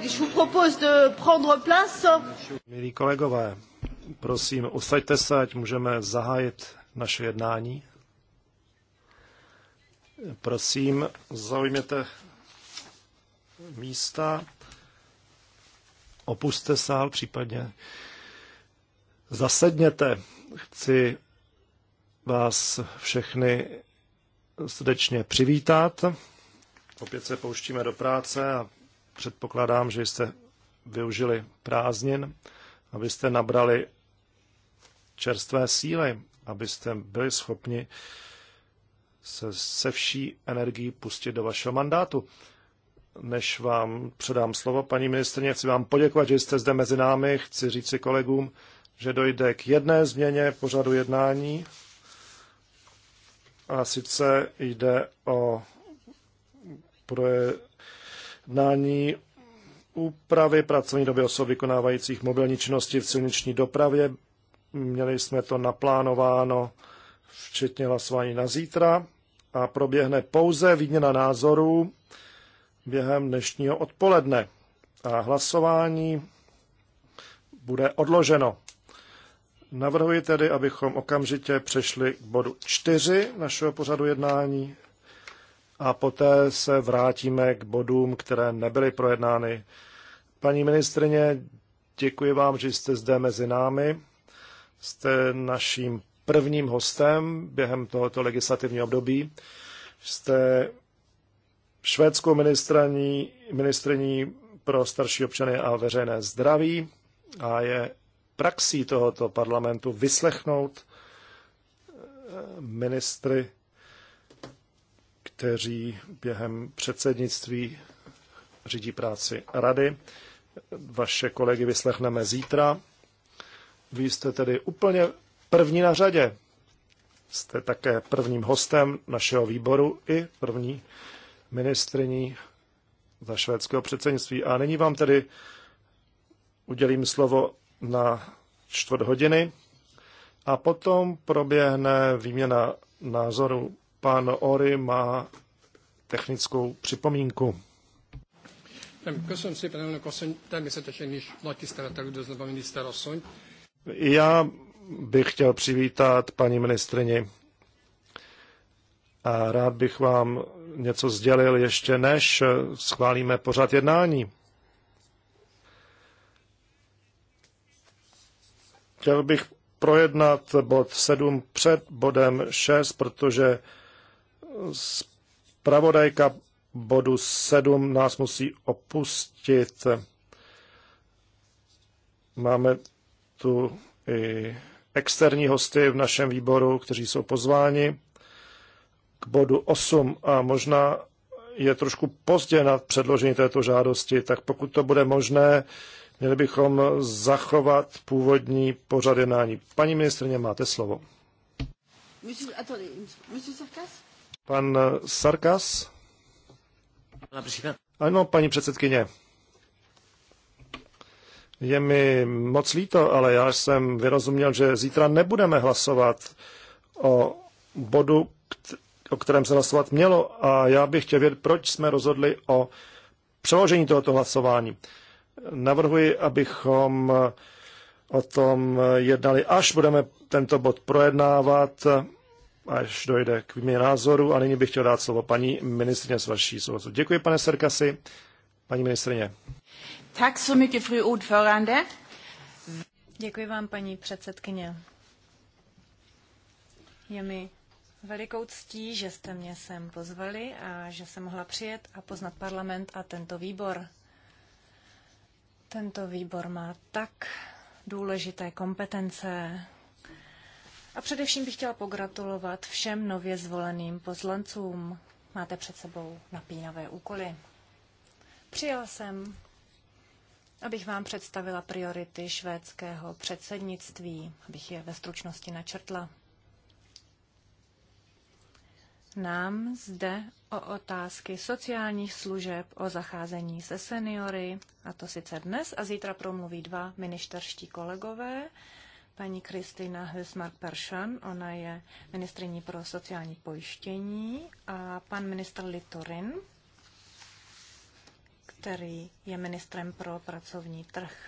je vous propose de prendre place. Milí kolegové, prosím, usaďte se, ať můžeme zahájit naše jednání. Prosím, zaujměte místa, opuste sál případně. Zasedněte. Chci vás všechny srdečně přivítat. Opět se pouštíme do práce a Předpokládám, že jste využili prázdnin, abyste nabrali čerstvé síly, abyste byli schopni se, se vší energií pustit do vašeho mandátu. Než vám předám slovo, paní ministrně, chci vám poděkovat, že jste zde mezi námi. Chci říct si kolegům, že dojde k jedné změně pořadu jednání. A sice jde o proje, jednání úpravy pracovní doby osob vykonávajících mobilní činnosti v silniční dopravě. Měli jsme to naplánováno včetně hlasování na zítra a proběhne pouze výměna názorů během dnešního odpoledne. A hlasování bude odloženo. Navrhuji tedy, abychom okamžitě přešli k bodu 4 našeho pořadu jednání, a poté se vrátíme k bodům, které nebyly projednány. Paní ministrině, děkuji vám, že jste zde mezi námi. Jste naším prvním hostem během tohoto legislativního období. Jste švédskou ministraní, ministriní pro starší občany a veřejné zdraví a je praxí tohoto parlamentu vyslechnout eh, ministry kteří během předsednictví řídí práci rady. Vaše kolegy vyslechneme zítra. Vy jste tedy úplně první na řadě. Jste také prvním hostem našeho výboru i první ministriní za švédského předsednictví. A nyní vám tedy udělím slovo na čtvrt hodiny a potom proběhne výměna názoru Pan Ory má technickou připomínku. Köszönöm szépen, elnök asszony. Természetesen is nagy tisztelettel üdvözlöm a miniszter asszonyt. Já bych chtěl přivítat paní ministrině a rád bych vám něco sdělil ještě než schválíme pořad jednání. Chtěl bych projednat bod 7 před bodem 6, protože zpravodajka bodu 7 nás musí opustit. Máme tu i externí hosty v našem výboru, kteří jsou pozváni k bodu 8 a možná je trošku pozdě na předložení této žádosti, tak pokud to bude možné, měli bychom zachovat původní pořad jednání. Paní ministrně, máte slovo. Monsieur, attendez, monsieur Sarkas Pan eh, Sarkas? Ano, paní předsedkyně. Je mi moc líto, ale já jsem vyrozuměl, že zítra nebudeme hlasovat o bodu, o kterém se hlasovat mělo a já bych chtěl vědět, proč jsme rozhodli o přeložení tohoto hlasování. Navrhuji, abychom eh, o tom eh, jednali, až budeme tento bod projednávat až dojde k výměně názoru. A nyní bych chtěl dát slovo paní ministrině s vaší souhlasu. Děkuji, pane Serkasi. Paní ministrině. Tak so mycket, fru ordförande. Děkuji vám, paní předsedkyně. Je mi velikou ctí, že jste mě sem pozvali a že jsem mohla přijet a poznat parlament a tento výbor. Tento výbor má tak důležité kompetence a především bych chtěla pogratulovat všem nově zvoleným poslancům. Máte před sebou napínavé úkoly. Přijela jsem, abych vám představila priority švédského předsednictví, abych je ve stručnosti načrtla. Nám zde o otázky sociálních služeb, o zacházení se seniory, a to sice dnes a zítra promluví dva ministerští kolegové, paní Kristýna Hesmark Peršan, ona je ministriní pro sociální pojištění a pan ministr Litorin, který je ministrem pro pracovní trh.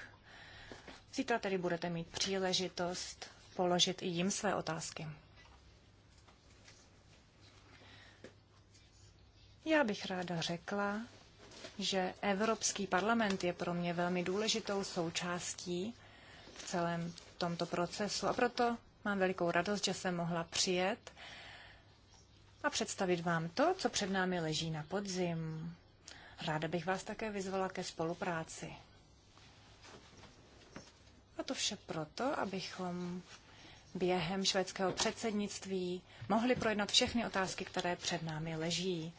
Zítra tedy budete mít příležitost položit i jim své otázky. Já bych ráda řekla, že Evropský parlament je pro mě velmi důležitou součástí v celém tomto procesu. A proto mám velikou radost, že jsem mohla přijet a představit vám to, co před námi leží na podzim. Ráda bych vás také vyzvala ke spolupráci. A to vše proto, abychom během švédského předsednictví mohli projednat všechny otázky, které před námi leží.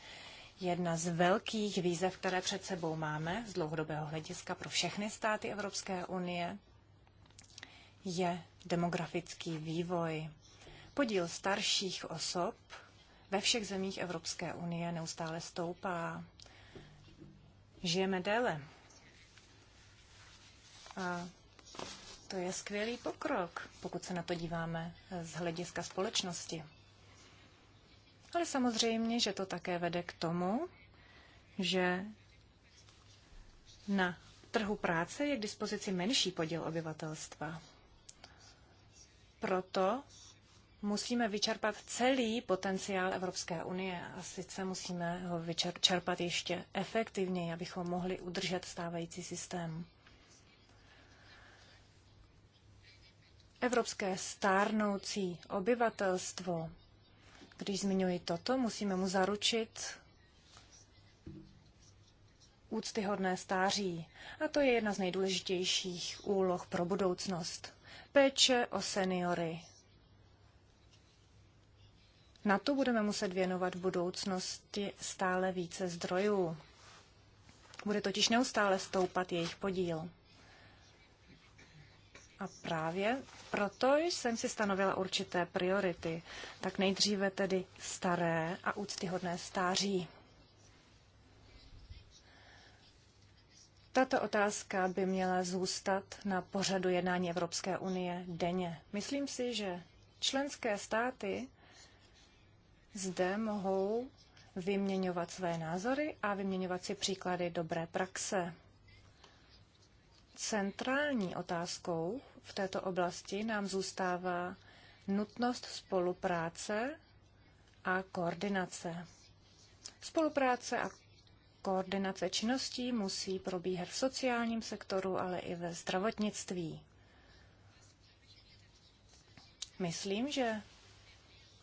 Jedna z velkých výzev, které před sebou máme z dlouhodobého hlediska pro všechny státy Evropské unie, je demografický vývoj. Podíl starších osob ve všech zemích Evropské unie neustále stoupá. Žijeme déle. A to je skvělý pokrok, pokud se na to díváme z hlediska společnosti. Ale samozřejmě, že to také vede k tomu, že na trhu práce je k dispozici menší podíl obyvatelstva proto musíme vyčerpat celý potenciál Evropské unie a sice musíme ho vyčerpat ještě efektivněji, abychom mohli udržet stávající systém. Evropské stárnoucí obyvatelstvo, když zmiňuji toto, musíme mu zaručit úctyhodné stáří. A to je jedna z nejdůležitějších úloh pro budoucnost péče o seniory. Na to budeme muset věnovat v budoucnosti stále více zdrojů. Bude totiž neustále stoupat jejich podíl. A právě proto jsem si stanovila určité priority. Tak nejdříve tedy staré a úctyhodné stáří. Tato otázka by měla zůstat na pořadu jednání Evropské unie denně. Myslím si, že členské státy zde mohou vyměňovat své názory a vyměňovat si příklady dobré praxe. Centrální otázkou v této oblasti nám zůstává nutnost spolupráce a koordinace. Spolupráce a Koordinace činností musí probíhat v sociálním sektoru, ale i ve zdravotnictví. Myslím, že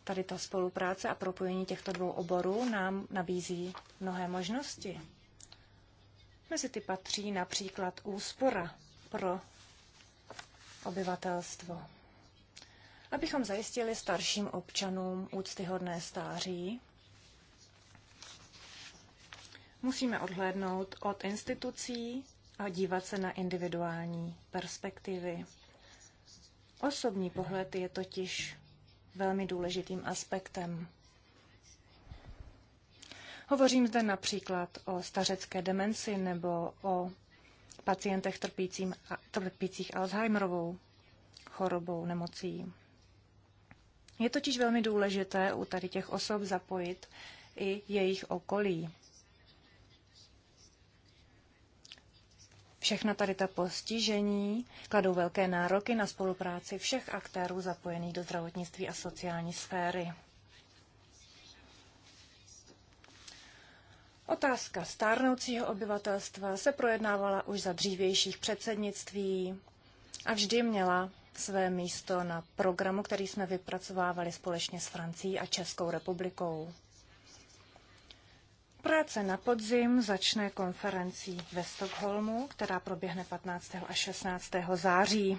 tady ta spolupráce a propojení těchto dvou oborů nám nabízí mnohé možnosti. Mezi ty patří například úspora pro obyvatelstvo. Abychom zajistili starším občanům úctyhodné stáří, Musíme odhlédnout od institucí a dívat se na individuální perspektivy. Osobní pohled je totiž velmi důležitým aspektem. Hovořím zde například o stařecké demenci nebo o pacientech trpícím, trpících Alzheimerovou chorobou, nemocí. Je totiž velmi důležité u tady těch osob zapojit i jejich okolí. Všechna tady ta postižení kladou velké nároky na spolupráci všech aktérů zapojených do zdravotnictví a sociální sféry. Otázka stárnoucího obyvatelstva se projednávala už za dřívějších předsednictví a vždy měla své místo na programu, který jsme vypracovávali společně s Francií a Českou republikou. Práce na podzim začne konferencí ve Stockholmu, která proběhne 15. a 16. září.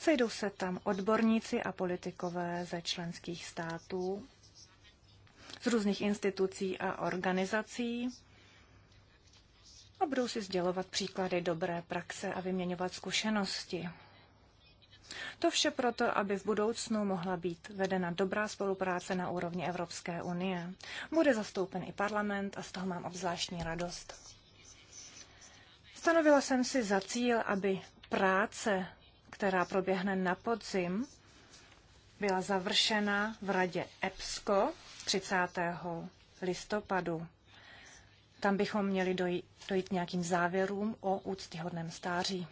Sejdou se tam odborníci a politikové ze členských států, z různých institucí a organizací a budou si sdělovat příklady dobré praxe a vyměňovat zkušenosti. To vše proto, aby v budoucnu mohla být vedena dobrá spolupráce na úrovni Evropské unie. Bude zastoupen i parlament a z toho mám obzvláštní radost. Stanovila jsem si za cíl, aby práce, která proběhne na podzim, byla završena v radě EPSCO 30. listopadu. Tam bychom měli dojít, dojít nějakým závěrům o úctyhodném stáří.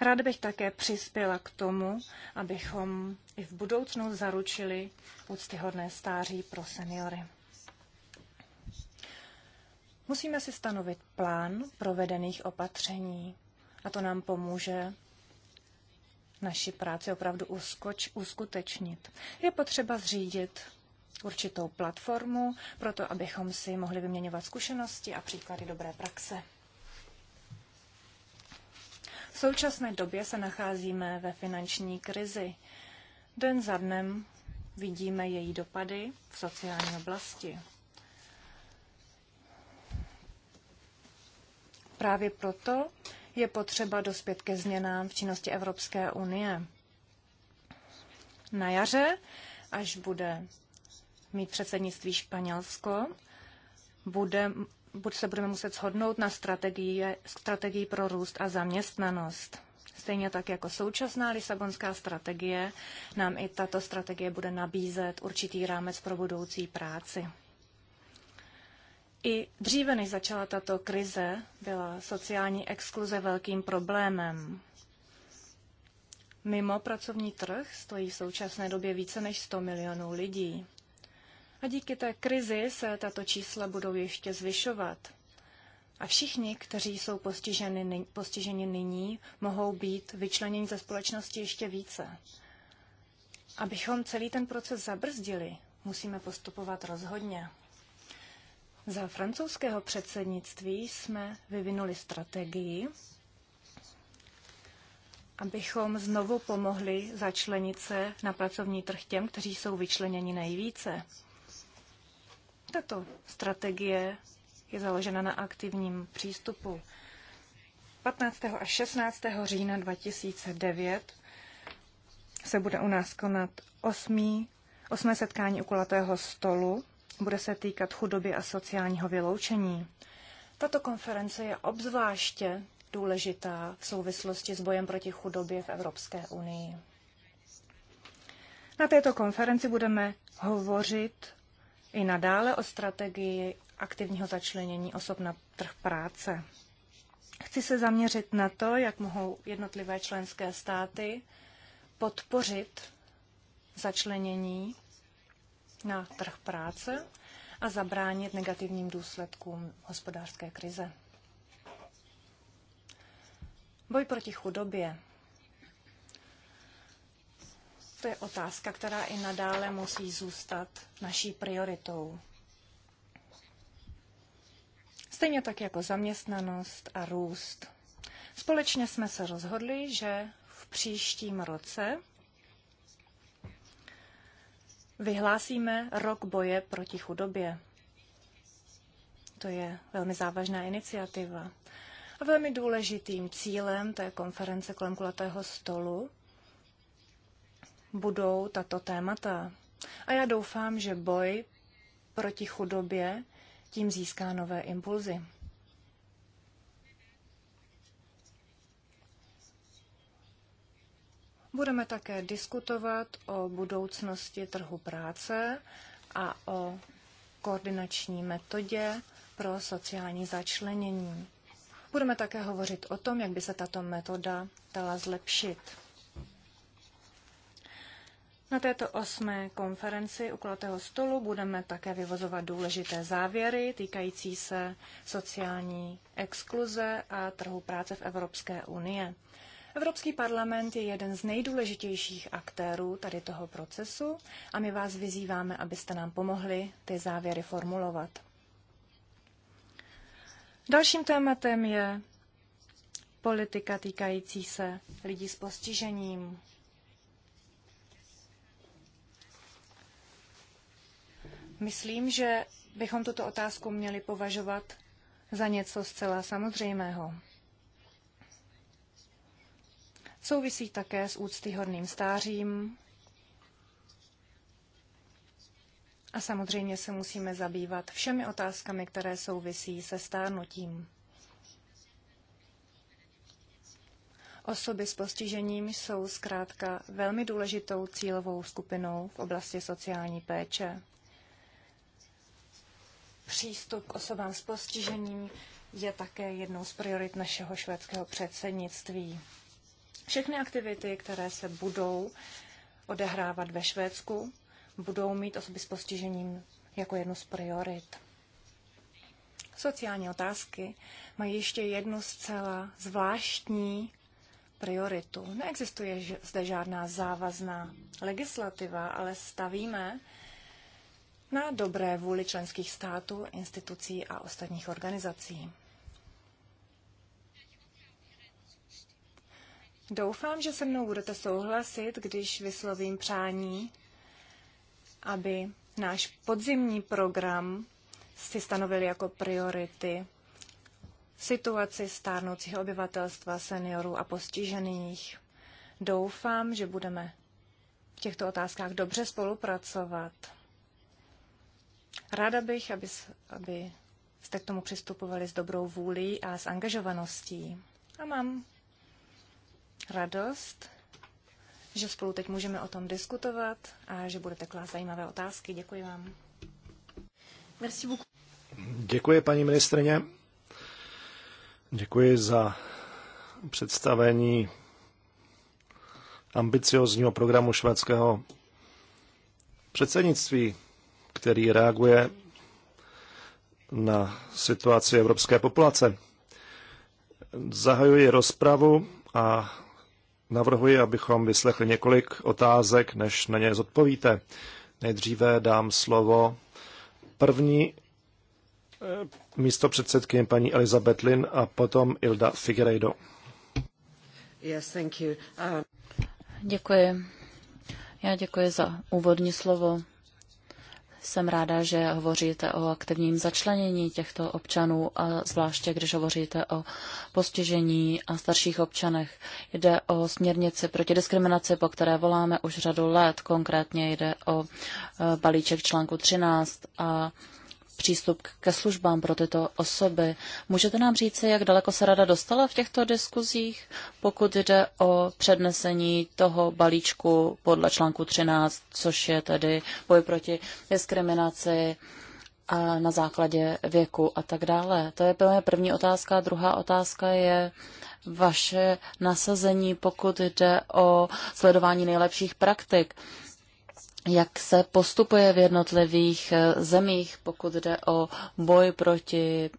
Rád bych také přispěla k tomu, abychom i v budoucnu zaručili úctyhodné stáří pro seniory. Musíme si stanovit plán provedených opatření a to nám pomůže naši práci opravdu uskoč, uskutečnit. Je potřeba zřídit určitou platformu, proto abychom si mohli vyměňovat zkušenosti a příklady dobré praxe. V současné době se nacházíme ve finanční krizi. Den za dnem vidíme její dopady v sociální oblasti. Právě proto je potřeba dospět ke změnám v činnosti Evropské unie. Na jaře, až bude mít předsednictví Španělsko, bude buď se budeme muset shodnout na strategii, strategii pro růst a zaměstnanost. Stejně tak jako současná Lisabonská strategie, nám i tato strategie bude nabízet určitý rámec pro budoucí práci. I dříve, než začala tato krize, byla sociální exkluze velkým problémem. Mimo pracovní trh stojí v současné době více než 100 milionů lidí. A díky té krizi se tato čísla budou ještě zvyšovat. A všichni, kteří jsou postiženi, postiženi nyní, mohou být vyčleněni ze společnosti ještě více. Abychom celý ten proces zabrzdili, musíme postupovat rozhodně. Za francouzského předsednictví jsme vyvinuli strategii, abychom znovu pomohli začlenit se na pracovní trh těm, kteří jsou vyčleněni nejvíce. Tato strategie je založena na aktivním přístupu. 15. a 16. října 2009 se bude u nás konat osmý, osmé setkání u kulatého stolu. Bude se týkat chudoby a sociálního vyloučení. Tato konference je obzvláště důležitá v souvislosti s bojem proti chudobě v Evropské unii. Na této konferenci budeme hovořit i nadále o strategii aktivního začlenění osob na trh práce. Chci se zaměřit na to, jak mohou jednotlivé členské státy podpořit začlenění na trh práce a zabránit negativním důsledkům hospodářské krize. Boj proti chudobě to je otázka, která i nadále musí zůstat naší prioritou. Stejně tak jako zaměstnanost a růst. Společně jsme se rozhodli, že v příštím roce vyhlásíme rok boje proti chudobě. To je velmi závažná iniciativa. A velmi důležitým cílem té konference kolem kulatého stolu budou tato témata. A já doufám, že boj proti chudobě tím získá nové impulzy. Budeme také diskutovat o budoucnosti trhu práce a o koordinační metodě pro sociální začlenění. Budeme také hovořit o tom, jak by se tato metoda dala zlepšit. Na této osmé konferenci u kulatého stolu budeme také vyvozovat důležité závěry týkající se sociální exkluze a trhu práce v Evropské unie. Evropský parlament je jeden z nejdůležitějších aktérů tady toho procesu a my vás vyzýváme, abyste nám pomohli ty závěry formulovat. Dalším tématem je politika týkající se lidí s postižením. Myslím, že bychom tuto otázku měli považovat za něco zcela samozřejmého. Souvisí také s úctyhodným stářím a samozřejmě se musíme zabývat všemi otázkami, které souvisí se stárnutím. Osoby s postižením jsou zkrátka velmi důležitou cílovou skupinou v oblasti sociální péče přístup k osobám s postižením je také jednou z priorit našeho švédského předsednictví. Všechny aktivity, které se budou odehrávat ve Švédsku, budou mít osoby s postižením jako jednu z priorit. Sociální otázky mají ještě jednu zcela zvláštní prioritu. Neexistuje zde žádná závazná legislativa, ale stavíme na dobré vůli členských států, institucí a ostatních organizací. Doufám, že se mnou budete souhlasit, když vyslovím přání, aby náš podzimní program si stanovil jako priority situaci stárnoucího obyvatelstva, seniorů a postižených. Doufám, že budeme v těchto otázkách dobře spolupracovat. Ráda bych, aby, aby jste k tomu přistupovali s dobrou vůlí a s angažovaností. A mám radost, že spolu teď můžeme o tom diskutovat a že budete klást zajímavé otázky. Děkuji vám. Merci beaucoup. Děkuji, paní ministrině. Děkuji za představení ambiciozního programu švédského předsednictví který reaguje na situaci evropské populace. Zahajuji rozpravu a navrhuji, abychom vyslechli několik otázek, než na ně zodpovíte. Nejdříve dám slovo první eh, místo předsedkyně paní Elizabeth Lin a potom Ilda Figueiredo. Yes, thank you. Uh... Děkuji. Já děkuji za úvodní slovo. Jsem ráda, že hovoříte o aktivním začlenění těchto občanů, a zvláště když hovoříte o postižení a starších občanech. Jde o směrnici proti diskriminaci, po které voláme už řadu let. Konkrétně jde o e, balíček článku 13 a přístup ke službám pro tyto osoby. Můžete nám říci, jak daleko se rada dostala v těchto diskuzích, pokud jde o přednesení toho balíčku podle článku 13, což je tedy boj proti diskriminaci a na základě věku a tak dále. To je moje první otázka. Druhá otázka je vaše nasazení, pokud jde o sledování nejlepších praktik jak se postupuje v jednotlivých eh, zemích, pokud jde o boj proti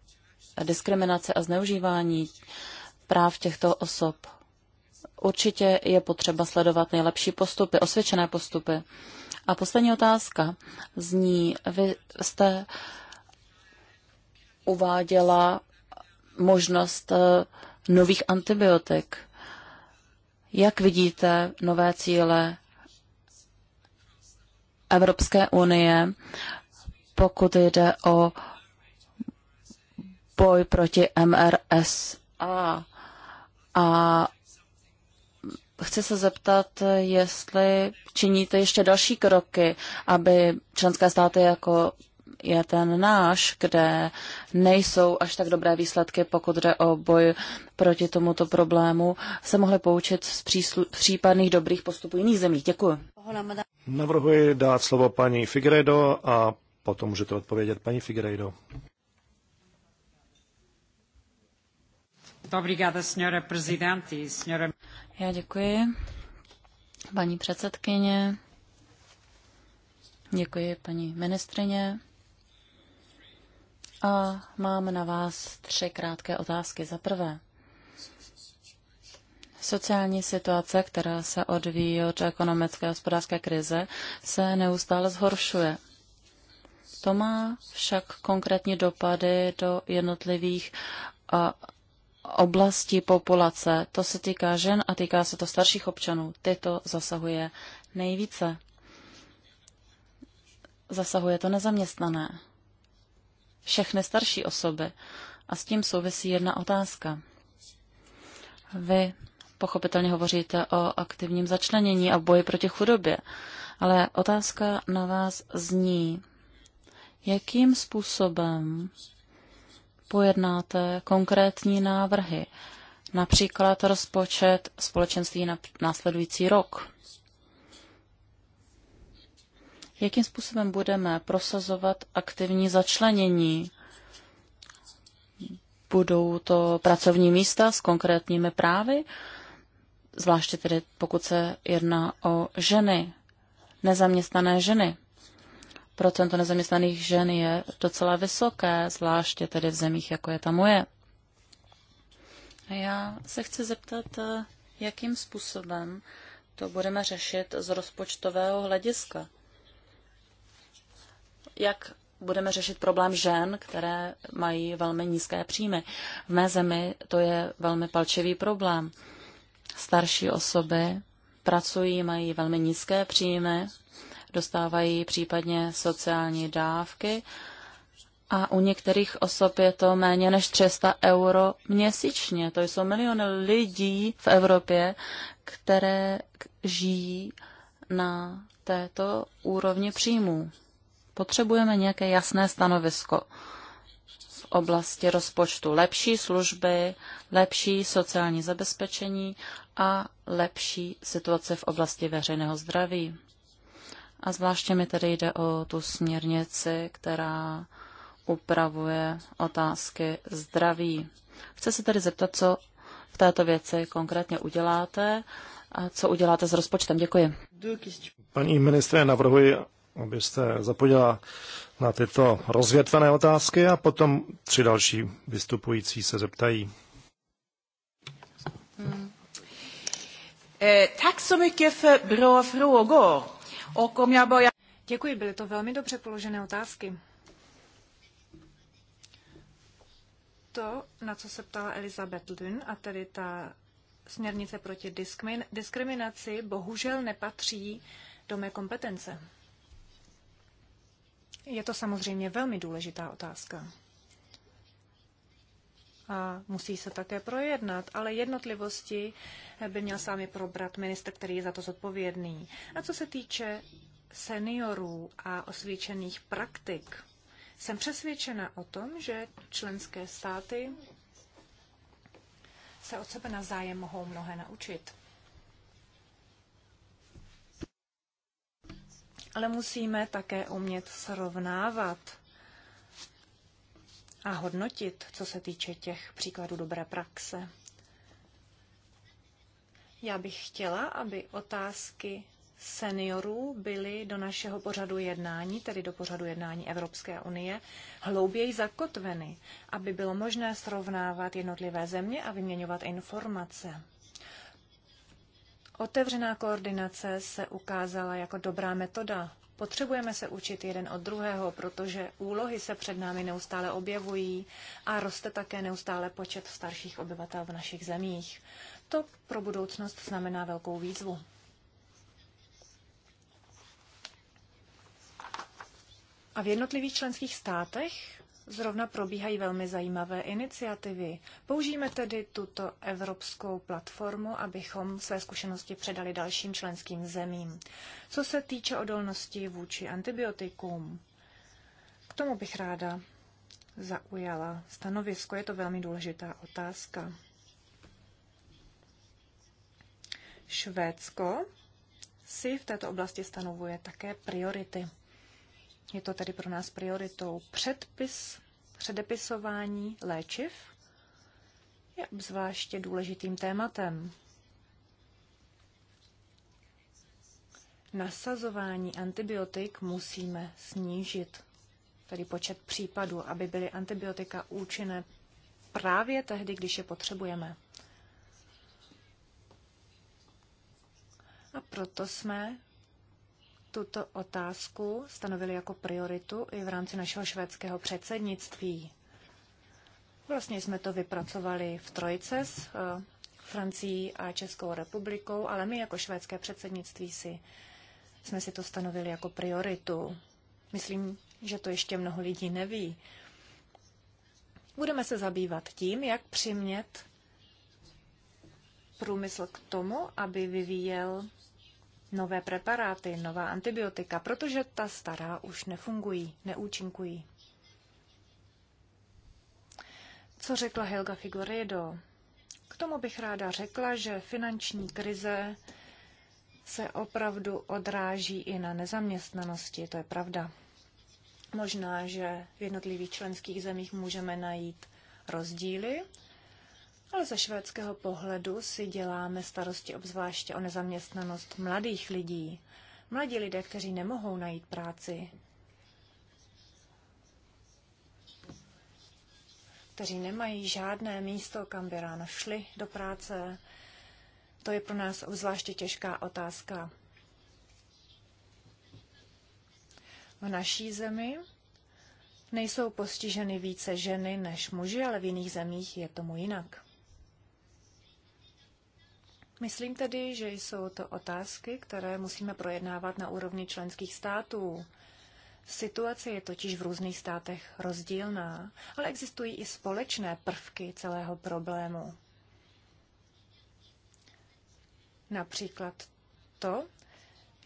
diskriminaci a zneužívání práv těchto osob. Určitě je potřeba sledovat nejlepší postupy, osvědčené postupy. A poslední otázka zní, vy jste uváděla možnost eh, nových antibiotik. Jak vidíte nové cíle Evropské unie, pokud jde o boj proti MRSA. A chci se zeptat, jestli činíte ještě další kroky, aby členské státy jako je ten náš, kde nejsou až tak dobré výsledky, pokud jde o boj proti tomuto problému, se mohli poučit z příslu- případných dobrých postupů jiných zemí. Děkuji. Navrhuji dát slovo paní Figueiredo a potom můžete odpovědět paní Figueiredo. Já děkuji, paní předsedkyně. Děkuji, paní ministrině. A mám na vás tři krátké otázky. Za prvé, Sociální situace, která se odvíjí od ekonomické a hospodářské krize, se neustále zhoršuje. To má však konkrétní dopady do jednotlivých a, oblastí populace. To se týká žen a týká se to starších občanů. Tyto zasahuje nejvíce. Zasahuje to nezaměstnané. Všechny starší osoby. A s tím souvisí jedna otázka. Vy pochopitelně hovoříte o aktivním začlenění a boji proti chudobě. Ale otázka na vás zní, jakým způsobem pojednáte konkrétní návrhy, například rozpočet společenství na následující rok. Jakým způsobem budeme prosazovat aktivní začlenění? Budou to pracovní místa s konkrétními právy? zvláště tedy pokud se jedná o ženy, nezaměstnané ženy. Procento nezaměstnaných žen je docela vysoké, zvláště tedy v zemích, jako je ta moje. Já se chci zeptat, jakým způsobem to budeme řešit z rozpočtového hlediska. Jak budeme řešit problém žen, které mají velmi nízké příjmy. V mé zemi to je velmi palčivý problém starší osoby pracují, mají velmi nízké příjmy, dostávají případně sociální dávky a u některých osob je to méně než 300 euro měsíčně. To jsou miliony lidí v Evropě, které žijí na této úrovni příjmů. Potřebujeme nějaké jasné stanovisko oblasti rozpočtu lepší služby, lepší sociální zabezpečení a lepší situace v oblasti veřejného zdraví. A zvláště mi tedy jde o tu směrnici, která upravuje otázky zdraví. Chce se tedy zeptat, co v této věci konkrétně uděláte a co uděláte s rozpočtem. Děkuji. Paní ministře, navrhuji, abyste zapojila na tyto rozvětvené otázky a potom tři další vystupující se zeptají. Eh, tak mycket för bra frågor. Děkuji, byly to velmi dobře položené otázky. To, na co se ptala Elizabeth Lynn, a tedy ta směrnice proti diskriminaci, bohužel nepatří do mé kompetence. Je to samozřejmě velmi důležitá otázka. A musí se také projednat, ale jednotlivosti by měl sami probrat minister, který je za to zodpovědný. A co se týče seniorů a osvědčených praktik, jsem přesvědčena o tom, že členské státy se od sebe na zájem mohou mnohé naučit. ale musíme také umět srovnávat a hodnotit, co se týče těch příkladů dobré praxe. Já bych chtěla, aby otázky seniorů byly do našeho pořadu jednání, tedy do pořadu jednání Evropské unie, hlouběji zakotveny, aby bylo možné srovnávat jednotlivé země a vyměňovat informace. Otevřená koordinace se ukázala jako dobrá metoda. Potřebujeme se učit jeden od druhého, protože úlohy se před námi neustále objevují a roste také neustále počet starších obyvatel v našich zemích. To pro budoucnost znamená velkou výzvu. A v jednotlivých členských státech zrovna probíhají velmi zajímavé iniciativy. Použijeme tedy tuto evropskou platformu, abychom své zkušenosti předali dalším členským zemím. Co se týče odolnosti vůči antibiotikům, k tomu bych ráda zaujala stanovisko. Je to velmi důležitá otázka. Švédsko si v této oblasti stanovuje také priority. Je to tedy pro nás prioritou předpis, předepisování léčiv je obzvláště důležitým tématem. Nasazování antibiotik musíme snížit, tedy počet případů, aby byly antibiotika účinné právě tehdy, když je potřebujeme. A proto jsme tuto otázku stanovili jako prioritu i v rámci našeho švédského předsednictví. Vlastně jsme to vypracovali v trojce s eh, Francií a Českou republikou, ale my jako švédské předsednictví si, jsme si to stanovili jako prioritu. Myslím, že to ještě mnoho lidí neví. Budeme se zabývat tím, jak přimět průmysl k tomu, aby vyvíjel nové preparáty, nová antibiotika, protože ta stará už nefungují, neúčinkují. Co řekla Helga Figueredo? K tomu bych ráda řekla, že finanční krize se opravdu odráží i na nezaměstnanosti, to je pravda. Možná, že v jednotlivých členských zemích můžeme najít rozdíly ale ze švédského pohledu si děláme starosti obzvláště o nezaměstnanost mladých lidí. Mladí lidé, kteří nemohou najít práci, kteří nemají žádné místo, kam by ráno šli do práce, to je pro nás obzvláště těžká otázka. V naší zemi nejsou postiženy více ženy než muži, ale v jiných zemích je tomu jinak. Myslím tedy, že jsou to otázky, které musíme projednávat na úrovni členských států. Situace je totiž v různých státech rozdílná, ale existují i společné prvky celého problému. Například to,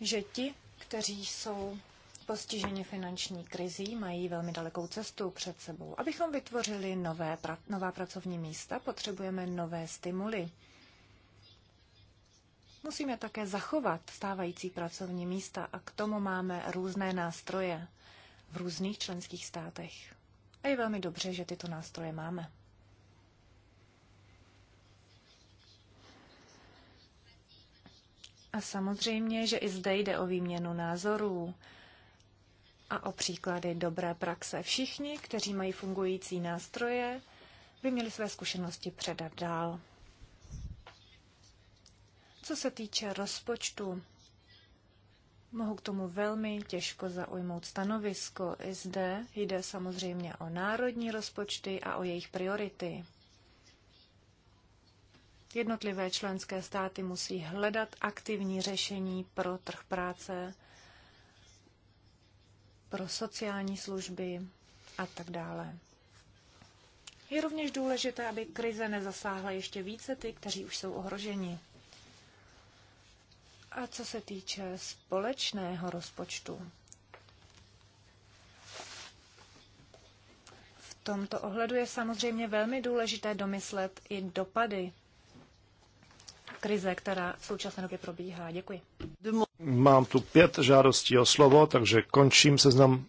že ti, kteří jsou postiženi finanční krizí, mají velmi dalekou cestu před sebou. Abychom vytvořili nové, nová pracovní místa, potřebujeme nové stimuly. Musíme také zachovat stávající pracovní místa a k tomu máme různé nástroje v různých členských státech. A je velmi dobře, že tyto nástroje máme. A samozřejmě, že i zde jde o výměnu názorů a o příklady dobré praxe. Všichni, kteří mají fungující nástroje, by měli své zkušenosti předat dál. Co se týče rozpočtu, mohu k tomu velmi těžko zaujmout stanovisko. I zde jde samozřejmě o národní rozpočty a o jejich priority. Jednotlivé členské státy musí hledat aktivní řešení pro trh práce, pro sociální služby a tak dále. Je rovněž důležité, aby krize nezasáhla ještě více ty, kteří už jsou ohroženi. A co se týče společného rozpočtu, v tomto ohledu je samozřejmě velmi důležité domyslet i dopady krize, která v současné době probíhá. Děkuji. Mám tu pět žádostí o slovo, takže končím seznam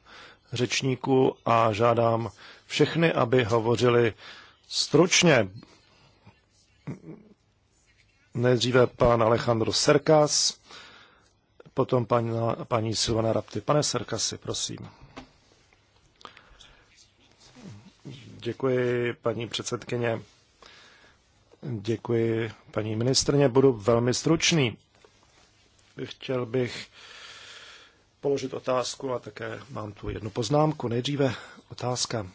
řečníků a žádám všechny, aby hovořili stručně nejdříve pan Alejandro Serkas, potom paní, paní Silvana Rapty. Pane Serkasi, prosím. Děkuji, paní předsedkyně. Děkuji, paní ministrně. Budu velmi stručný. Chtěl bych položit otázku a také mám tu jednu poznámku. Nejdříve otázka.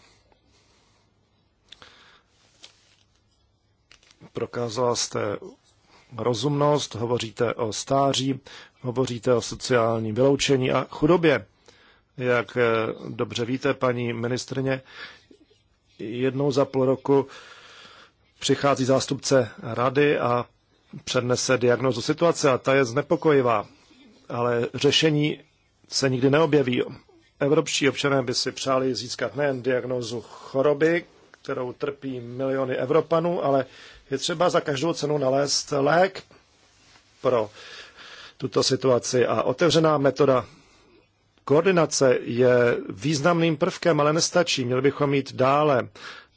Prokázala jste rozumnost, hovoříte o stáří, hovoříte o sociální vyloučení a chudobě. Jak eh, dobře víte, paní ministrně, jednou za půl roku přichází zástupce rady a přednese diagnozu situace a ta je znepokojivá, ale řešení se nikdy neobjeví. Evropští občané by si přáli získat nejen diagnozu choroby, kterou trpí miliony Evropanů, ale je třeba za každou cenu nalézt lék pro tuto situaci a otevřená metoda koordinace je významným prvkem, ale nestačí. Měli bychom jít dále.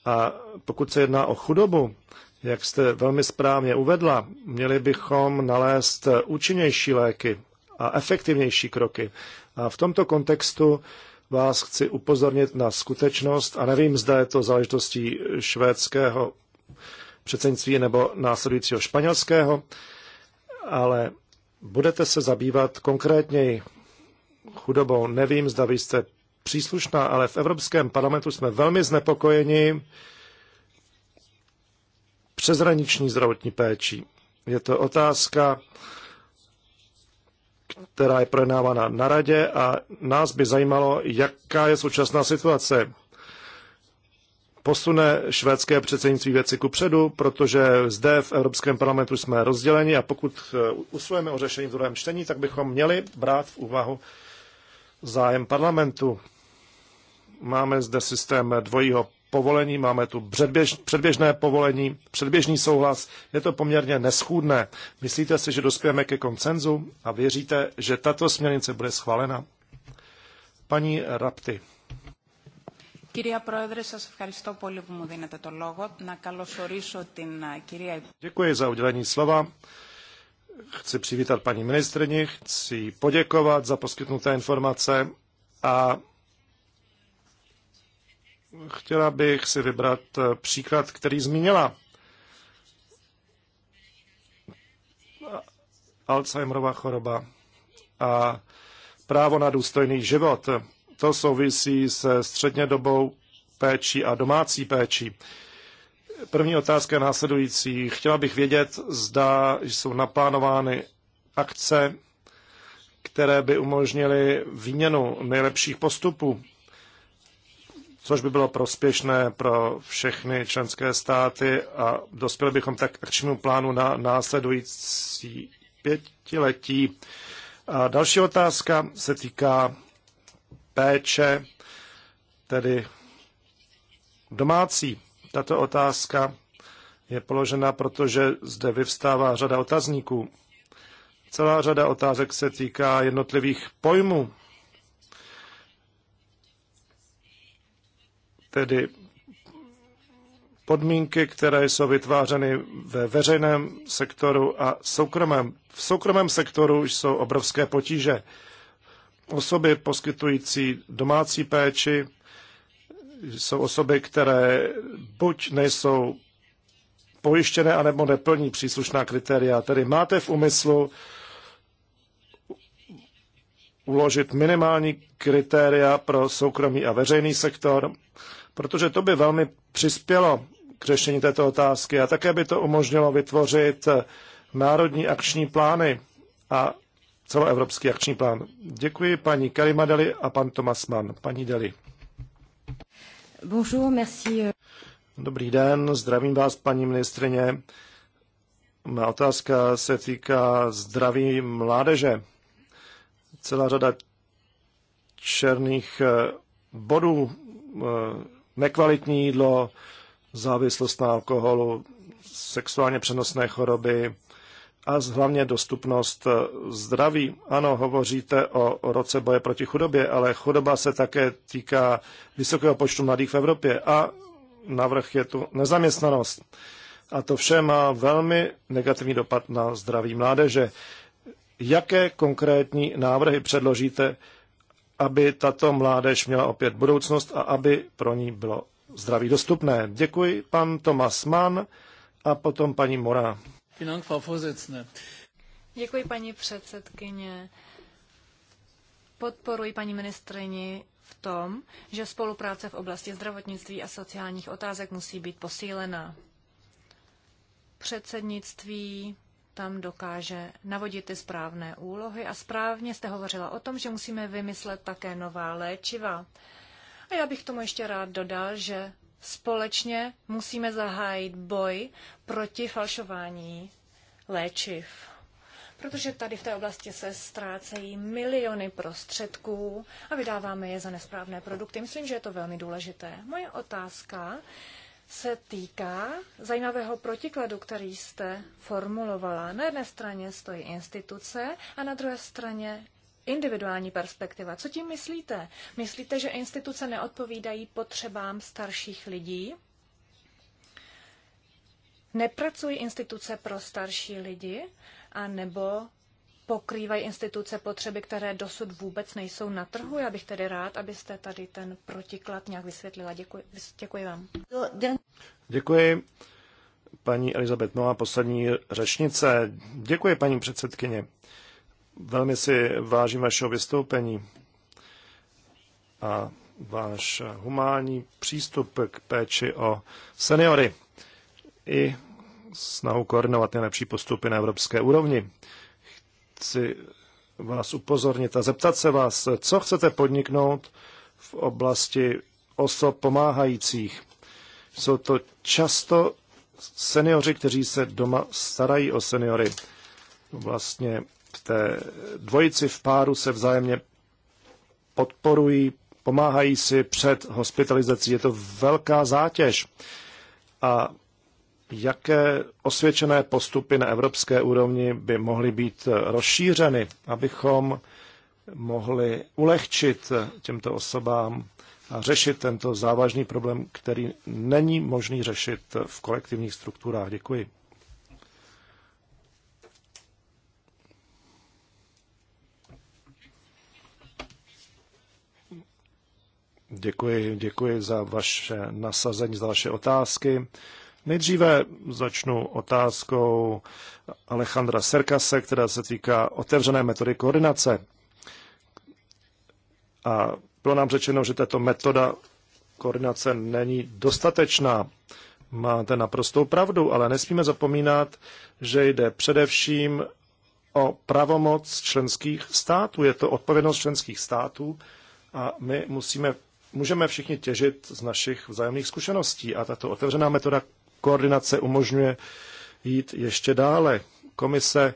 A pokud se jedná o chudobu, jak jste velmi správně uvedla, měli bychom nalézt účinnější léky a efektivnější kroky. A v tomto kontextu vás chci upozornit na skutečnost, a nevím, zda je to záležitostí švédského předsednictví nebo následujícího španělského, ale budete se zabývat konkrétněji chudobou. Nevím, zda vy jste příslušná, ale v Evropském parlamentu jsme velmi znepokojeni přezraniční zdravotní péčí. Je to otázka, která je projednávána na radě a nás by zajímalo, jaká je současná situace posune švédské předsednictví věci ku předu, protože zde v Evropském parlamentu jsme rozděleni a pokud eh, usilujeme o řešení v druhém čtení, tak bychom měli brát v úvahu zájem parlamentu. Máme zde systém dvojího povolení, máme tu předběž, předběžné povolení, předběžný souhlas. Je to poměrně neschůdné. Myslíte si, že dospějeme ke koncenzu a věříte, že tato směrnice bude schválena? Paní Rapty. Κυρία Πρόεδρε, σας ευχαριστώ πολύ που μου δίνετε το λόγο. Να καλωσορίσω την κυρία... Děkuji za udělení slova. Chci přivítat paní ministrině, chci poděkovat za poskytnuté informace a chtěla bych si vybrat e, příklad, který zmínila. Alzheimerova choroba a právo na důstojný život. To souvisí se střednědobou péčí a domácí péčí. První otázka je následující. Chtěla bych vědět, zda jsou naplánovány akce, které by umožnily výměnu nejlepších postupů, což by bylo prospěšné pro všechny členské státy a dospěli bychom tak k akčnímu plánu na následující pětiletí. A další otázka se týká péče, tedy domácí. Tato otázka je položena, protože zde vyvstává řada otazníků. Celá řada otázek se týká jednotlivých pojmů. Tedy podmínky, které jsou vytvářeny ve veřejném sektoru a soukromém. V soukromém sektoru jsou obrovské potíže. Osoby poskytující domácí péči jsou osoby, které buď nejsou pojištěné, anebo neplní příslušná kritéria. Tedy máte v úmyslu uložit minimální kritéria pro soukromý a veřejný sektor, protože to by velmi přispělo k řešení této otázky a také by to umožnilo vytvořit národní akční plány a celoevropský akční plán. Děkuji paní Karima Deli a pan Tomas Mann. Paní Deli. Bonjour, merci. Dobrý den, zdravím vás, paní ministrině. Má otázka se týká zdraví mládeže. Celá řada černých eh, bodů, eh, nekvalitní jídlo, závislost na alkoholu, sexuálně přenosné choroby, a hlavně dostupnost eh, zdraví. Ano, hovoříte o roce boje proti chudobě, ale chudoba se také týká vysokého počtu mladých v Evropě a navrh je tu nezaměstnanost. A to vše má velmi negativní dopad na zdraví mládeže. Jaké konkrétní návrhy předložíte, aby tato mládež měla opět budoucnost a aby pro ní bylo zdraví dostupné? Děkuji, pan Tomas Mann a potom paní Mora. Děkuji, paní předsedkyně. Podporuji paní ministrini v tom, že spolupráce v oblasti zdravotnictví a sociálních otázek musí být posílena. Předsednictví tam dokáže navodit ty správné úlohy a správně jste hovořila o tom, že musíme vymyslet také nová léčiva. A já bych tomu ještě rád dodal, že Společně musíme zahájit boj proti falšování léčiv. Protože tady v té oblasti se ztrácejí miliony prostředků a vydáváme je za nesprávné produkty. Myslím, že je to velmi důležité. Moje otázka se týká zajímavého protikladu, který jste formulovala. Na jedné straně stojí instituce a na druhé straně individuální perspektiva. Co tím myslíte? Myslíte, že instituce neodpovídají potřebám starších lidí? Nepracují instituce pro starší lidi? A nebo pokrývají instituce potřeby, které dosud vůbec nejsou na trhu. Já bych tedy rád, abyste tady ten protiklad nějak vysvětlila. Děkuji, děkuji vám. Děkuji. Paní Elizabeth Nová, poslední řečnice. Děkuji, paní předsedkyně. Velmi si vážím vašeho vystoupení a váš humánní přístup k péči o seniory i snahu koordinovat nejlepší postupy na evropské úrovni. Chci vás upozornit a zeptat se vás, co chcete podniknout v oblasti osob pomáhajících. Jsou to často seniori, kteří se doma starají o seniory. Vlastně v té dvojici v páru se vzájemně podporují, pomáhají si před hospitalizací. Je to velká zátěž. A jaké osvědčené postupy na evropské úrovni by mohly být rozšířeny, abychom mohli ulehčit těmto osobám a řešit tento závažný problém, který není možný řešit v kolektivních strukturách. Děkuji. Děkuji, děkuji za vaše nasazení, za vaše otázky. Nejdříve začnu otázkou Alejandra Serkase, která se týká otevřené metody koordinace. A bylo nám řečeno, že tato metoda koordinace není dostatečná. Máte naprostou pravdu, ale nesmíme zapomínat, že jde především o pravomoc členských států. Je to odpovědnost členských států a my musíme můžeme všichni těžit z našich vzájemných zkušeností a tato otevřená metoda koordinace umožňuje jít ještě dále. Komise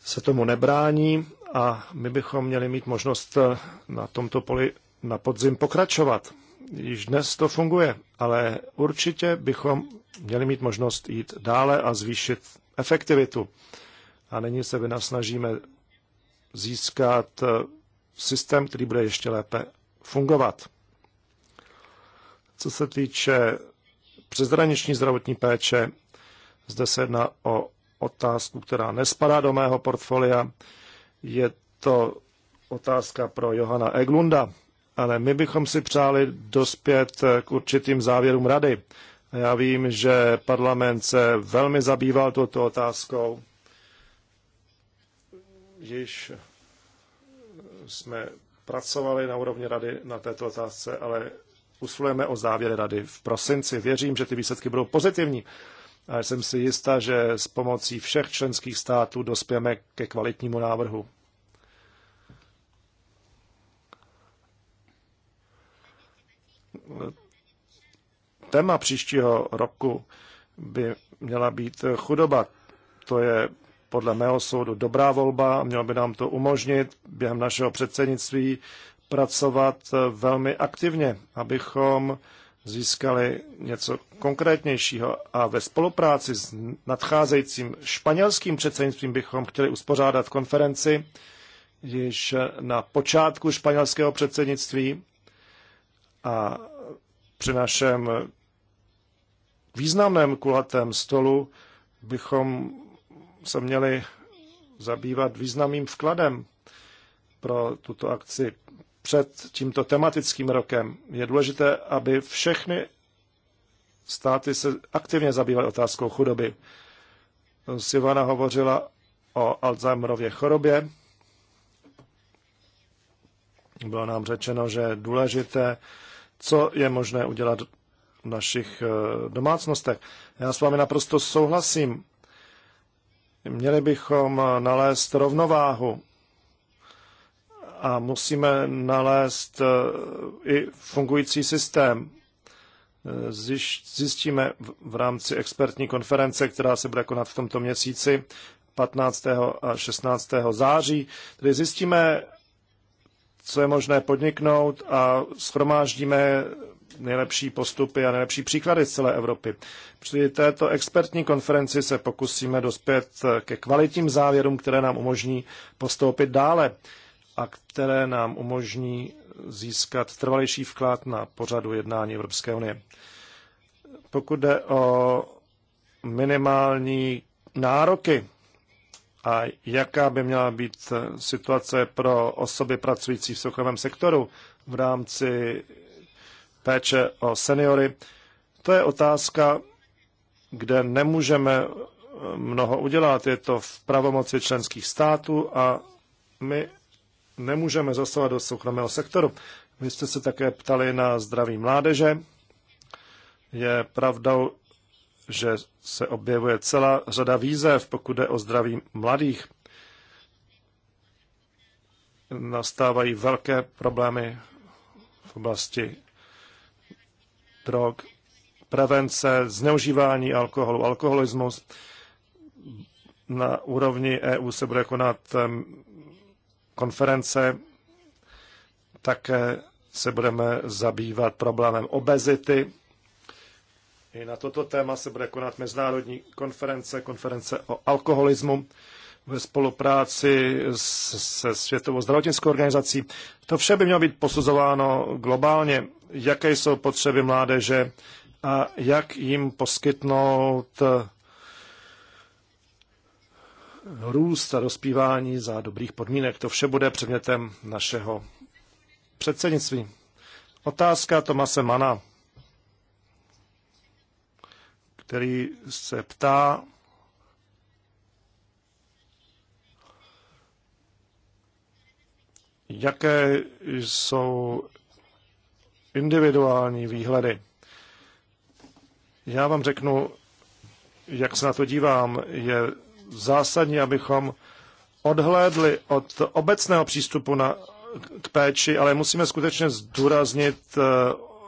se tomu nebrání a my bychom měli mít možnost na tomto poli na podzim pokračovat. Již dnes to funguje, ale určitě bychom měli mít možnost jít dále a zvýšit efektivitu. A nyní se vynasnažíme získat systém, který bude ještě lépe fungovat. Co se týče přezraniční zdravotní péče, zde se jedná o otázku, která nespadá do mého portfolia. Je to otázka pro Johana Eglunda, ale my bychom si přáli dospět k určitým závěrům rady. Já vím, že parlament se velmi zabýval touto otázkou. Již jsme pracovali na úrovni rady na této otázce, ale usilujeme o závěry rady v prosinci. Věřím, že ty výsledky budou pozitivní. A jsem si jistá, že s pomocí všech členských států dospějeme ke kvalitnímu návrhu. Téma příštího roku by měla být chudoba. To je podle mého soudu dobrá volba a mělo by nám to umožnit během našeho předsednictví pracovat eh, velmi aktivně, abychom získali něco konkrétnějšího a ve spolupráci s nadcházejícím španělským předsednictvím bychom chtěli uspořádat konferenci již na počátku španělského předsednictví a při našem významném kulatém stolu bychom se měli zabývat významným vkladem pro tuto akci před tímto tematickým rokem. Je důležité, aby všechny státy se aktivně zabývaly otázkou chudoby. Silvana hovořila o Alzheimerově chorobě. Bylo nám řečeno, že je důležité, co je možné udělat v našich eh, domácnostech. Já s vámi naprosto souhlasím. Měli bychom eh, nalézt rovnováhu a musíme nalézt eh, i fungující systém. Eh, zjistíme v rámci expertní konference, která se bude konat v tomto měsíci, 15. a 16. září, tedy zjistíme, co je možné podniknout a schromáždíme nejlepší postupy a nejlepší příklady z celé Evropy. Při této expertní konferenci se pokusíme dospět ke kvalitním závěrům, které nám umožní postoupit dále a které nám umožní získat trvalější vklad na pořadu jednání Evropské unie. Pokud jde o minimální nároky a jaká by měla být situace pro osoby pracující v soukromém sektoru v rámci péče o seniory. To je otázka, kde nemůžeme eh, mnoho udělat. Je to v pravomoci členských států a my nemůžeme zasovat do soukromého sektoru. Vy jste se také ptali na zdraví mládeže. Je pravdou, že se objevuje celá řada výzev, pokud jde o zdraví mladých. Nastávají velké problémy v oblasti drog, prevence, zneužívání alkoholu, alkoholismus. Na úrovni EU se bude konat konference, také se budeme zabývat problémem obezity. I na toto téma se bude konat mezinárodní konference, konference o alkoholismu ve spolupráci se Světovou zdravotnickou organizací. To vše by mělo být posuzováno globálně jaké jsou potřeby mládeže a jak jim poskytnout eh, růst a rozpívání za dobrých podmínek. To vše bude předmětem našeho předsednictví. Otázka Tomase Mana, který se ptá, jaké jsou individuální výhledy. Já vám řeknu, jak se na to dívám. Je zásadní, abychom odhlédli od obecného přístupu na, k péči, ale musíme skutečně zdůraznit eh,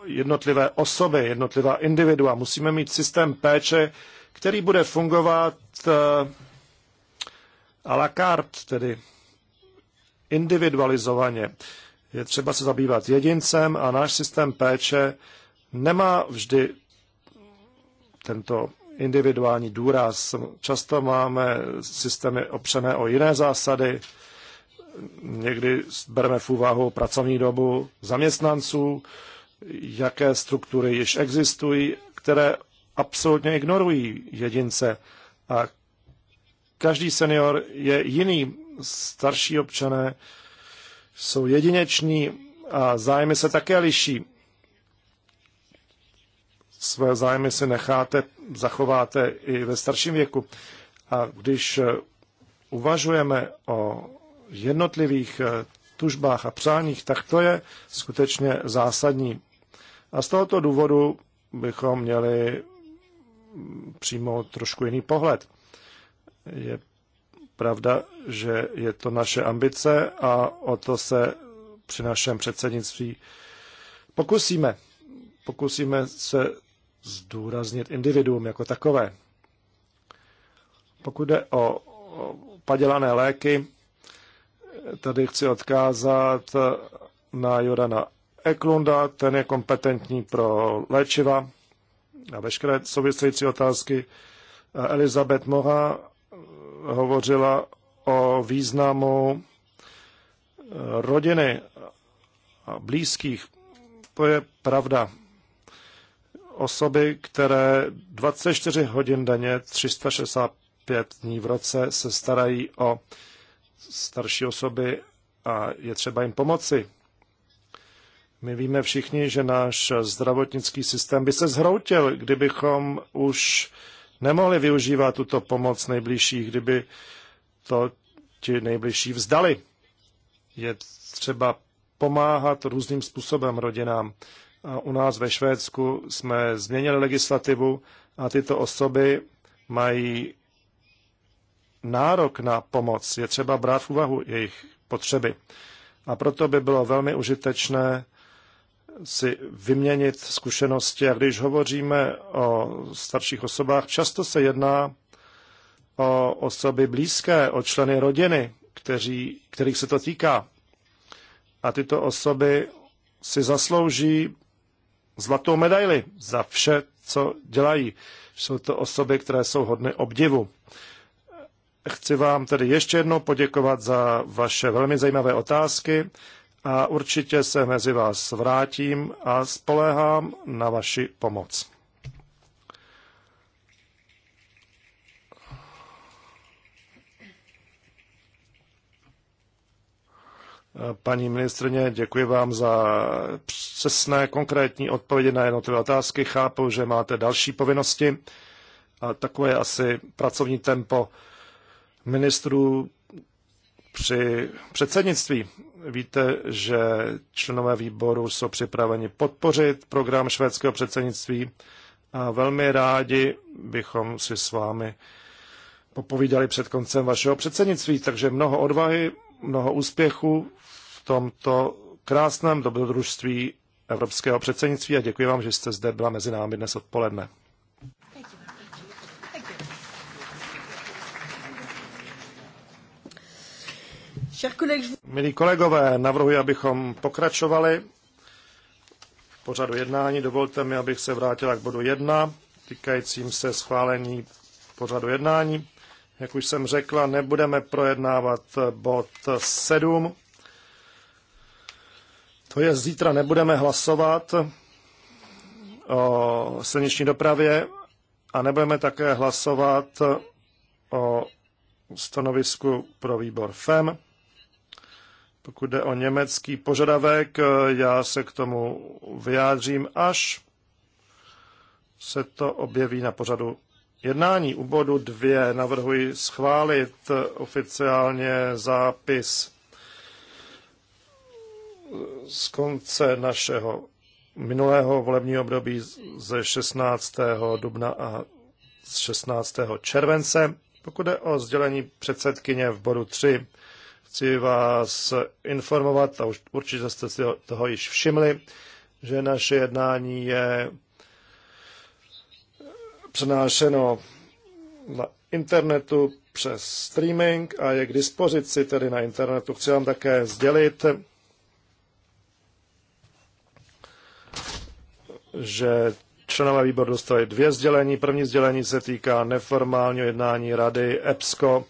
jednotlivé osoby, jednotlivá individua. Musíme mít systém péče, který bude fungovat a eh, la carte, tedy individualizovaně. Je třeba se zabývat jedincem a náš systém péče nemá vždy tento individuální důraz. Často máme systémy opřené o jiné zásady. Někdy bereme v úvahu pracovní dobu zaměstnanců, jaké struktury již existují, které absolutně ignorují jedince. A každý senior je jiný. Starší občané jsou jedineční a zájmy se také liší. Své zájmy si necháte, zachováte i ve starším věku. A když eh, uvažujeme o jednotlivých eh, tužbách a přáních, tak to je skutečně zásadní. A z tohoto důvodu bychom měli mm, přijmout trošku jiný pohled. Je pravda, že je to naše ambice a o to se při našem předsednictví pokusíme. Pokusíme se zdůraznit individuum jako takové. Pokud jde o, padělané léky, tady chci odkázat na Jorana Eklunda, ten je kompetentní pro léčiva a veškeré související otázky. Elizabeth Moha hovořila o významu eh, rodiny a blízkých. To je pravda. Osoby, které 24 hodin denně, 365 dní v roce se starají o starší osoby a je třeba jim pomoci. My víme všichni, že náš zdravotnický systém by se zhroutil, kdybychom už nemohli využívat tuto pomoc nejbližších, kdyby to ti nejbližší vzdali. Je třeba pomáhat různým způsobem rodinám. A u nás ve Švédsku jsme změnili legislativu a tyto osoby mají nárok na pomoc. Je třeba brát v úvahu jejich potřeby. A proto by bylo velmi užitečné si vyměnit zkušenosti. A když hovoříme o starších osobách, často se jedná o osoby blízké, o členy rodiny, kteří, kterých se to týká. A tyto osoby si zaslouží zlatou medaili za vše, co dělají. Jsou to osoby, které jsou hodny obdivu. Chci vám tedy ještě jednou poděkovat za vaše velmi zajímavé otázky a určitě se mezi vás vrátím a spoléhám na vaši pomoc. Paní ministrně, děkuji vám za přesné, konkrétní odpovědi na jednotlivé otázky. Chápu, že máte další povinnosti. A takové asi pracovní tempo ministrů při předsednictví víte, že členové výboru jsou připraveni podpořit program švédského předsednictví a velmi rádi bychom si s vámi popovídali před koncem vašeho předsednictví. Takže mnoho odvahy, mnoho úspěchu v tomto krásném dobrodružství evropského předsednictví a děkuji vám, že jste zde byla mezi námi dnes odpoledne. Milí kolegové, navrhuji, abychom pokračovali v pořadu jednání. Dovolte mi, abych se vrátila k bodu 1, týkajícím se schválení pořadu jednání. Jak už jsem řekla, nebudeme projednávat bod 7. To je, zítra nebudeme hlasovat o silniční dopravě a nebudeme také hlasovat o stanovisku pro výbor FEM. Pokud jde o německý požadavek, já se k tomu vyjádřím, až se to objeví na pořadu jednání. U bodu dvě navrhuji schválit oficiálně zápis z konce našeho minulého volebního období ze 16. dubna a z 16. července. Pokud jde o sdělení předsedkyně v bodu 3, Chci vás informovat, a už určitě jste si toho již všimli, že naše jednání je přenášeno na internetu přes streaming a je k dispozici tedy na internetu. Chci vám také sdělit, že členové výboru dostali dvě sdělení. První sdělení se týká neformálního jednání rady EPSCO,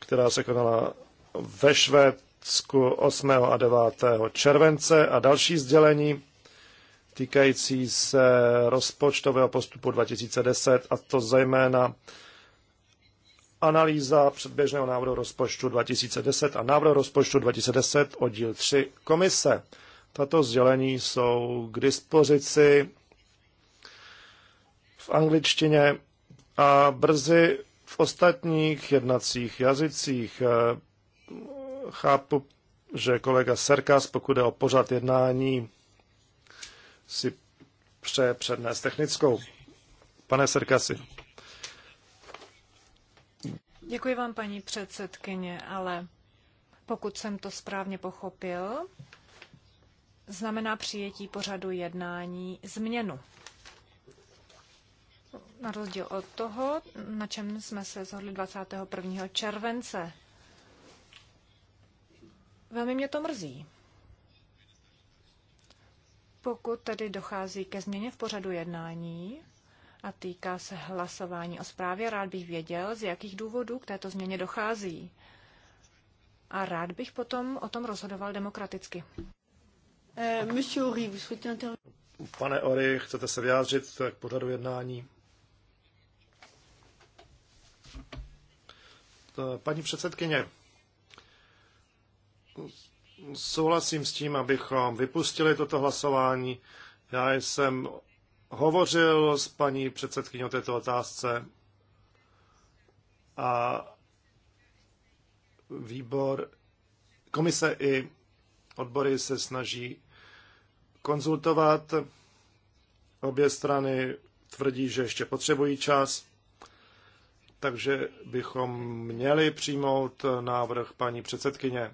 která se konala ve Švédsku 8. a 9. července a další sdělení týkající se rozpočtového postupu 2010 a to zejména analýza předběžného návrhu rozpočtu 2010 a návrhu rozpočtu 2010 oddíl 3 komise. Tato sdělení jsou k dispozici v angličtině a brzy v ostatních jednacích jazycích chápu, že kolega Serkas, pokud je o pořad jednání, si přeje přednést technickou. Pane Serkasi. Děkuji vám, paní předsedkyně, ale pokud jsem to správně pochopil, znamená přijetí pořadu jednání změnu. Na rozdíl od toho, na čem jsme se zhodli 21. července Velmi mě to mrzí. Pokud tedy dochází ke změně v pořadu jednání a týká se hlasování o zprávě, rád bych věděl, z jakých důvodů k této změně dochází. A rád bych potom o tom rozhodoval demokraticky. Eh, Pane Ory, chcete se vyjádřit k pořadu jednání? Eh, paní předsedkyně, souhlasím s tím, abychom vypustili toto hlasování. Já jsem hovořil s paní předsedkyní o této otázce a výbor, komise i odbory se snaží konzultovat. Obě strany tvrdí, že ještě potřebují čas, takže bychom měli přijmout návrh paní předsedkyně.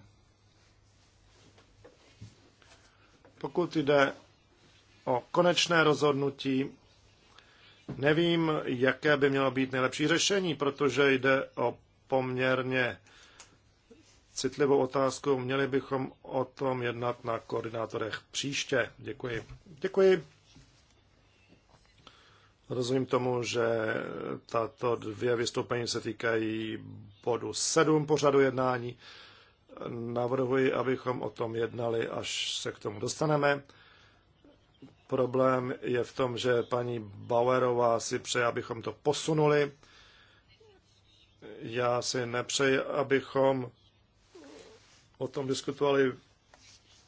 Pokud jde o konečné rozhodnutí, nevím, jaké by mělo být nejlepší řešení, protože jde o poměrně citlivou otázku. Měli bychom o tom jednat na koordinátorech příště. Děkuji. Děkuji. Rozumím tomu, že tato dvě vystoupení se týkají bodu 7 pořadu jednání. Navrhuji, abychom o tom jednali, až se k tomu dostaneme. Problém je v tom, že paní Bauerová si přeje, abychom to posunuli. Já si nepřeji, abychom o tom diskutovali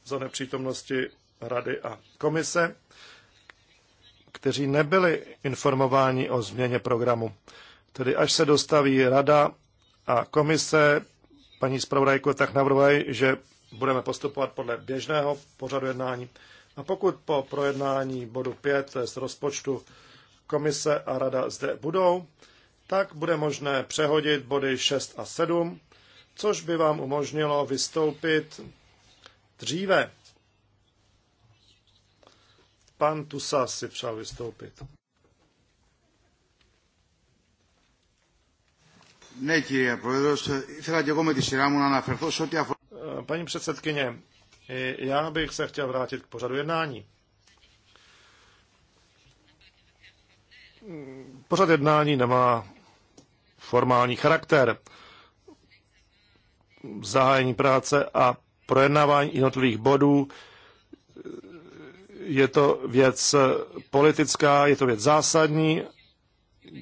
za nepřítomnosti rady a komise, kteří nebyli informováni o změně programu. Tedy až se dostaví rada a komise, paní zpravodajko, tak navrhuji, že budeme postupovat podle běžného pořadu jednání. A pokud po projednání bodu 5, to je z rozpočtu, komise a rada zde budou, tak bude možné přehodit body 6 a 7, což by vám umožnilo vystoupit dříve. Pan Tusa si přál vystoupit. Ne, Paní předsedkyně, já bych se chtěl vrátit k pořadu jednání. Mm, pořad jednání nemá formální charakter. Zahájení práce a projednávání jednotlivých bodů e, je to věc politická, je to věc zásadní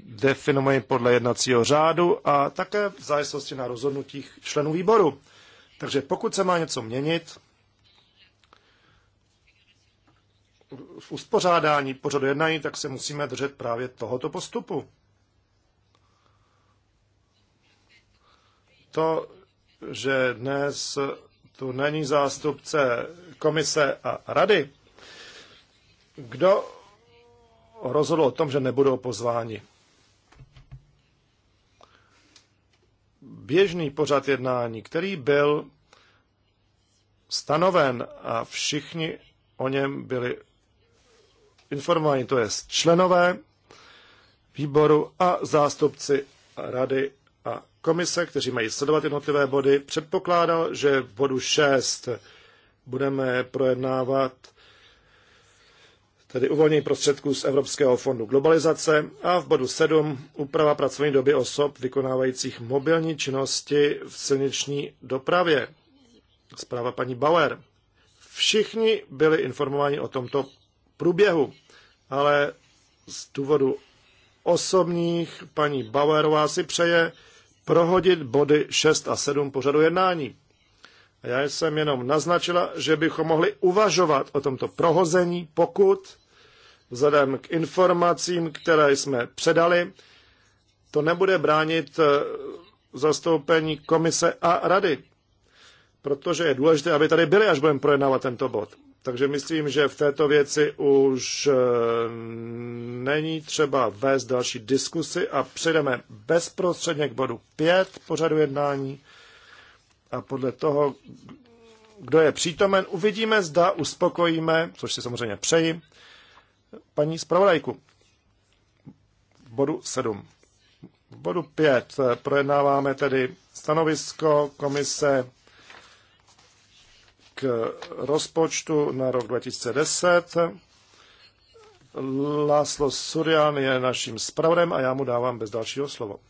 Definuji podle jednacího řádu a také v závislosti na rozhodnutích členů výboru. Takže pokud se má něco měnit v uspořádání pořadu jednání, tak se musíme držet právě tohoto postupu. To, že dnes tu není zástupce komise a rady, kdo rozhodl o tom, že nebudou pozváni. běžný pořad jednání, který byl stanoven a všichni o něm byli informováni, to je členové výboru a zástupci rady a komise, kteří mají sledovat jednotlivé body, předpokládal, že v bodu 6 budeme projednávat tedy uvolnění prostředků z Evropského fondu globalizace a v bodu 7 úprava pracovní doby osob vykonávajících mobilní činnosti v silniční dopravě. Zpráva paní Bauer. Všichni byli informováni o tomto průběhu, ale z důvodu osobních paní Bauerová si přeje prohodit body 6 a 7 pořadu jednání. Já jsem jenom naznačila, že bychom mohli uvažovat o tomto prohození, pokud vzhledem k informacím, které jsme předali, to nebude bránit eh, zastoupení komise a rady, protože je důležité, aby tady byli, až budeme projednávat tento bod. Takže myslím, že v této věci už eh, není třeba vést další diskusy a přejdeme bezprostředně k bodu 5 pořadu jednání, a podle toho, kdo je přítomen, uvidíme, zda uspokojíme, což si samozřejmě přeji, paní zpravodajku. V bodu 7. V bodu 5 projednáváme tedy stanovisko komise k rozpočtu na rok 2010. Láslo Surian je naším zpravodem a já mu dávám bez dalšího slovo.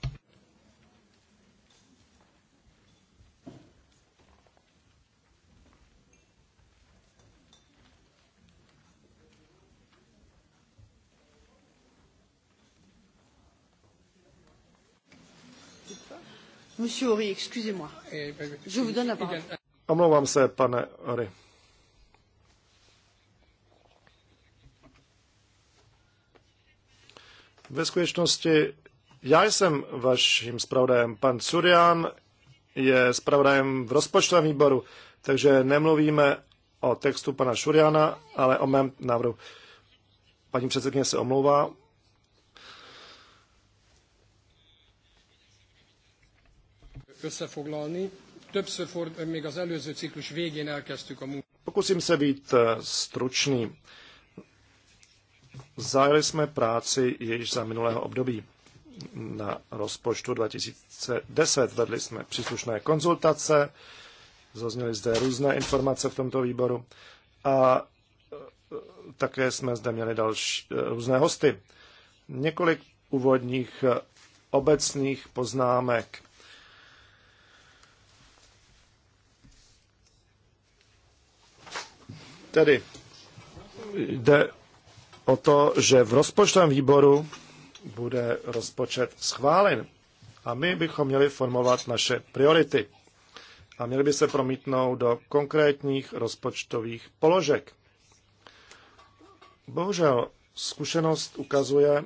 Monsieur Ori, excusez-moi. Je vous donne la parole. Omlouvám se, pane Ori. Ve skutečnosti já jsem vaším zpravodajem. Pan Curian je zpravodajem v rozpočtovém výboru, takže nemluvíme o textu pana Šuriana, ale o mém návrhu. Paní předsedkyně se omlouvá. összefoglalni. Többször ford, még az előző ciklus végén elkezdtük a munkát. Pokusím se být eh, stručný. Zajeli jsme práci již za minulého období. Na rozpočtu 2010 vedli jsme příslušné konzultace, zazněly zde různé informace v tomto výboru a eh, také jsme zde měli další eh, různé hosty. Několik úvodních obecných poznámek Tedy jde o to, že v rozpočtovém výboru bude rozpočet schválen a my bychom měli formovat naše priority a měli by se promítnout do konkrétních rozpočtových položek. Bohužel zkušenost ukazuje,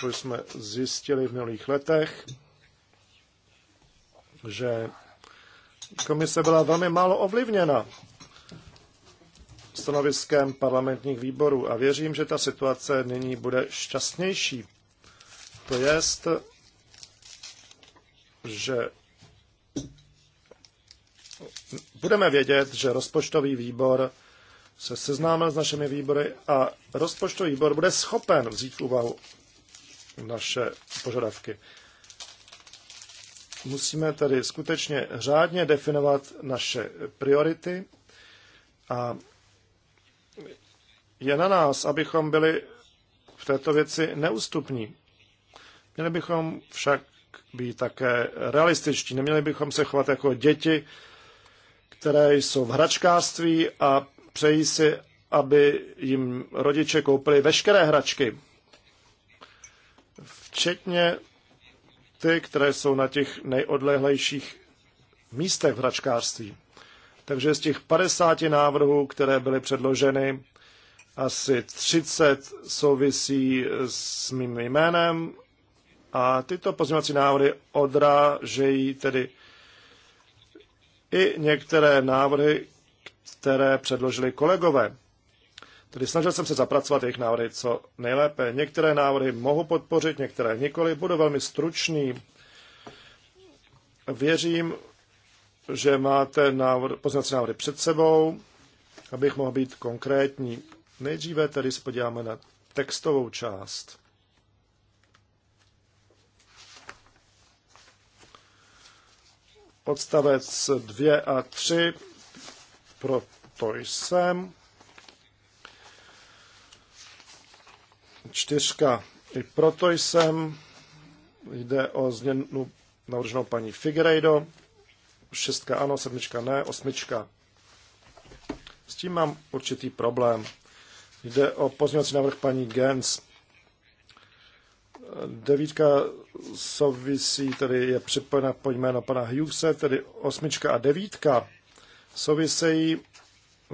to jsme zjistili v minulých letech, že komise byla velmi málo ovlivněna stanoviskem parlamentních výborů a věřím, že ta situace nyní bude šťastnější. To jest, že budeme vědět, že rozpočtový výbor se seznámil s našimi výbory a rozpočtový výbor bude schopen vzít v úvahu naše požadavky. Musíme tedy skutečně řádně definovat naše priority a je na nás, abychom byli v této věci neústupní. Měli bychom však být také realističtí. Neměli bychom se chovat jako děti, které jsou v hračkářství a přejí si, aby jim rodiče koupili veškeré hračky. Včetně ty, které jsou na těch nejodlehlejších místech v hračkářství. Takže z těch 50 návrhů, které byly předloženy, asi 30 souvisí s mým jménem a tyto pozměňovací návrhy odrážejí tedy i některé návrhy, které předložili kolegové. Tedy snažil jsem se zapracovat jejich návrhy co nejlépe. Některé návrhy mohu podpořit, některé nikoli. Budu velmi stručný. Věřím, že máte návr- pozměňovací návrhy před sebou, abych mohl být konkrétní. Nejdříve tedy spodíváme na textovou část. Odstavec 2 a 3, proto jsem. Čtyřka, i proto jsem. Jde o změnu navrženou paní Figueiredo. Šestka ano, sedmička ne, osmička. S tím mám určitý problém Jde o pozměňovací návrh paní Gens. Devítka souvisí, tedy je připojena po jméno pana Hughese, tedy osmička a devítka souvisejí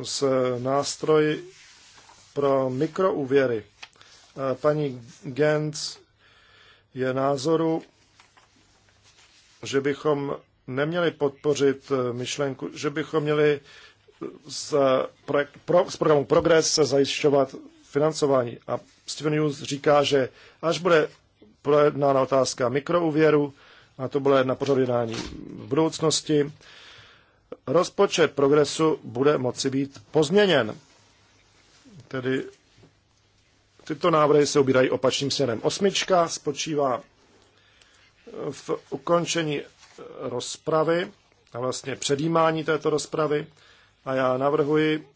s nástroji pro mikrouvěry. Paní Gens je názoru, že bychom neměli podpořit myšlenku, že bychom měli z, projekt, pro, z programu Progress se zajišťovat financování. A Steven Hughes říká, že až bude projednána otázka mikrouvěru, a to bude na pořadu jednání v budoucnosti, rozpočet progresu bude moci být pozměněn. Tedy tyto návrhy se ubírají opačným směrem. Osmička spočívá v ukončení rozpravy a vlastně předjímání této rozpravy a já navrhuji,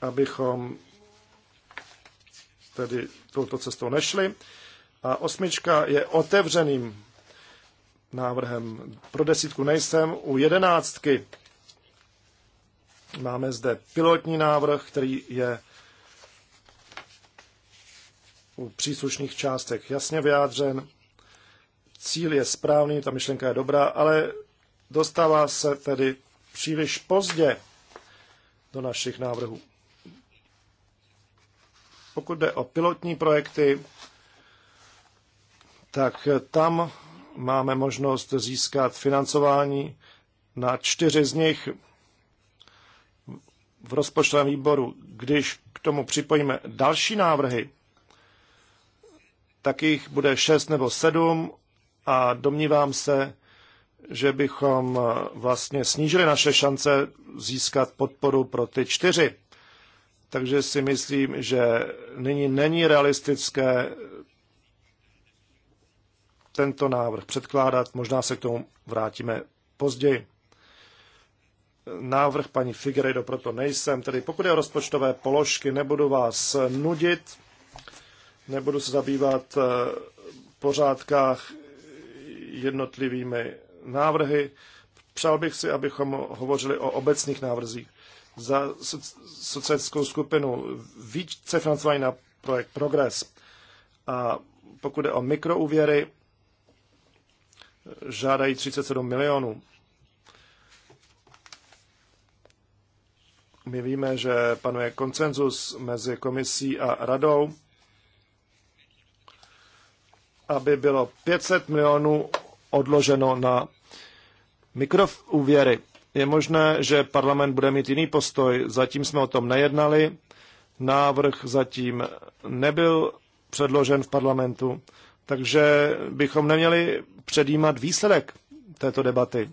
abychom tedy touto cestou nešli. A osmička je otevřeným návrhem. Pro desítku nejsem. U jedenáctky máme zde pilotní návrh, který je u příslušných částek jasně vyjádřen. Cíl je správný, ta myšlenka je dobrá, ale dostává se tedy příliš pozdě do našich návrhů. Pokud jde o pilotní projekty, tak tam máme možnost získat financování na čtyři z nich v rozpočtovém výboru. Když k tomu připojíme další návrhy, tak jich bude šest nebo sedm a domnívám se, že bychom eh, vlastně snížili naše šance získat podporu pro ty čtyři. Takže si myslím, že nyní není realistické tento návrh předkládat. Možná se k tomu vrátíme později. Návrh paní Figueredo proto nejsem. Tedy pokud je o rozpočtové položky, nebudu vás nudit, nebudu se zabývat eh, pořádkách jednotlivými návrhy. Přál bych si, abychom hovořili o obecných návrzích. Za sociálskou skupinu více financování na projekt Progress. A pokud je o mikrouvěry, žádají 37 milionů. My víme, že panuje koncenzus mezi komisí a radou, aby bylo 500 milionů odloženo na Mikroúvěry. Je možné, že parlament bude mít jiný postoj. Zatím jsme o tom nejednali. Návrh zatím nebyl předložen v parlamentu. Takže bychom neměli předjímat výsledek této debaty.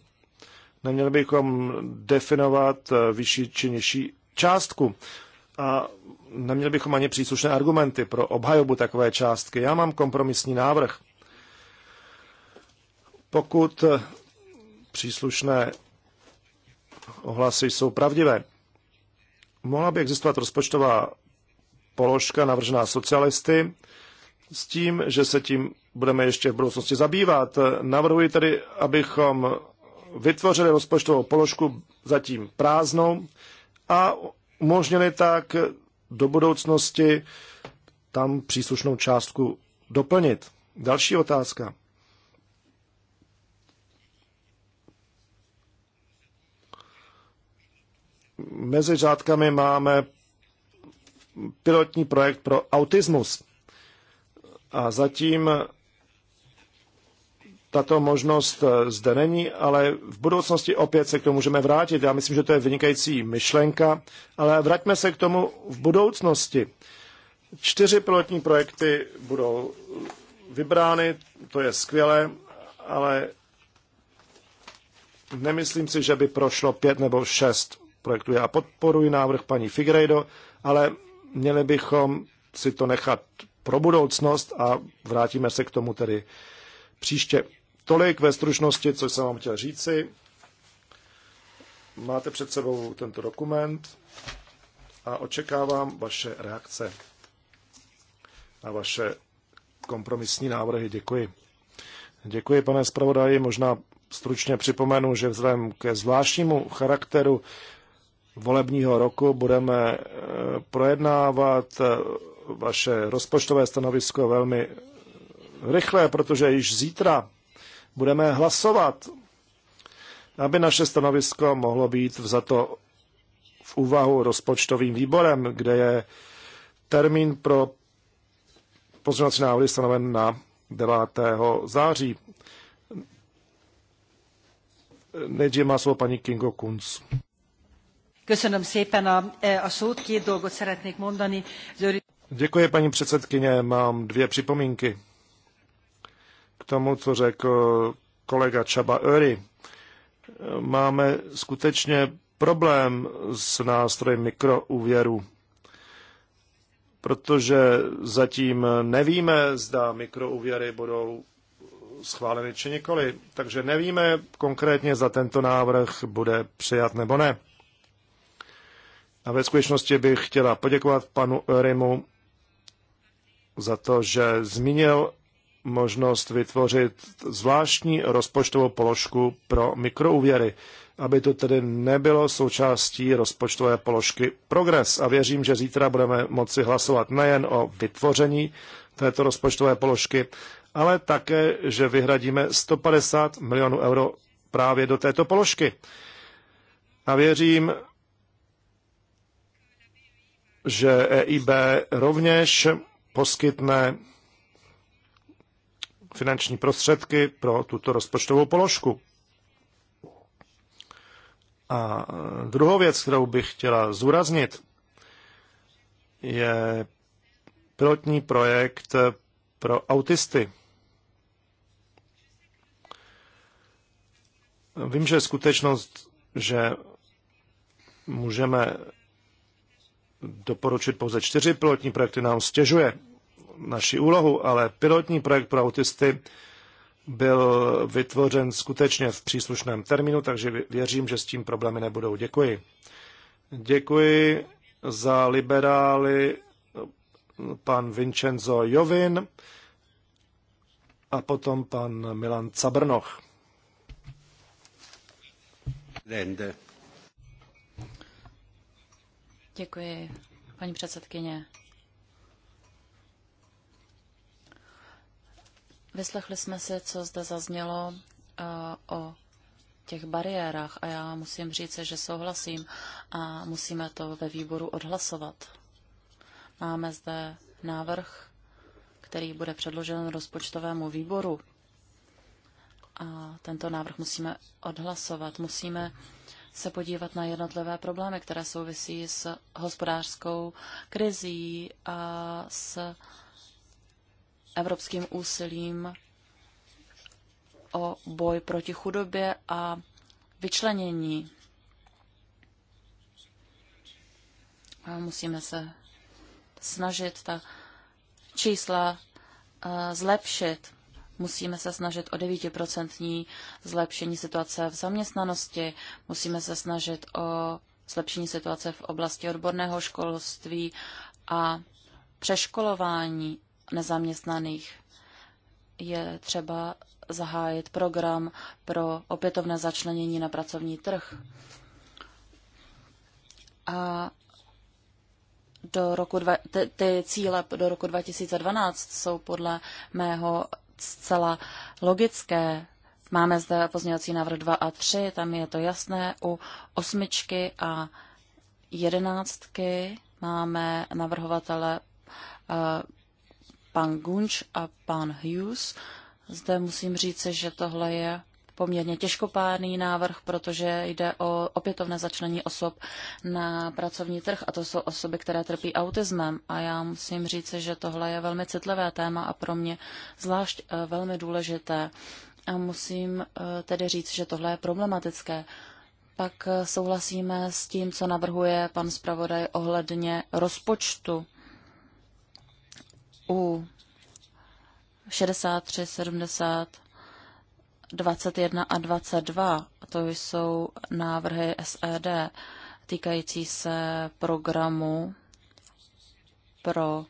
Neměli bychom definovat vyšší či nižší částku. A neměli bychom ani příslušné argumenty pro obhajobu takové částky. Já mám kompromisní návrh. Pokud příslušné ohlasy jsou pravdivé. Mohla by existovat rozpočtová položka navržená socialisty s tím, že se tím budeme ještě v budoucnosti zabývat. Navrhuji tedy, abychom vytvořili rozpočtovou položku zatím prázdnou a umožnili tak do budoucnosti tam příslušnou částku doplnit. Další otázka. mezi řádkami máme pilotní projekt pro autismus. A zatím tato možnost zde není, ale v budoucnosti opět se k tomu můžeme vrátit. Já myslím, že to je vynikající myšlenka, ale vraťme se k tomu v budoucnosti. Čtyři pilotní projekty budou vybrány, to je skvělé, ale nemyslím si, že by prošlo pět nebo šest projektu. Já podporuji návrh paní Figrejdo, ale měli bychom si to nechat pro budoucnost a vrátíme se k tomu tedy příště. Tolik ve stručnosti, co jsem vám chtěl říci. Máte před sebou tento dokument a očekávám vaše reakce a vaše kompromisní návrhy. Děkuji. Děkuji, pane zpravodaji. Možná stručně připomenu, že vzhledem ke zvláštnímu charakteru volebního roku budeme eh, projednávat eh, vaše rozpočtové stanovisko velmi rychle, protože již zítra budeme hlasovat, aby naše stanovisko mohlo být vzato v úvahu rozpočtovým výborem, kde je termín pro pozornosti návody stanoven na 9. září. Nejdříve má slovo paní Kingo Kunz. Köszönöm szépen a, e, a szót. Két dolgot szeretnék mondani. Děkuji, paní předsedkyně. Mám dvě připomínky k tomu, co řekl kolega Čaba Öry. Máme skutečně problém s nástrojem mikroúvěru, protože zatím nevíme, zda mikroúvěry budou schváleny či nikoli. Takže nevíme konkrétně, zda tento návrh bude přijat nebo ne. A ve skutečnosti bych chtěla poděkovat panu Rimu za to, že zmínil možnost vytvořit zvláštní rozpočtovou položku pro mikroúvěry, aby to tedy nebylo součástí rozpočtové položky Progres. A věřím, že zítra budeme moci hlasovat nejen o vytvoření této rozpočtové položky, ale také, že vyhradíme 150 milionů euro právě do této položky. A věřím, že EIB rovněž poskytne finanční prostředky pro tuto rozpočtovou položku. A druhou věc, kterou bych chtěla zúraznit, je pilotní projekt pro autisty. Vím, že skutečnost, že můžeme doporučit pouze čtyři pilotní projekty nám stěžuje naši úlohu, ale pilotní projekt pro autisty byl vytvořen skutečně v příslušném termínu, takže věřím, že s tím problémy nebudou. Děkuji. Děkuji za liberály pan Vincenzo Jovin a potom pan Milan Cabrnoch. Dende. Děkuji, paní předsedkyně. Vyslechli jsme si, co zde zaznělo eh, o těch bariérách a já musím říct, že souhlasím a musíme to ve výboru odhlasovat. Máme zde návrh, který bude předložen rozpočtovému výboru a tento návrh musíme odhlasovat. Musíme se podívat na jednotlivé problémy, které souvisí s hospodářskou krizí a s evropským úsilím o boj proti chudobě a vyčlenění. A musíme se snažit ta čísla eh, zlepšit. Musíme se snažit o 9% zlepšení situace v zaměstnanosti, musíme se snažit o zlepšení situace v oblasti odborného školství a přeškolování nezaměstnaných. Je třeba zahájit program pro opětovné začlenění na pracovní trh. A do roku dva, ty, ty cíle do roku 2012 jsou podle mého zcela logické. Máme zde pozměňovací návrh 2 a 3, tam je to jasné. U osmičky a jedenáctky máme navrhovatele eh, pan Gunč a pan Hughes. Zde musím říct, že tohle je poměrně těžkopádný návrh, protože jde o opětovné začlení osob na pracovní trh a to jsou osoby, které trpí autismem. A já musím říct, že tohle je velmi citlivé téma a pro mě zvlášť eh, velmi důležité. A musím eh, tedy říct, že tohle je problematické. Pak eh, souhlasíme s tím, co navrhuje pan zpravodaj ohledně rozpočtu u 63, 70 21 a 22, to jsou návrhy SED týkající se programu pro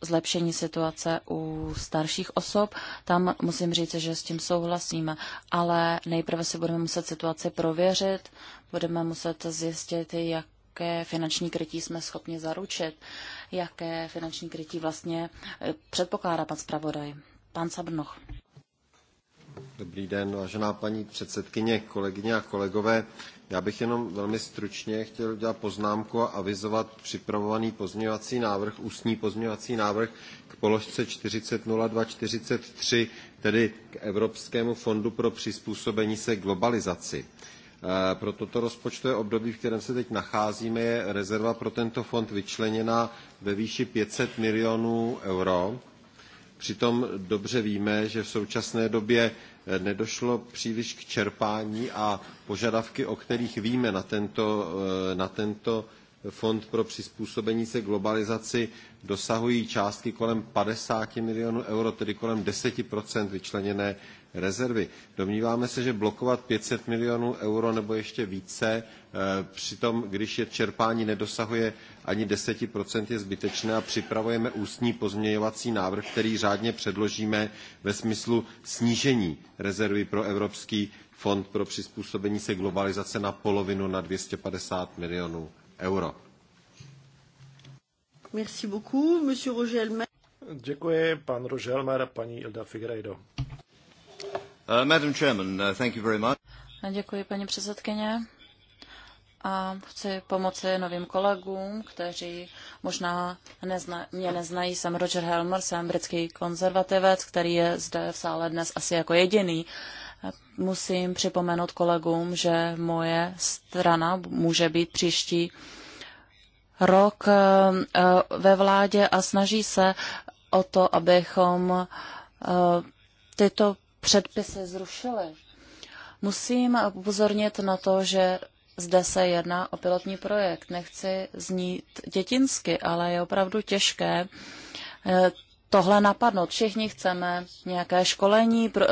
zlepšení situace u starších osob. Tam musím říct, že s tím souhlasíme, ale nejprve si budeme muset situaci prověřit, budeme muset zjistit, jak jaké finanční krytí jsme schopni zaručit, jaké finanční krytí vlastně eh, předpokládá pan zpravodaj. Pan Sabnoch. Dobrý den, vážená paní předsedkyně, kolegyně a kolegové. Já bych jenom velmi stručně chtěl udělat poznámku a avizovat připravovaný pozměňovací návrh, ústní pozměňovací návrh k položce 400243, tedy k Evropskému fondu pro přizpůsobení se globalizaci. Eh, pro toto rozpočtové období, v kterém se teď nacházíme, je rezerva pro tento fond vyčleněna ve výši 500 milionů euro. Přitom dobře víme, že v současné době Eh, nedošlo příliš k čerpání a požadavky, o kterých víme na tento, eh, na tento fond pro přizpůsobení se globalizaci dosahují částky kolem 50 milionů euro, tedy kolem 10 vyčleněné rezervy. Domníváme se, že blokovat 500 milionů euro nebo ještě více, eh, přitom když je čerpání nedosahuje ani 10%, je zbytečné a připravujeme ústní pozměňovací návrh, který řádně předložíme ve smyslu snížení rezervy pro Evropský fond pro přizpůsobení se globalizace na polovinu na 250 milionů euro. Merci beaucoup, monsieur Rogelmer. Děkuji, pan Rogelmer, paní Ilda Figueiredo. Uh, Madam Chairman, uh, thank you very much. Děkuji, paní předsedkyně. A chci pomoci novým kolegům, kteří možná nezna, mě neznají. Jsem Roger Helmer, jsem britský konzervativec, který je zde v sále dnes asi jako jediný. Musím připomenout kolegům, že moje strana může být příští rok eh, eh, ve vládě a snaží se o to, abychom eh, tyto předpisy zrušily. Musím upozornit na to, že zde se jedná o pilotní projekt. Nechci znít dětinsky, ale je opravdu těžké eh, tohle napadnout. Všichni chceme nějaké školení, eh,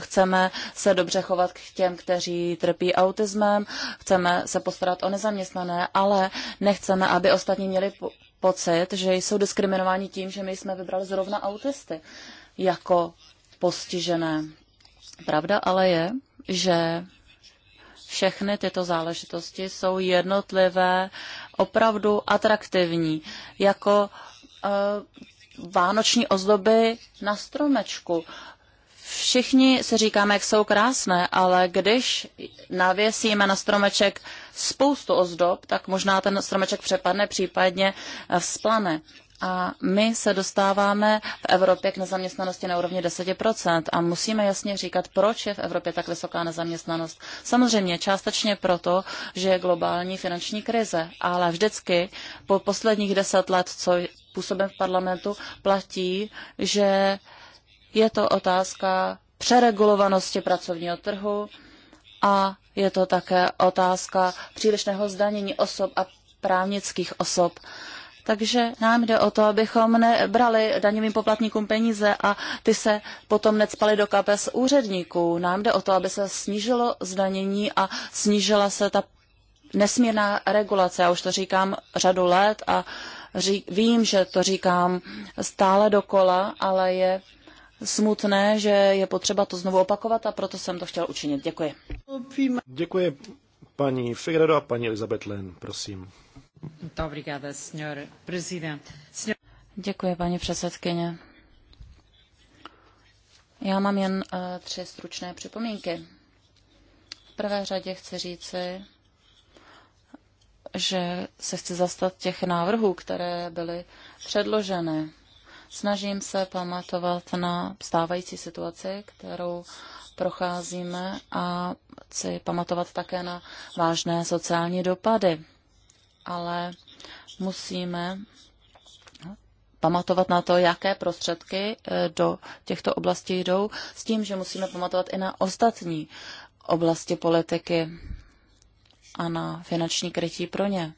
chceme se dobře chovat k těm, kteří trpí autismem, chceme se postarat o nezaměstnané, ale nechceme, aby ostatní měli pocit, že jsou diskriminováni tím, že my jsme vybrali zrovna autisty jako postižené. Pravda ale je, že všechny tyto záležitosti jsou jednotlivé, opravdu atraktivní, jako uh, vánoční ozdoby na stromečku. Všichni si říkáme, jak jsou krásné, ale když navěsíme na stromeček spoustu ozdob, tak možná ten stromeček přepadne, případně eh, vzplane. A my se dostáváme v Evropě k nezaměstnanosti na úrovni 10% a musíme jasně říkat, proč je v Evropě tak vysoká nezaměstnanost. Samozřejmě částečně proto, že je globální finanční krize, ale vždycky po posledních deset let, co působem v parlamentu, platí, že je to otázka přeregulovanosti pracovního trhu a je to také otázka přílišného zdanění osob a právnických osob. Takže nám jde o to, abychom nebrali daňovým poplatníkům peníze a ty se potom necpaly do kapes úředníků. Nám jde o to, aby se snížilo zdanění a snížila se ta nesmírná regulace. Já už to říkám řadu let a řík, vím, že to říkám stále dokola, ale je smutné, že je potřeba to znovu opakovat a proto jsem to chtěl učinit. Děkuji. Děkuji paní Figredo a paní Elizabeth Len, prosím. Děkuji, paní předsedkyně. Já mám jen eh, tři stručné připomínky. V prvé řadě chci říci, že se chci zastat těch návrhů, které byly předloženy. Snažím se pamatovat na stávající situaci, kterou procházíme a chci pamatovat také na vážné sociální dopady ale musíme pamatovat na to, jaké prostředky eh, do těchto oblastí jdou, s tím, že musíme pamatovat i na ostatní oblasti politiky a na finanční krytí pro ně.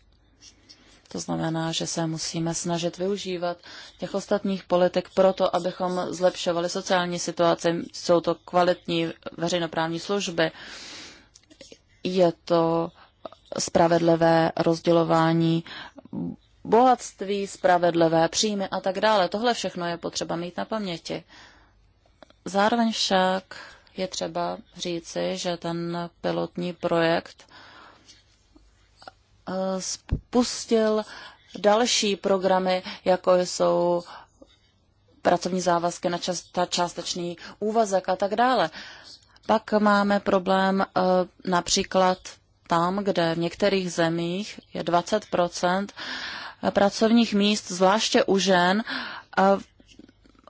To znamená, že se musíme snažit využívat těch ostatních politik proto, abychom zlepšovali sociální situaci. Jsou to kvalitní veřejnoprávní služby, je to spravedlivé rozdělování bohatství, spravedlivé příjmy a tak dále. Tohle všechno je potřeba mít na paměti. Zároveň však je třeba říci, že ten pilotní projekt eh, spustil další programy, jako jsou pracovní závazky na částečný úvazek a tak dále. Pak máme problém eh, například tam, kde v některých zemích je 20 pracovních míst, zvláště u žen, eh,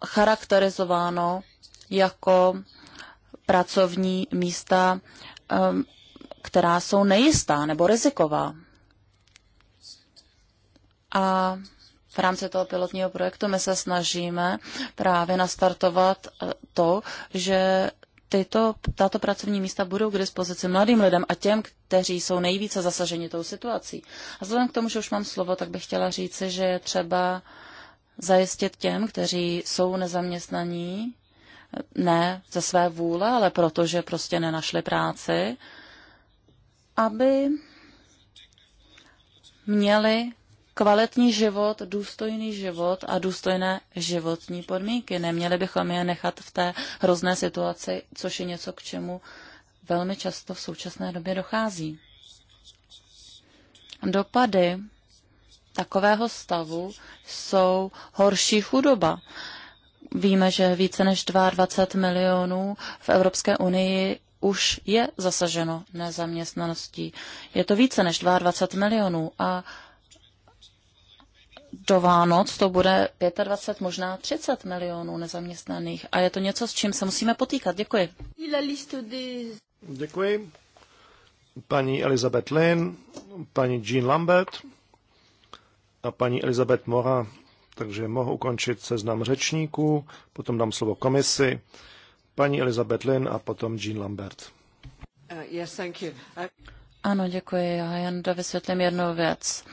charakterizováno jako pracovní místa, eh, která jsou nejistá nebo riziková. A v rámci toho pilotního projektu my se snažíme právě nastartovat eh, to, že tyto, tato pracovní místa budou k dispozici mladým lidem a těm, kteří jsou nejvíce zasaženi tou situací. A vzhledem k tomu, že už mám slovo, tak bych chtěla říci, že je třeba zajistit těm, kteří jsou nezaměstnaní, ne ze své vůle, ale protože prostě nenašli práci, aby měli kvalitní život, důstojný život a důstojné životní podmínky. Neměli bychom je nechat v té hrozné situaci, což je něco, k čemu velmi často v současné době dochází. Dopady takového stavu jsou horší chudoba. Víme, že více než 22 milionů v Evropské unii už je zasaženo nezaměstnaností. Je to více než 22 milionů a do Vánoc to bude 25, možná 30 milionů nezaměstnaných. A je to něco, s čím se musíme potýkat. Děkuji. Děkuji. Paní Elizabeth Lynn, paní Jean Lambert a paní Elizabeth Mora. Takže mohu ukončit seznam řečníků, potom dám slovo komisi, paní Elizabeth Lynn a potom Jean Lambert. Uh, yes, thank you. I... Uh, ano, děkuji. Já jen dovysvětlím jednu věc.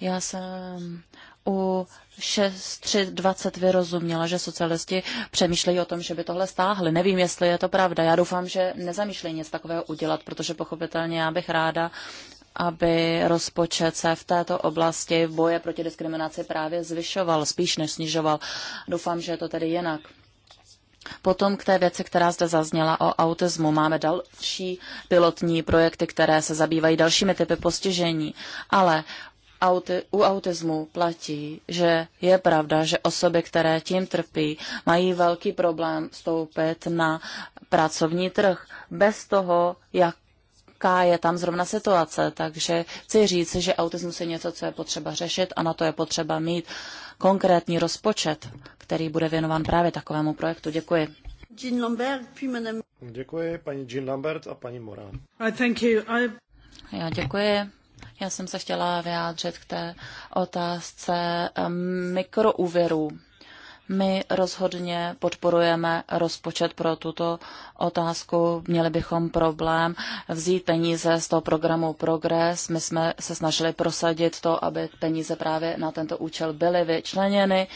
Já jsem u 6.20 vyrozuměla, že socialisti přemýšlejí o tom, že by tohle stáhli. Nevím, jestli je to pravda. Já doufám, že nezamýšlejí nic takového udělat, protože pochopitelně já bych ráda, aby rozpočet se v této oblasti v boje proti diskriminaci právě zvyšoval, spíš než snižoval. Doufám, že je to tedy jinak. Potom k té věci, která zde zazněla o autismu, máme další pilotní projekty, které se zabývají dalšími typy postižení, ale u autismu platí, že je pravda, že osoby, které tím trpí, mají velký problém vstoupit na pracovní trh bez toho, jak jaká je tam zrovna situace. Takže chci říct, že autismus je něco, co je potřeba řešit a na to je potřeba mít konkrétní rozpočet, který bude věnován právě takovému projektu. Děkuji. Jean Lambert, puis Děkuji, paní Jean Lambert a paní Morán. I thank you. I... Já děkuji. Já jsem se chtěla vyjádřit k té otázce ehm, mikroúvěrů. My rozhodně podporujeme rozpočet pro tuto otázku. Měli bychom problém vzít peníze z toho programu Progress. My jsme se snažili prosadit to, aby peníze právě na tento účel byly vyčleněny,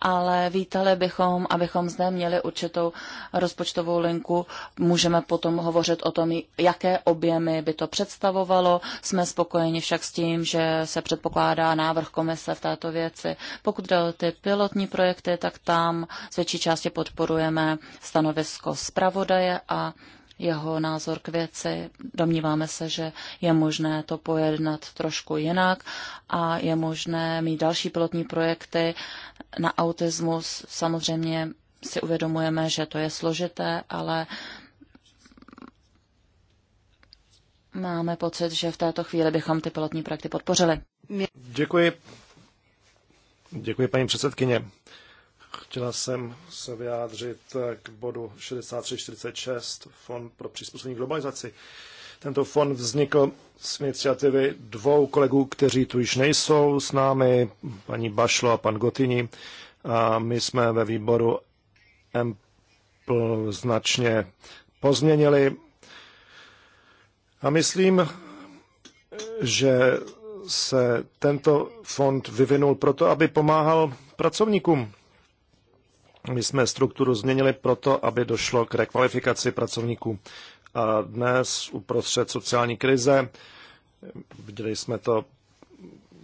ale vítali bychom, abychom zde měli určitou rozpočtovou linku. Můžeme potom hovořit o tom, jaké objemy by to představovalo. Jsme spokojeni však s tím, že se předpokládá návrh komise v této věci. Pokud jde o ty pilotní projekty, tak tam z větší části podporujeme stanovisko zpravodaje a jeho názor k věci. Domníváme se, že je možné to pojednat trošku jinak a je možné mít další pilotní projekty na autismus. Samozřejmě si uvědomujeme, že to je složité, ale máme pocit, že v této chvíli bychom ty pilotní projekty podpořili. Děkuji. Děkuji, paní předsedkyně. Chtěla jsem se vyjádřit k bodu 6346, Fond pro přizpůsobení globalizaci. Tento fond vznikl z iniciativy dvou kolegů, kteří tu již nejsou s námi, paní Bašlo a pan Gotini. A my jsme ve výboru Empl značně pozměnili. A myslím, že se tento fond vyvinul proto, aby pomáhal pracovníkům. My jsme strukturu změnili proto, aby došlo k rekvalifikaci pracovníků. A dnes uprostřed sociální krize, viděli jsme to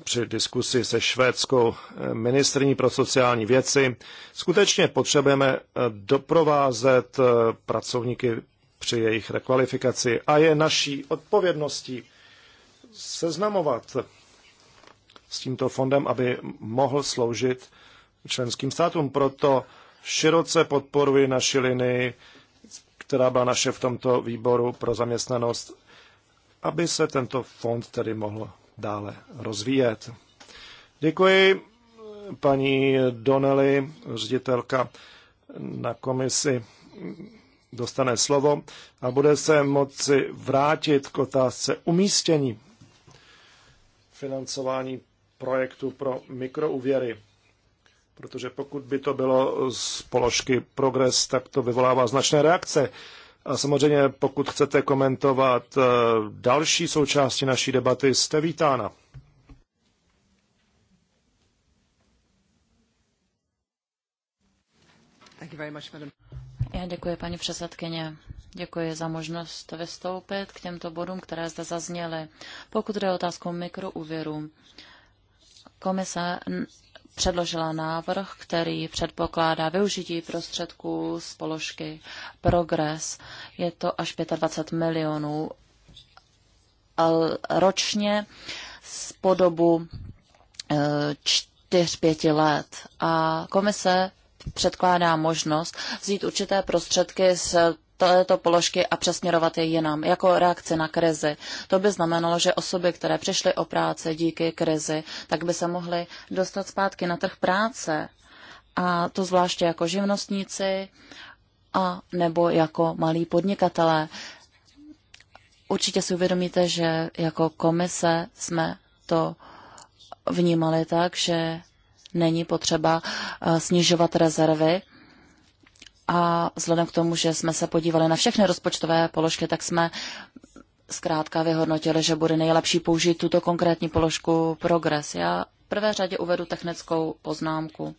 při diskusi se švédskou ministrní pro sociální věci, skutečně potřebujeme eh, doprovázet eh, pracovníky při jejich rekvalifikaci a je naší odpovědností seznamovat s tímto fondem, aby mohl sloužit členským státům. Proto Široce podporuji naši linii, která byla naše v tomto výboru pro zaměstnanost, aby se tento fond tedy mohl dále rozvíjet. Děkuji paní Donnelly, ředitelka na komisi, dostane slovo a bude se moci vrátit k otázce umístění financování projektu pro mikrouvěry protože pokud by to bylo z položky progres, tak to vyvolává značné reakce. A samozřejmě, pokud chcete komentovat eh, další součásti naší debaty, jste vítána. Já děkuji, paní předsedkyně. Děkuji za možnost vystoupit k těmto bodům, které zde zazněly. Pokud jde o otázku mikroúvěru, komise předložila návrh, který předpokládá využití prostředků z položky Progres. Je to až 25 milionů ročně z podobu eh, čtyř, pěti let. A komise předkládá možnost vzít určité prostředky z této položky a přesměrovat je jinam, jako reakce na krizi. To by znamenalo, že osoby, které přišly o práce díky krizi, tak by se mohly dostat zpátky na trh práce. A to zvláště jako živnostníci a nebo jako malí podnikatelé. Určitě si uvědomíte, že jako komise jsme to vnímali tak, že není potřeba eh, snižovat rezervy a vzhledem k tomu, že jsme se podívali na všechny rozpočtové položky, tak jsme zkrátka vyhodnotili, že bude nejlepší použít tuto konkrétní položku progres. Já v prvé řadě uvedu technickou poznámku.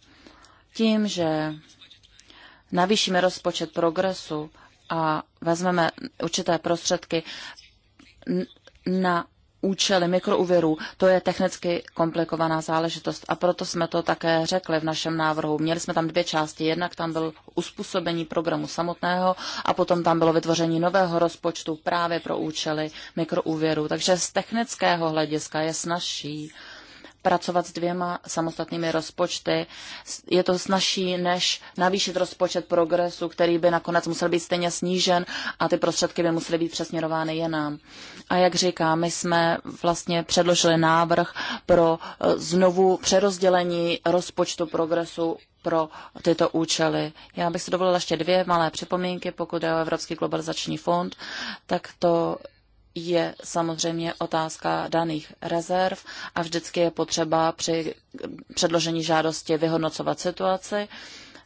Tím, že navýšíme rozpočet progresu a vezmeme určité prostředky na účely mikroúvěrů, to je technicky komplikovaná záležitost a proto jsme to také řekli v našem návrhu. Měli jsme tam dvě části. Jednak tam byl uspůsobení programu samotného a potom tam bylo vytvoření nového rozpočtu právě pro účely mikroúvěrů. Takže z technického hlediska je snažší pracovat s dvěma samostatnými rozpočty. Je to snažší, než navýšit rozpočet progresu, který by nakonec musel být stejně snížen a ty prostředky by musely být přesměrovány jenám. A jak říká, my jsme vlastně předložili návrh pro eh, znovu přerozdělení rozpočtu progresu pro tyto účely. Já bych si dovolila ještě dvě malé připomínky, pokud je o Evropský globalizační fond, tak to je samozřejmě otázka daných rezerv a vždycky je potřeba při předložení žádosti vyhodnocovat situaci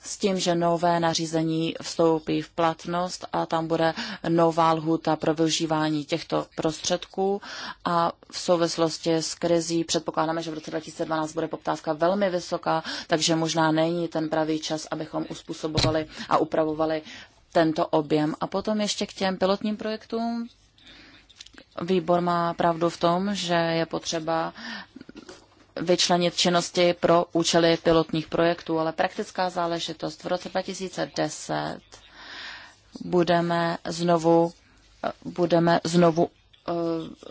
s tím, že nové nařízení vstoupí v platnost a tam bude nová lhuta pro využívání těchto prostředků a v souvislosti s krizí předpokládáme, že v roce 2012 bude poptávka velmi vysoká, takže možná není ten pravý čas, abychom uspůsobovali a upravovali tento objem. A potom ještě k těm pilotním projektům. Výbor má pravdu v tom, že je potřeba vyčlenit činnosti pro účely pilotních projektů, ale praktická záležitost. V roce 2010 budeme znovu, budeme znovu uh,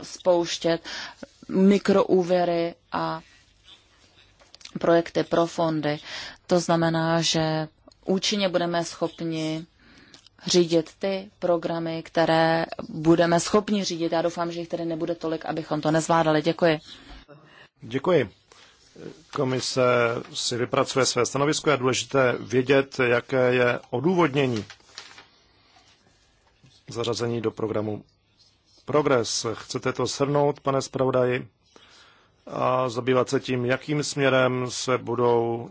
spouštět mikroúvěry a projekty pro fondy. To znamená, že účinně budeme schopni řídit ty programy, které budeme schopni řídit. Já doufám, že jich tedy nebude tolik, abychom to nezvládali. Děkuji. Děkuji. Komise si vypracuje své stanovisko. Je důležité vědět, jaké je odůvodnění zařazení do programu Progres. Chcete to shrnout, pane zpravodaji, a zabývat se tím, jakým směrem se budou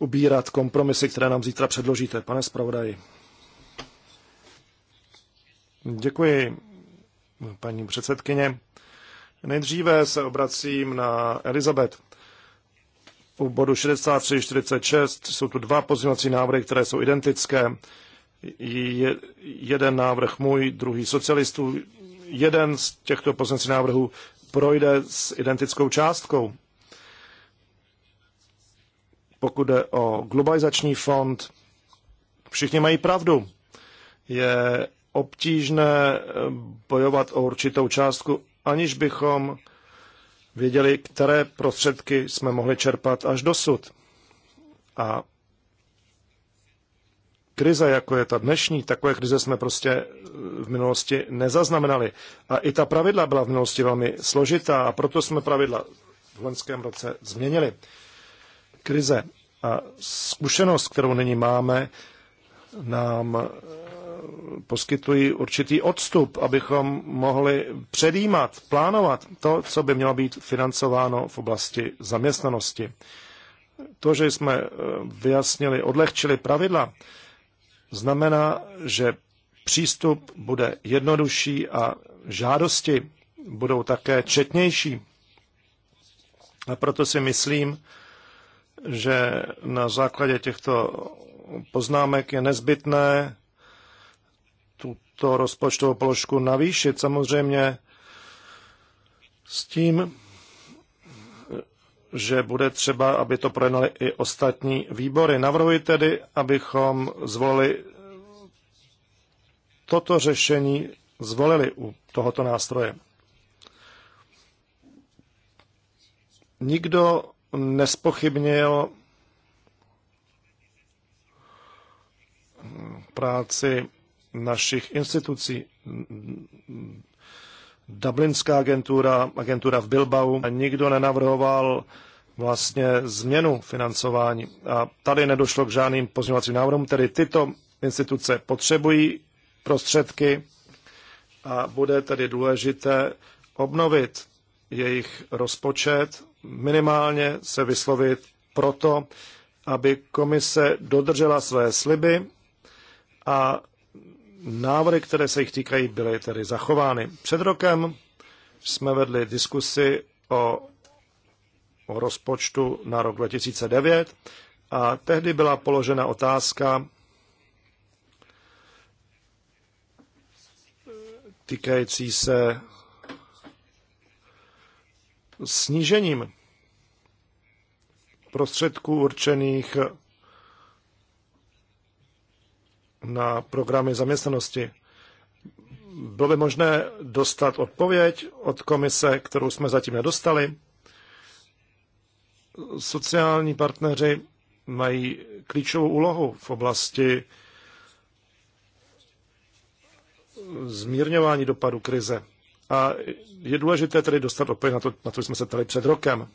ubírat kompromisy, které nám zítra předložíte, pane zpravodaji. Děkuji, paní předsedkyně. Nejdříve se obracím na Elizabeth. U bodu 63-46 jsou tu dva pozměňovací návrhy, které jsou identické. Je, jeden návrh můj, druhý socialistů. Jeden z těchto pozměňovacích návrhů projde s identickou částkou pokud jde o globalizační fond, všichni mají pravdu. Je obtížné eh, bojovat o určitou částku, aniž bychom věděli, které prostředky jsme mohli čerpat až dosud. A krize, jako je ta dnešní, takové krize jsme prostě eh, v minulosti nezaznamenali. A i ta pravidla byla v minulosti velmi složitá a proto jsme pravidla v loňském roce změnili krize a zkušenost, kterou nyní máme, nám eh, poskytují určitý odstup, abychom mohli předjímat, plánovat to, co by mělo být financováno v oblasti zaměstnanosti. To, že jsme eh, vyjasnili, odlehčili pravidla, znamená, že přístup bude jednodušší a žádosti budou také četnější. A proto si myslím, že na základě těchto poznámek je nezbytné tuto rozpočtovou položku navýšit. Samozřejmě s tím, že bude třeba, aby to projednali i ostatní výbory. Navrhuji tedy, abychom zvolili toto řešení, zvolili u tohoto nástroje. Nikdo nespochybnil práci našich institucí. Dublinská agentura, agentura v Bilbao, nikdo nenavrhoval vlastně změnu financování. A tady nedošlo k žádným pozměňovacím návrhům, tedy tyto instituce potřebují prostředky a bude tedy důležité obnovit jejich rozpočet minimálně se vyslovit proto, aby komise dodržela své sliby a návrhy, které se jich týkají, byly tedy zachovány. Před rokem jsme vedli diskusi o, o rozpočtu na rok 2009 a tehdy byla položena otázka týkající se snížením prostředků určených na programy zaměstnanosti. Bylo by možné dostat odpověď od komise, kterou jsme zatím nedostali. Sociální partneři mají klíčovou úlohu v oblasti zmírňování dopadu krize. A je důležité tedy dostat odpověď na to, na to jsme se tady před rokem.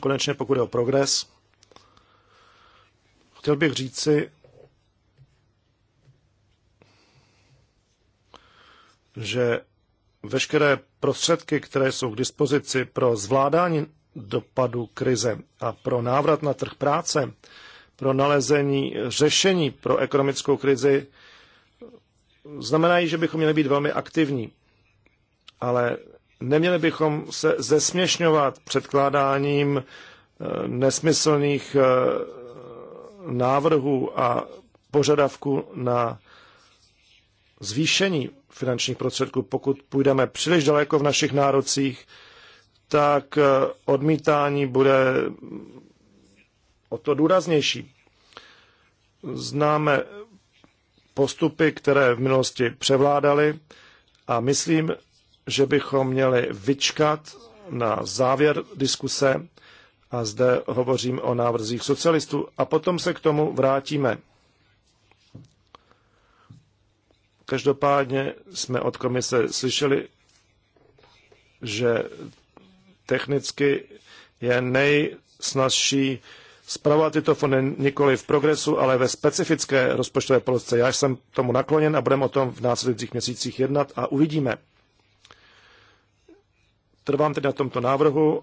Konečně pokud je o progres, chtěl bych říci, že veškeré prostředky, které jsou k dispozici pro zvládání dopadu krize a pro návrat na trh práce, pro nalezení řešení pro ekonomickou krizi, znamenají, že bychom měli být velmi aktivní, ale neměli bychom se zesměšňovat předkládáním eh, nesmyslných eh, návrhů a požadavku na zvýšení finančních prostředků. Pokud půjdeme příliš daleko v našich nárocích, tak eh, odmítání bude o to důraznější. Známe postupy, které v minulosti převládaly a myslím, že bychom měli vyčkat na závěr diskuse a zde hovořím o návrzích socialistů a potom se k tomu vrátíme. Každopádně jsme od komise slyšeli, že technicky je nejsnazší spravovat tyto fondy nikoli v progresu, ale ve specifické rozpočtové položce. Já jsem tomu nakloněn a budeme o tom v následujících měsících jednat a uvidíme. Trvám tedy na tomto návrhu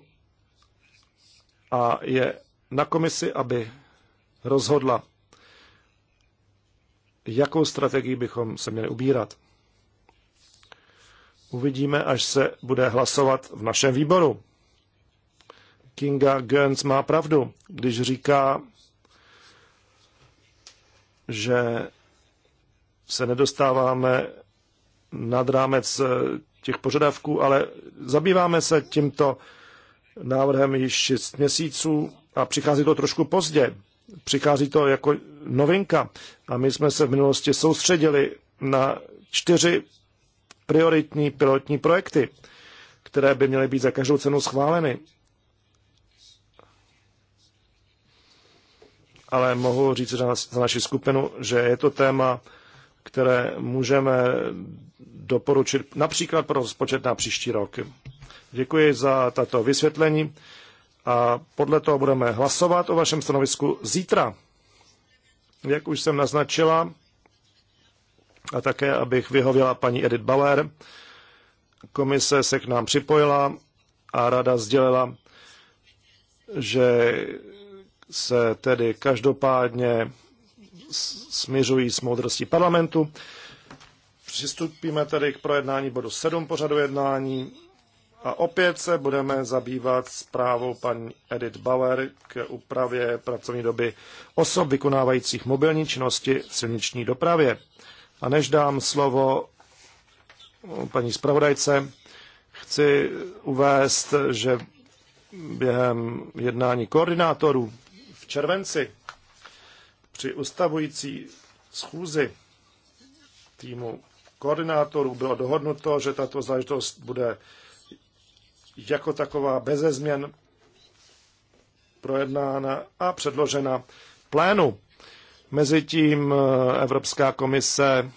a je na komisi, aby rozhodla, jakou strategii bychom se měli ubírat. Uvidíme, až se bude hlasovat v našem výboru. Kinga Gens má pravdu, když říká, že se nedostáváme nad rámec eh, těch požadavků, ale zabýváme se tímto návrhem již 6 měsíců a přichází to trošku pozdě. Přichází to jako novinka a my jsme se v minulosti soustředili na čtyři prioritní pilotní projekty, které by měly být za každou cenu schváleny ale mohu říct za, za naši skupinu, že je to téma, které můžeme doporučit například pro rozpočet na příští rok. Děkuji za tato vysvětlení a podle toho budeme hlasovat o vašem stanovisku zítra. Jak už jsem naznačila, a také, abych vyhověla paní Edith Bauer, komise se k nám připojila a rada sdělila, že se tedy každopádně směřují s moudrostí parlamentu. Přistupíme tedy k projednání bodu 7 pořadu jednání a opět se budeme zabývat zprávou paní Edith Bauer k úpravě pracovní doby osob vykonávajících mobilní činnosti v silniční dopravě. A než dám slovo paní zpravodajce, chci uvést, že během jednání koordinátorů červenci při ustavující schůzi týmu koordinátorů bylo dohodnuto, že tato záležitost bude jako taková beze změn projednána a předložena plénu. Mezitím eh, Evropská komise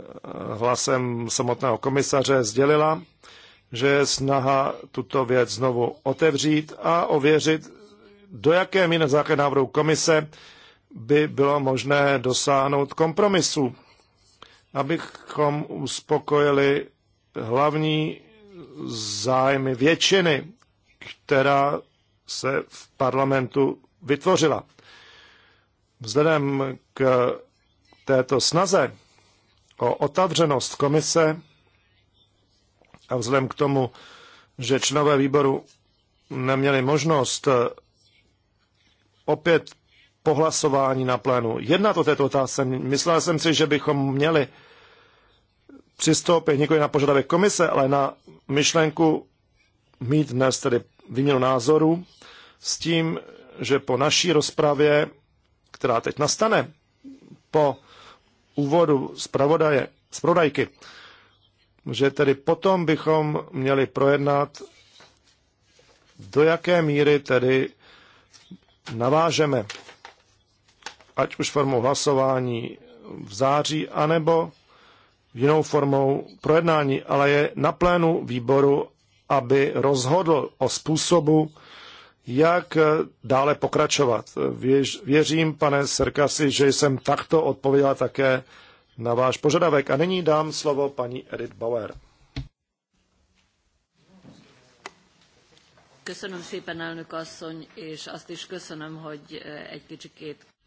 eh, hlasem samotného komisaře sdělila, že je snaha tuto věc znovu otevřít a ověřit, do jaké míry na základě návrhu komise by bylo možné dosáhnout kompromisu, abychom uspokojili hlavní zájmy většiny, která se v parlamentu vytvořila. Vzhledem k této snaze o otavřenost komise a vzhledem k tomu, že členové výboru neměli možnost eh, opět pohlasování na plénu jednat o této otázce. Myslel jsem si, že bychom měli přistoupit nikoli na požadavek komise, ale na myšlenku mít dnes tedy výměnu názoru s tím, že po naší rozpravě, která teď nastane, po úvodu zpravodaje, zpravodajky, že tedy potom bychom měli projednat, do jaké míry tedy navážeme, ať už formou hlasování v září, anebo jinou formou projednání, ale je na plénu výboru, aby rozhodl o způsobu, jak dále pokračovat. Věřím, pane Serkasi, že jsem takto odpověděla také na váš požadavek. A nyní dám slovo paní Edith Bauer.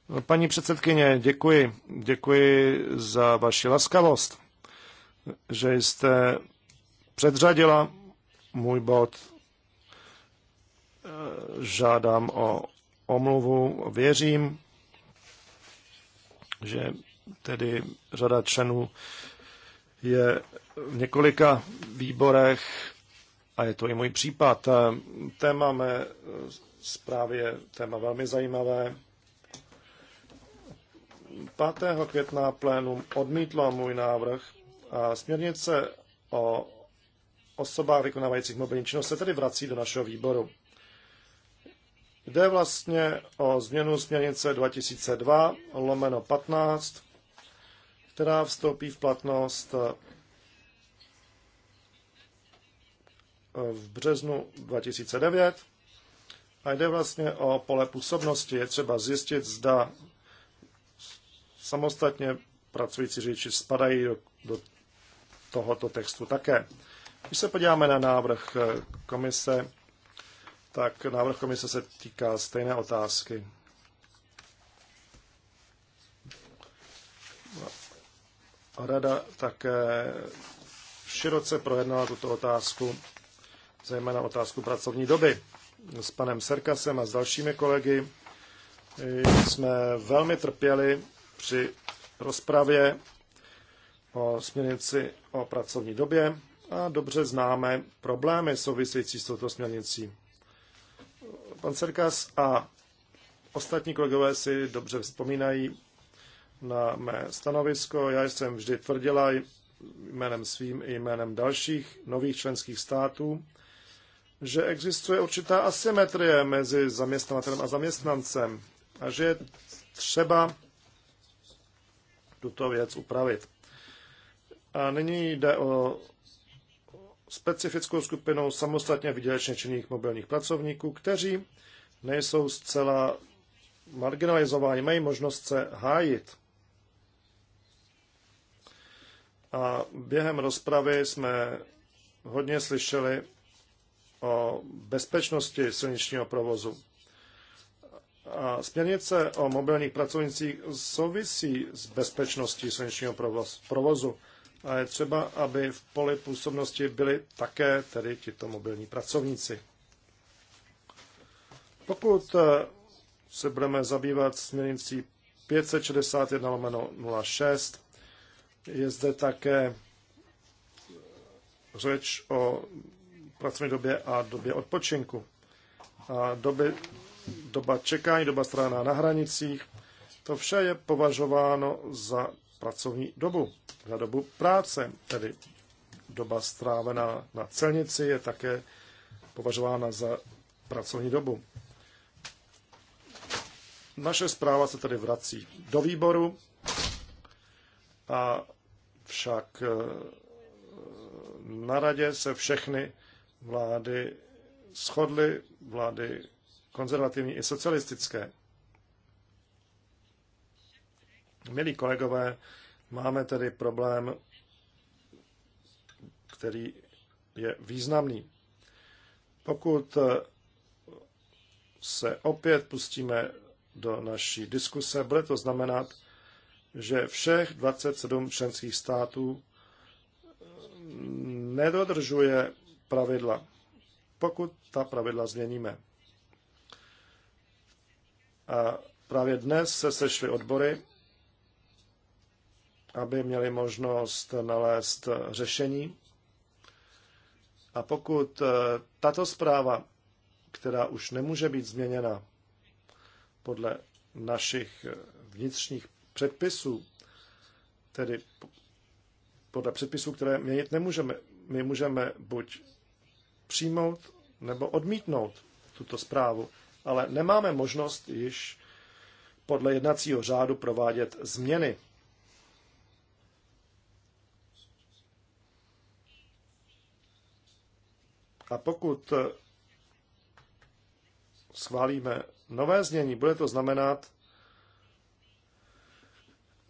Eh, paní předsedkyně, děkuji. Děkuji za vaši laskavost, že jste předřadila můj bod. Eh, žádám o omluvu. Věřím, že tedy řada členů je v několika výborech a je to i můj případ. Téma mé zprávy je téma velmi zajímavé. 5. května plénum odmítlo můj návrh a směrnice o osobách vykonávajících mobilní činnost se tedy vrací do našeho výboru. Jde vlastně o změnu směrnice 2002 lomeno 15 která vstoupí v platnost eh, v březnu 2009 a jde vlastně o pole působnosti. Je třeba zjistit, zda samostatně pracující řidiči spadají do, do tohoto textu také. Když se podíváme na návrh eh, komise, tak návrh komise se týká stejné otázky. Rada také široce projednala tuto otázku, zejména otázku pracovní doby. S panem Serkasem a s dalšími kolegy jsme velmi trpěli při rozpravě o směrnici o pracovní době a dobře známe problémy související s touto směrnicí. Pan Serkas a ostatní kolegové si dobře vzpomínají na mé stanovisko. Já jsem vždy tvrdila jménem svým i jménem dalších nových členských států, že existuje určitá asymetrie mezi zaměstnavatelem a zaměstnancem a že je třeba tuto věc upravit. A nyní jde o specifickou skupinu samostatně vydělečně činných mobilních pracovníků, kteří nejsou zcela marginalizováni, mají možnost se hájit. A během rozpravy jsme hodně slyšeli o bezpečnosti silničního provozu. A směrnice o mobilních pracovnicích souvisí s bezpečností silničního provozu. A je třeba, aby v poli působnosti byli také tedy tito mobilní pracovníci. Pokud eh, se budeme zabývat směrnicí 561 06, je zde také řeč o pracovní době a době odpočinku. A doby, doba čekání, doba strána na hranicích, to vše je považováno za pracovní dobu, za dobu práce, tedy doba strávená na celnici je také považována za pracovní dobu. Naše zpráva se tedy vrací do výboru a však e, na radě se všechny vlády shodly, vlády konzervativní i socialistické. Milí kolegové, máme tedy problém, který je významný. Pokud e, se opět pustíme do naší diskuse, bude to znamenat, že všech 27 členských států nedodržuje pravidla, pokud ta pravidla změníme. A právě dnes se sešly odbory, aby měli možnost nalézt řešení. A pokud eh, tato zpráva, která už nemůže být změněna podle našich eh, vnitřních předpisů, tedy podle předpisů, které měnit nemůžeme. My můžeme buď přijmout nebo odmítnout tuto zprávu, ale nemáme možnost již podle jednacího řádu provádět změny. A pokud schválíme nové znění, bude to znamenat,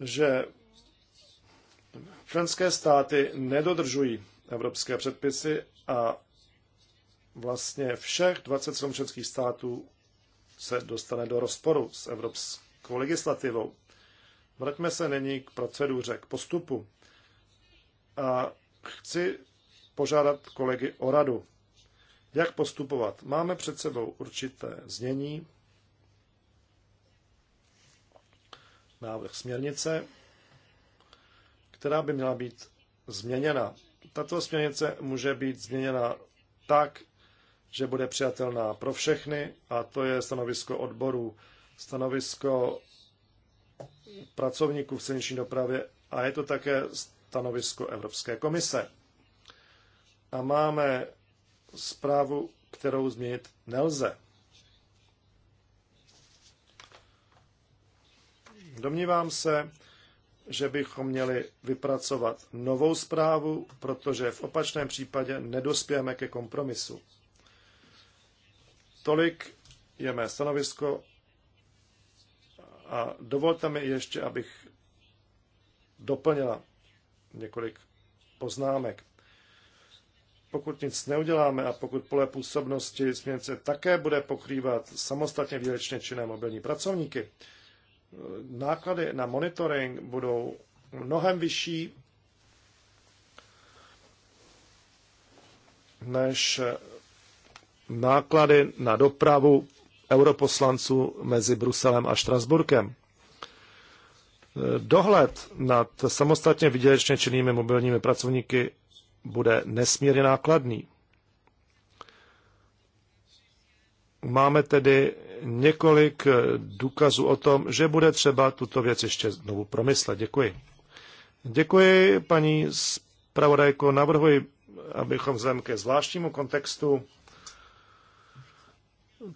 že členské státy nedodržují evropské předpisy a vlastně všech 27 členských států se dostane do rozporu s evropskou legislativou. Vraťme se nyní k proceduře, k postupu. A chci požádat kolegy o radu. Jak postupovat? Máme před sebou určité znění, návrh směrnice, která by měla být změněna. Tato směrnice může být změněna tak, že bude přijatelná pro všechny, a to je stanovisko odborů, stanovisko pracovníků v silniční dopravě a je to také stanovisko Evropské komise. A máme zprávu, kterou změnit nelze. Domnívám se, že bychom měli vypracovat novou zprávu, protože v opačném případě nedospějeme ke kompromisu. Tolik je mé stanovisko a dovolte mi ještě, abych doplnila několik poznámek. Pokud nic neuděláme a pokud pole působnosti směnce také bude pokrývat samostatně výlečně činné mobilní pracovníky, náklady na monitoring budou mnohem vyšší než náklady na dopravu europoslanců mezi Bruselem a Štrasburkem. Dohled nad samostatně vydělečně činnými mobilními pracovníky bude nesmírně nákladný. Máme tedy několik důkazů o tom, že bude třeba tuto věc ještě znovu promyslet. Děkuji. Děkuji, paní zpravodajko. Navrhuji, abychom vzhledem ke zvláštnímu kontextu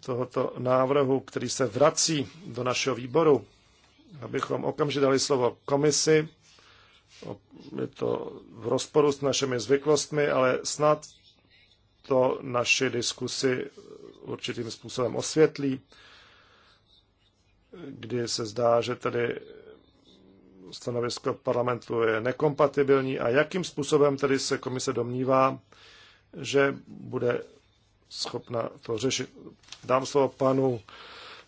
tohoto návrhu, který se vrací do našeho výboru, abychom okamžitě dali slovo komisi. Je to v rozporu s našimi zvyklostmi, ale snad to naši diskusi určitým způsobem osvětlí, kdy se zdá, že tedy stanovisko parlamentu je nekompatibilní a jakým způsobem tedy se komise domnívá, že bude schopna to řešit. Dám slovo panu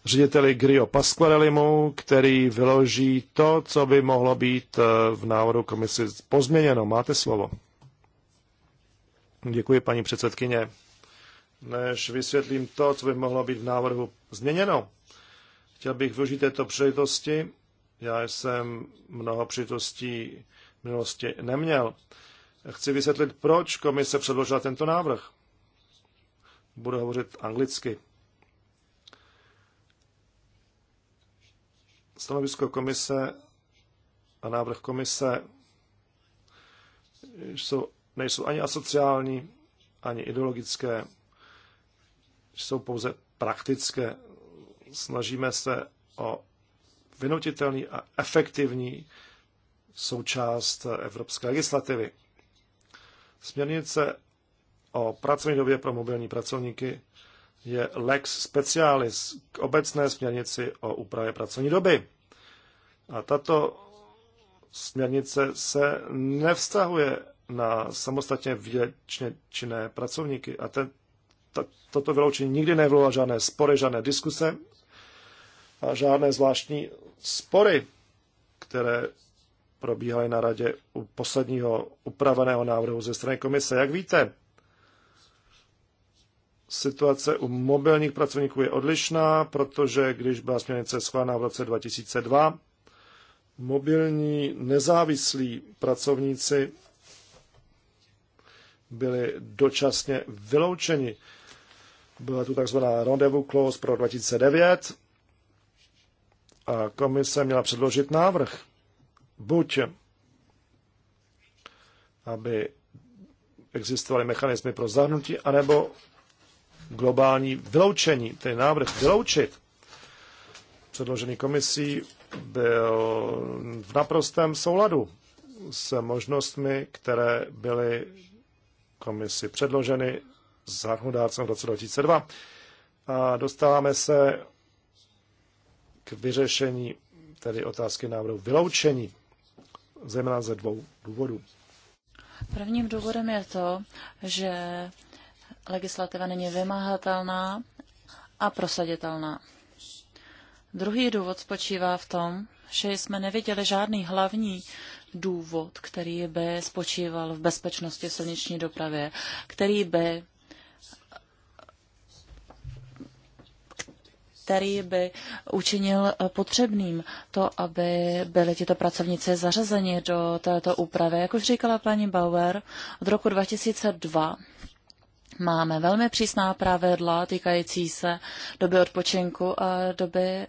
řediteli Grio Pasquarelimu, který vyloží to, co by mohlo být eh, v návodu komisi pozměněno. Máte slovo. Děkuji, paní předsedkyně než vysvětlím to, co by mohlo být v návrhu změněno. Chtěl bych využít této příležitosti. Já jsem mnoho příležitostí v minulosti neměl. Chci vysvětlit, proč komise předložila tento návrh. Budu hovořit anglicky. Stanovisko komise a návrh komise jsou, nejsou ani asociální, ani ideologické jsou pouze praktické. Snažíme se o vynutitelný a efektivní součást evropské legislativy. Směrnice o pracovní době pro mobilní pracovníky je lex specialis k obecné směrnici o úpravě pracovní doby. A tato směrnice se nevztahuje na samostatně výdělečně činné pracovníky. A ten, tak toto vyloučení nikdy nevyvolá žádné spory, žádné diskuse a žádné zvláštní spory, které probíhaly na radě u posledního upraveného návrhu ze strany komise. Jak víte, situace u mobilních pracovníků je odlišná, protože když byla směrnice schválena v roce 2002, mobilní nezávislí pracovníci byli dočasně vyloučeni byla tu takzvaná rendezvous clause pro 2009 a komise měla předložit návrh. Buď, aby existovaly mechanismy pro zahrnutí, anebo globální vyloučení, ten návrh vyloučit předložený komisí byl v naprostém souladu s možnostmi, které byly komisi předloženy zákonodárcem v roce 2002. A dostáváme se k vyřešení tedy otázky návrhu vyloučení, zejména ze dvou důvodů. Prvním důvodem je to, že legislativa není vymahatelná a prosaditelná. Druhý důvod spočívá v tom, že jsme neviděli žádný hlavní důvod, který by spočíval v bezpečnosti silniční dopravě, který by který by učinil eh, potřebným to, aby byly tyto pracovnice zařazeni do této úpravy. Jak už říkala paní Bauer, od roku 2002 máme velmi přísná pravidla týkající se doby odpočinku a doby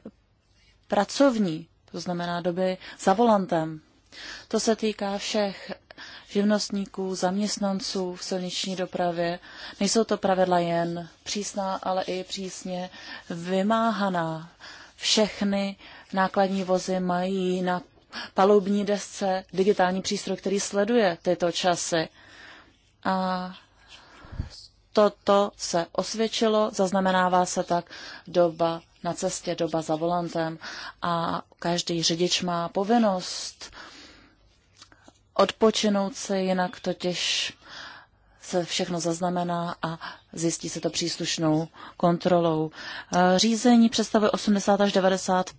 pracovní, to znamená doby za volantem. To se týká všech živnostníků, zaměstnanců v silniční dopravě. Nejsou to pravidla jen přísná, ale i přísně vymáhaná. Všechny nákladní vozy mají na palubní desce digitální přístroj, který sleduje tyto časy. A toto se osvědčilo, zaznamenává se tak doba na cestě, doba za volantem a každý řidič má povinnost uh, odpočinout si, jinak totiž se všechno zaznamená a zjistí se to příslušnou kontrolou. E, řízení představuje 80 až 90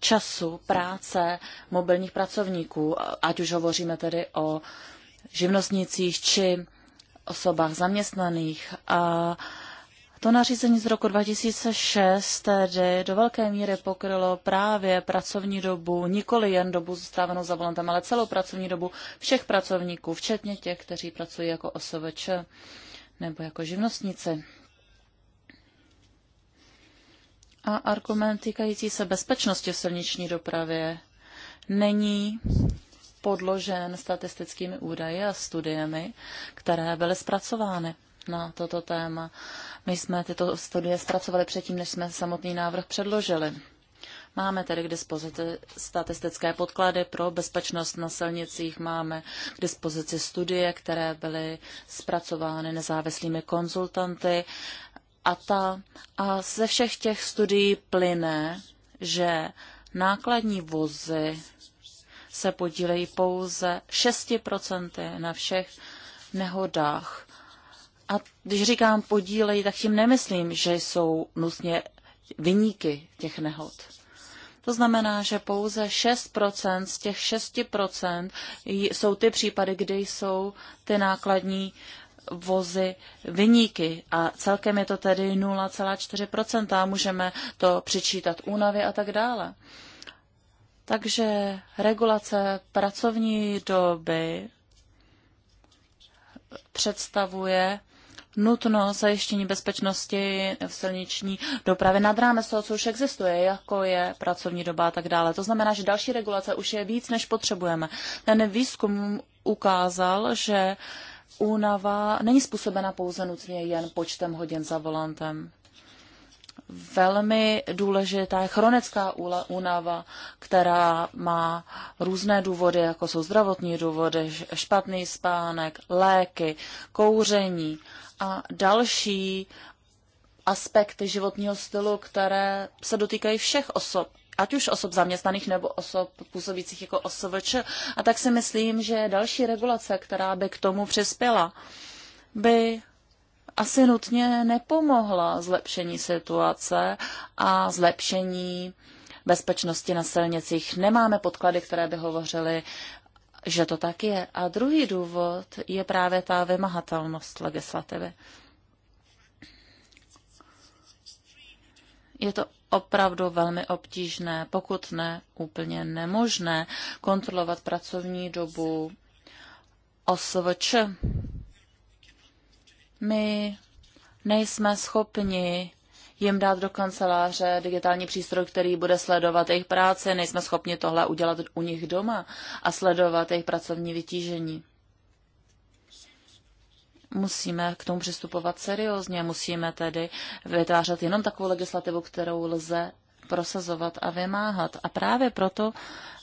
času práce mobilních pracovníků, ať už hovoříme tedy o živnostnících či osobách zaměstnaných. A to nařízení z roku 2006 tedy do velké míry pokrylo právě pracovní dobu, nikoli jen dobu zůstávanou za volantem, ale celou pracovní dobu všech pracovníků, včetně těch, kteří pracují jako OSVČ nebo jako živnostníci. A argument týkající se bezpečnosti v silniční dopravě není podložen statistickými údaji a studiemi, které byly zpracovány na toto téma. My jsme tyto studie zpracovali předtím, než jsme samotný návrh předložili. Máme tedy k dispozici statistické podklady pro bezpečnost na silnicích, máme k dispozici studie, které byly zpracovány nezávislými konzultanty a ta. A ze všech těch studií plyne, že nákladní vozy se podílejí pouze 6% na všech nehodách. A když říkám podílejí, tak tím nemyslím, že jsou nutně vyníky těch nehod. To znamená, že pouze 6% z těch 6% jsou ty případy, kdy jsou ty nákladní vozy vyníky a celkem je to tedy 0,4%. Můžeme to přičítat únavy a tak dále. Takže regulace pracovní doby představuje nutno zajištění bezpečnosti v silniční dopravě nad rámec toho, co už existuje, jako je pracovní doba a tak dále. To znamená, že další regulace už je víc, než potřebujeme. Ten výzkum ukázal, že únava není způsobena pouze nutně jen počtem hodin za volantem velmi důležitá je chronická únava, která má různé důvody, jako jsou zdravotní důvody, špatný spánek, léky, kouření a další aspekty životního stylu, které se dotýkají všech osob, ať už osob zaměstnaných nebo osob působících jako OSVČ. A tak si myslím, že další regulace, která by k tomu přispěla, by asi nutně nepomohla zlepšení situace a zlepšení bezpečnosti na silnicích. Nemáme podklady, které by hovořily že to tak je. A druhý důvod je právě ta vymahatelnost legislativy. Je to opravdu velmi obtížné, pokud ne úplně nemožné, kontrolovat pracovní dobu OSVČ. My nejsme schopni jim dát do kanceláře digitální přístroj, který bude sledovat jejich práci. Nejsme schopni tohle udělat u nich doma a sledovat jejich pracovní vytížení. Musíme k tomu přistupovat seriózně, musíme tedy vytvářet jenom takovou legislativu, kterou lze prosazovat a vymáhat. A právě proto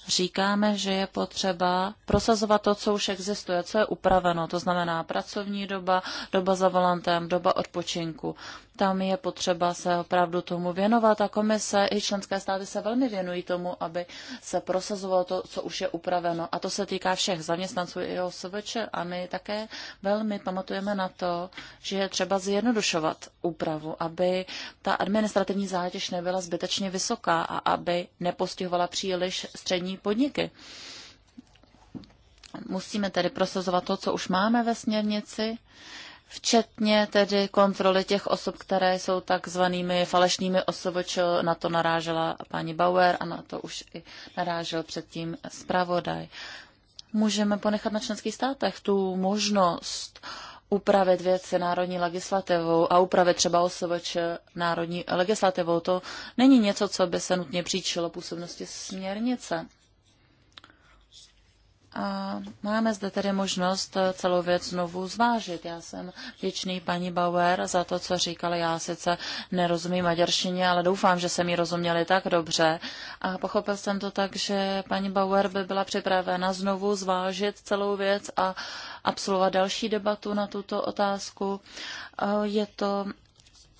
říkáme, že je potřeba prosazovat to, co už existuje, co je upraveno, to znamená pracovní doba, doba za volantem, doba odpočinku. Tam je potřeba se opravdu tomu věnovat a komise i členské státy se velmi věnují tomu, aby se prosazovalo to, co už je upraveno. A to se týká všech zaměstnanců i OSVČ a my také velmi pamatujeme na to, že je třeba zjednodušovat úpravu, aby ta administrativní zátěž nebyla zbytečně vysoká a aby nepostihovala příliš střední podniky. Musíme tedy prosazovat to, co už máme ve směrnici, včetně tedy kontroly těch osob, které jsou takzvanými falešnými osoboč. Na to narážela paní Bauer a na to už i narážel předtím zpravodaj. Můžeme ponechat na členských státech tu možnost upravit věci národní legislativou a upravit třeba osobeč národní legislativou. To není něco, co by se nutně příčilo působnosti směrnice. A máme zde tedy možnost celou věc znovu zvážit. Já jsem vděčný paní Bauer za to, co říkala. Já sice nerozumím maďarštině, ale doufám, že se mi rozuměli tak dobře. A pochopil jsem to tak, že paní Bauer by byla připravena znovu zvážit celou věc a absolvovat další debatu na tuto otázku. Je to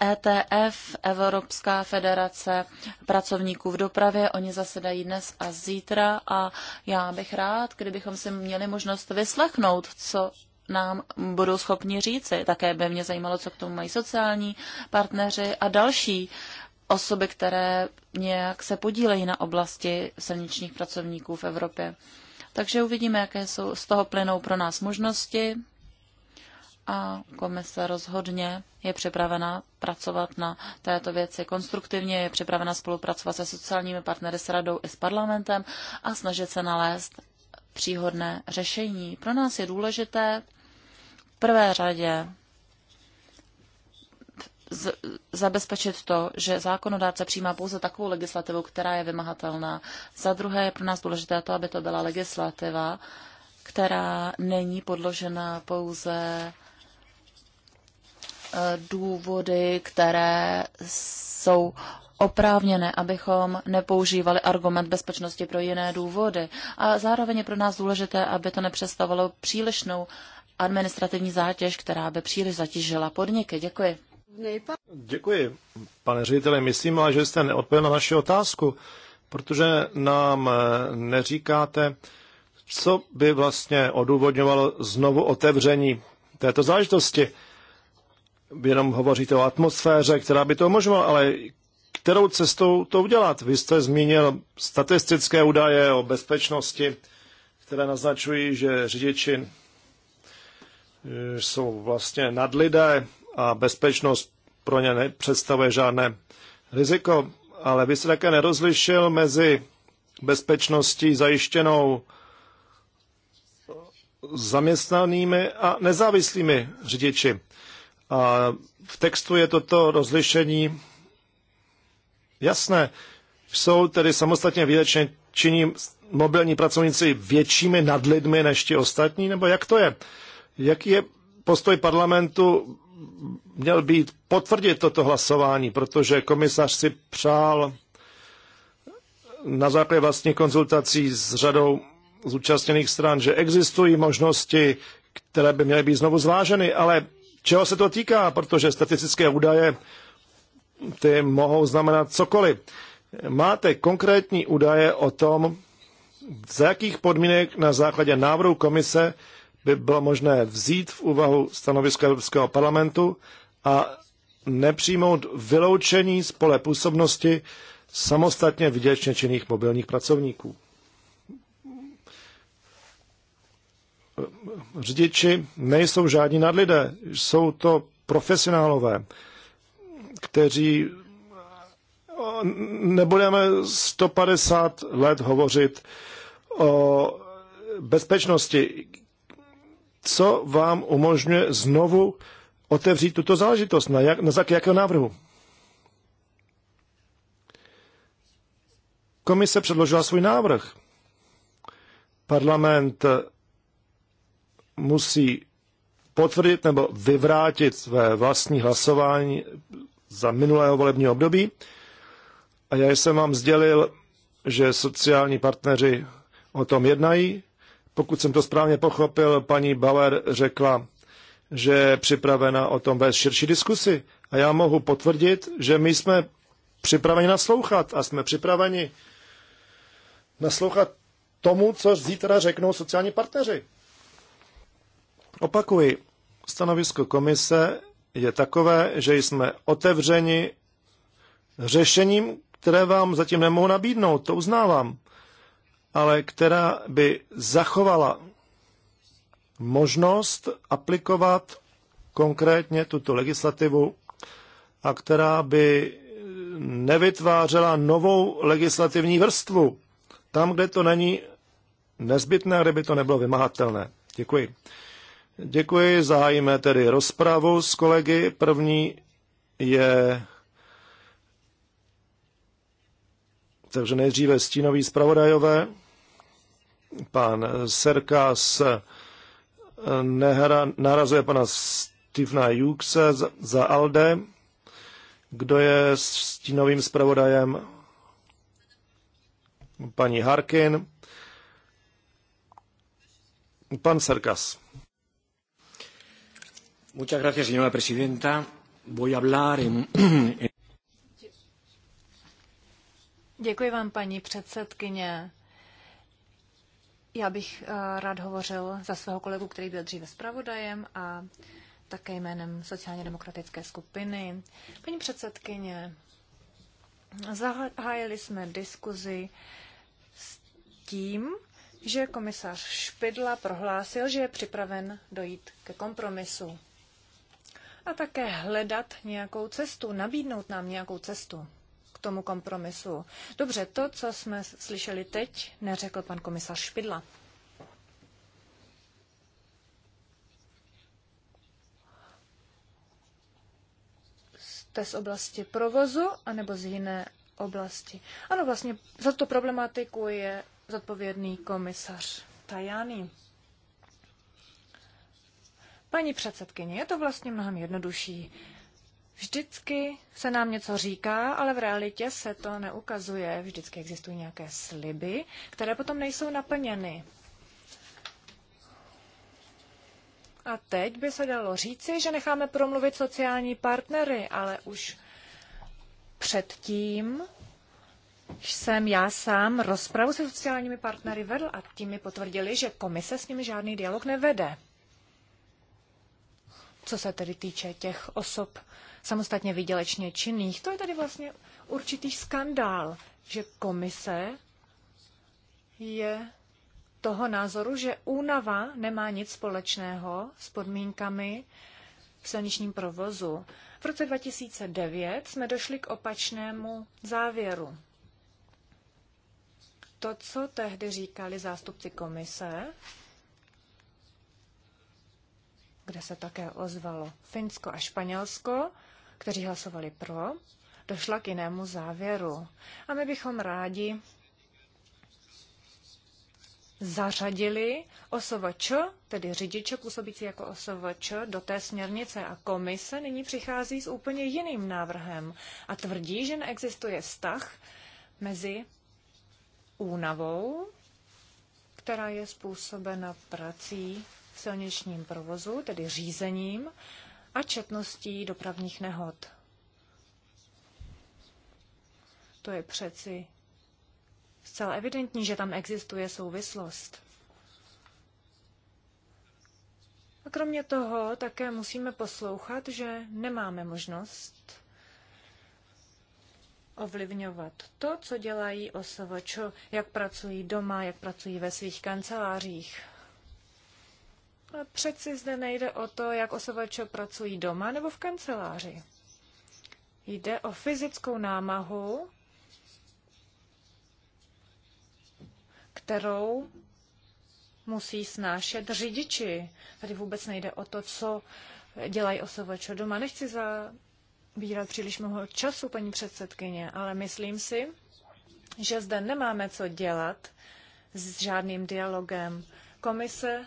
ETF, Evropská federace pracovníků v dopravě. Oni zasedají dnes a zítra a já bych rád, kdybychom si měli možnost vyslechnout, co nám budou schopni říci. Také by mě zajímalo, co k tomu mají sociální partneři a další osoby, které nějak se podílejí na oblasti silničních pracovníků v Evropě. Takže uvidíme, jaké jsou z toho plynou pro nás možnosti a komise rozhodně je připravena pracovat na této věci konstruktivně, je připravena spolupracovat se sociálními partnery, s radou i s parlamentem a snažit se nalézt příhodné řešení. Pro nás je důležité v prvé řadě zabezpečit to, že zákonodárce přijímá pouze takovou legislativu, která je vymahatelná. Za druhé je pro nás důležité to, aby to byla legislativa, která není podložena pouze Eh, důvody, které jsou oprávněné, abychom nepoužívali argument bezpečnosti pro jiné důvody. A zároveň je pro nás důležité, aby to nepředstavovalo přílišnou administrativní zátěž, která by příliš zatížila podniky. Děkuji. Děkuji. Pane řediteli, myslím, že jste neodpověděl na naši otázku, protože nám eh, neříkáte, co by vlastně odůvodňovalo znovu otevření této záležitosti jenom hovoříte o atmosféře, která by to umožňovala, ale kterou cestou to udělat? Vy jste zmínil statistické údaje o bezpečnosti, které naznačují, že řidiči e, jsou vlastně nad a bezpečnost pro ně nepředstavuje žádné riziko, ale vy jste také nerozlišil mezi bezpečností zajištěnou zaměstnanými a nezávislými řidiči. A v textu je toto rozlišení jasné. Jsou tedy samostatně výdečně činí mobilní pracovníci většími lidmi než ti ostatní, nebo jak to je? Jaký je postoj parlamentu měl být potvrdit toto hlasování, protože komisař si přál na základě vlastních konzultací s řadou zúčastněných stran, že existují možnosti, které by měly být znovu zváženy, ale čeho se to týká, protože statistické údaje ty mohou znamenat cokoliv. Máte konkrétní údaje o tom, za jakých podmínek na základě návrhu komise by bylo možné vzít v úvahu stanovisko Evropského parlamentu a nepřijmout vyloučení z působnosti samostatně vydělečně činných mobilních pracovníků. řidiči nejsou žádní nadlidé, jsou to profesionálové, kteří nebudeme 150 let hovořit o bezpečnosti. Co vám umožňuje znovu otevřít tuto záležitost? Na, jak, na zak, jakého návrhu? Komise předložila svůj návrh. Parlament musí potvrdit nebo vyvrátit své vlastní hlasování za minulého volebního období. A já jsem vám sdělil, že sociální partneři o tom jednají. Pokud jsem to správně pochopil, paní Bauer řekla, že je připravena o tom vést širší diskusy. A já mohu potvrdit, že my jsme připraveni naslouchat a jsme připraveni naslouchat tomu, co zítra řeknou sociální partneři. Opakuji, stanovisko komise je takové, že jsme otevřeni řešením, které vám zatím nemohu nabídnout, to uznávám, ale která by zachovala možnost aplikovat konkrétně tuto legislativu a která by nevytvářela novou legislativní vrstvu tam, kde to není nezbytné, kde by to nebylo vymahatelné. Děkuji. Děkuji, zahájíme tedy rozpravu s kolegy. První je takže nejdříve stínový zpravodajové, pan Serkas eh, nehra, narazuje pana Stevena Jukse za, za Alde, kdo je stínovým zpravodajem paní Harkin, pan Serkas señora presidenta. Voy a hablar en... Děkuji vám, paní předsedkyně. Já bych eh, rád hovořil za svého kolegu, který byl dříve zpravodajem a také jménem sociálně demokratické skupiny. Paní předsedkyně, zahájili jsme diskuzi s tím, že komisař Špidla prohlásil, že je připraven dojít ke kompromisu a také hledat nějakou cestu, nabídnout nám nějakou cestu k tomu kompromisu. Dobře, to, co jsme slyšeli teď, neřekl pan komisař Špidla. Jste z oblasti provozu anebo z jiné oblasti? Ano, vlastně za tu problematiku je zodpovědný komisař Tajani. Paní předsedkyně, je to vlastně mnohem jednodušší. Vždycky se nám něco říká, ale v realitě se to neukazuje. Vždycky existují nějaké sliby, které potom nejsou naplněny. A teď by se dalo říci, že necháme promluvit sociální partnery, ale už předtím jsem já sám rozpravu se sociálními partnery vedl a tím mi potvrdili, že komise s nimi žádný dialog nevede co se tedy týče těch osob samostatně výdělečně činných. To je tady vlastně určitý skandál, že komise je toho názoru, že únava nemá nic společného s podmínkami v silničním provozu. V roce 2009 jsme došli k opačnému závěru. To, co tehdy říkali zástupci komise, kde se také ozvalo Finsko a Španělsko, kteří hlasovali pro, došla k jinému závěru. A my bychom rádi zařadili OSVČ, tedy řidiče působící jako OSVČ, do té směrnice a komise nyní přichází s úplně jiným návrhem a tvrdí, že neexistuje vztah mezi únavou, která je způsobena prací silničním provozu, tedy řízením a četností dopravních nehod. To je přeci zcela evidentní, že tam existuje souvislost. A kromě toho také musíme poslouchat, že nemáme možnost ovlivňovat to, co dělají osovačo, jak pracují doma, jak pracují ve svých kancelářích. Přeci zde nejde o to, jak osovače pracují doma nebo v kanceláři. Jde o fyzickou námahu, kterou musí snášet řidiči. Tady vůbec nejde o to, co dělají osovače doma. Nechci zabírat příliš mnoho času, paní předsedkyně, ale myslím si, že zde nemáme co dělat s žádným dialogem. Komise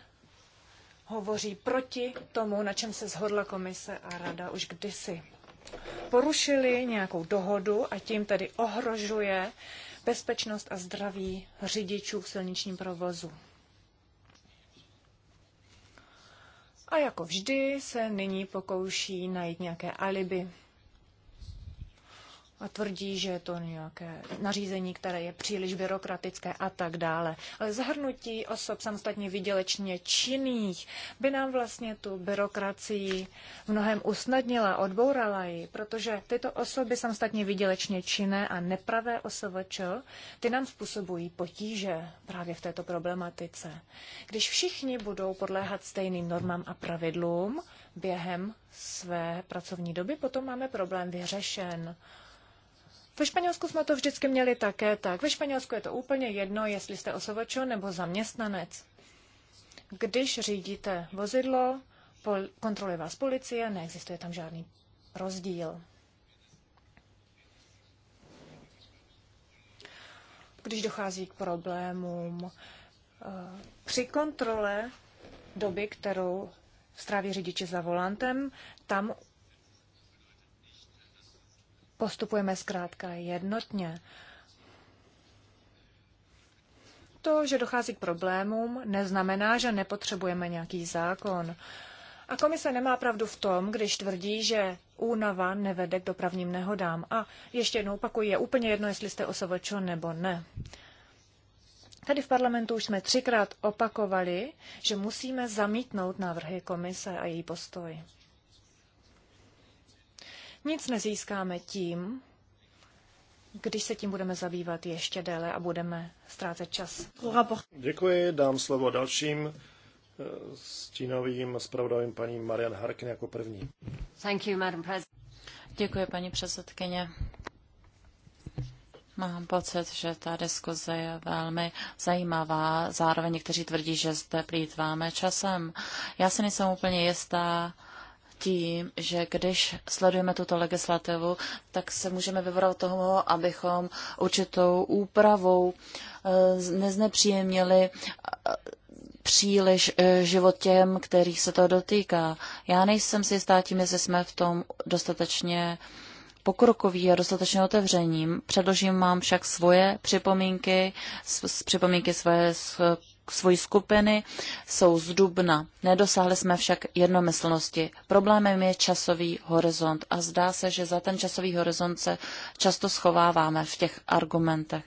hovoří proti tomu, na čem se shodla komise a rada už kdysi. Porušili nějakou dohodu a tím tedy ohrožuje bezpečnost a zdraví řidičů v silničním provozu. A jako vždy se nyní pokouší najít nějaké alibi a tvrdí, že je to nějaké nařízení, které je příliš byrokratické a tak dále. Ale zahrnutí osob samostatně vydělečně činných by nám vlastně tu byrokracii mnohem usnadnila, odbourala ji, protože tyto osoby samostatně vydělečně činné a nepravé OSVČ, ty nám způsobují potíže právě v této problematice. Když všichni budou podléhat stejným normám a pravidlům během své pracovní doby, potom máme problém vyřešen. Ve Španělsku jsme to vždycky měli také tak. Ve Španělsku je to úplně jedno, jestli jste osovač nebo zaměstnanec. Když řídíte vozidlo, kontroluje vás policie, neexistuje tam žádný rozdíl. Když dochází k problémům eh, při kontrole doby, kterou stráví řidiči za volantem, tam postupujeme zkrátka jednotně. To, že dochází k problémům, neznamená, že nepotřebujeme nějaký zákon. A komise nemá pravdu v tom, když tvrdí, že únava nevede k dopravním nehodám. A ještě jednou opakuji, je úplně jedno, jestli jste osovočo nebo ne. Tady v parlamentu už jsme třikrát opakovali, že musíme zamítnout návrhy komise a její postoj. Nic nezískáme tím, když se tím budeme zabývat ještě déle a budeme ztrácet čas. Děkuji, dám slovo dalším eh, stínovým zpravodajům paní Marian Harkin jako první. Thank you, Madam President. Děkuji, paní předsedkyně. Mám pocit, že ta diskuze je velmi zajímavá. Zároveň někteří tvrdí, že zde plýtváme časem. Já si nejsem úplně jistá, tím, že když sledujeme tuto legislativu, tak se můžeme vyvarovat toho, abychom určitou úpravou eh, neznepříjemnili eh, příliš eh, život těm, kterých se to dotýká. Já nejsem si jistá tím, jestli jsme v tom dostatečně pokrokoví a dostatečně otevření. Předložím vám však svoje připomínky, s, s připomínky své svoji skupiny jsou z dubna. Nedosáhli jsme však jednomyslnosti. Problémem je časový horizont a zdá se, že za ten časový horizont se často schováváme v těch argumentech.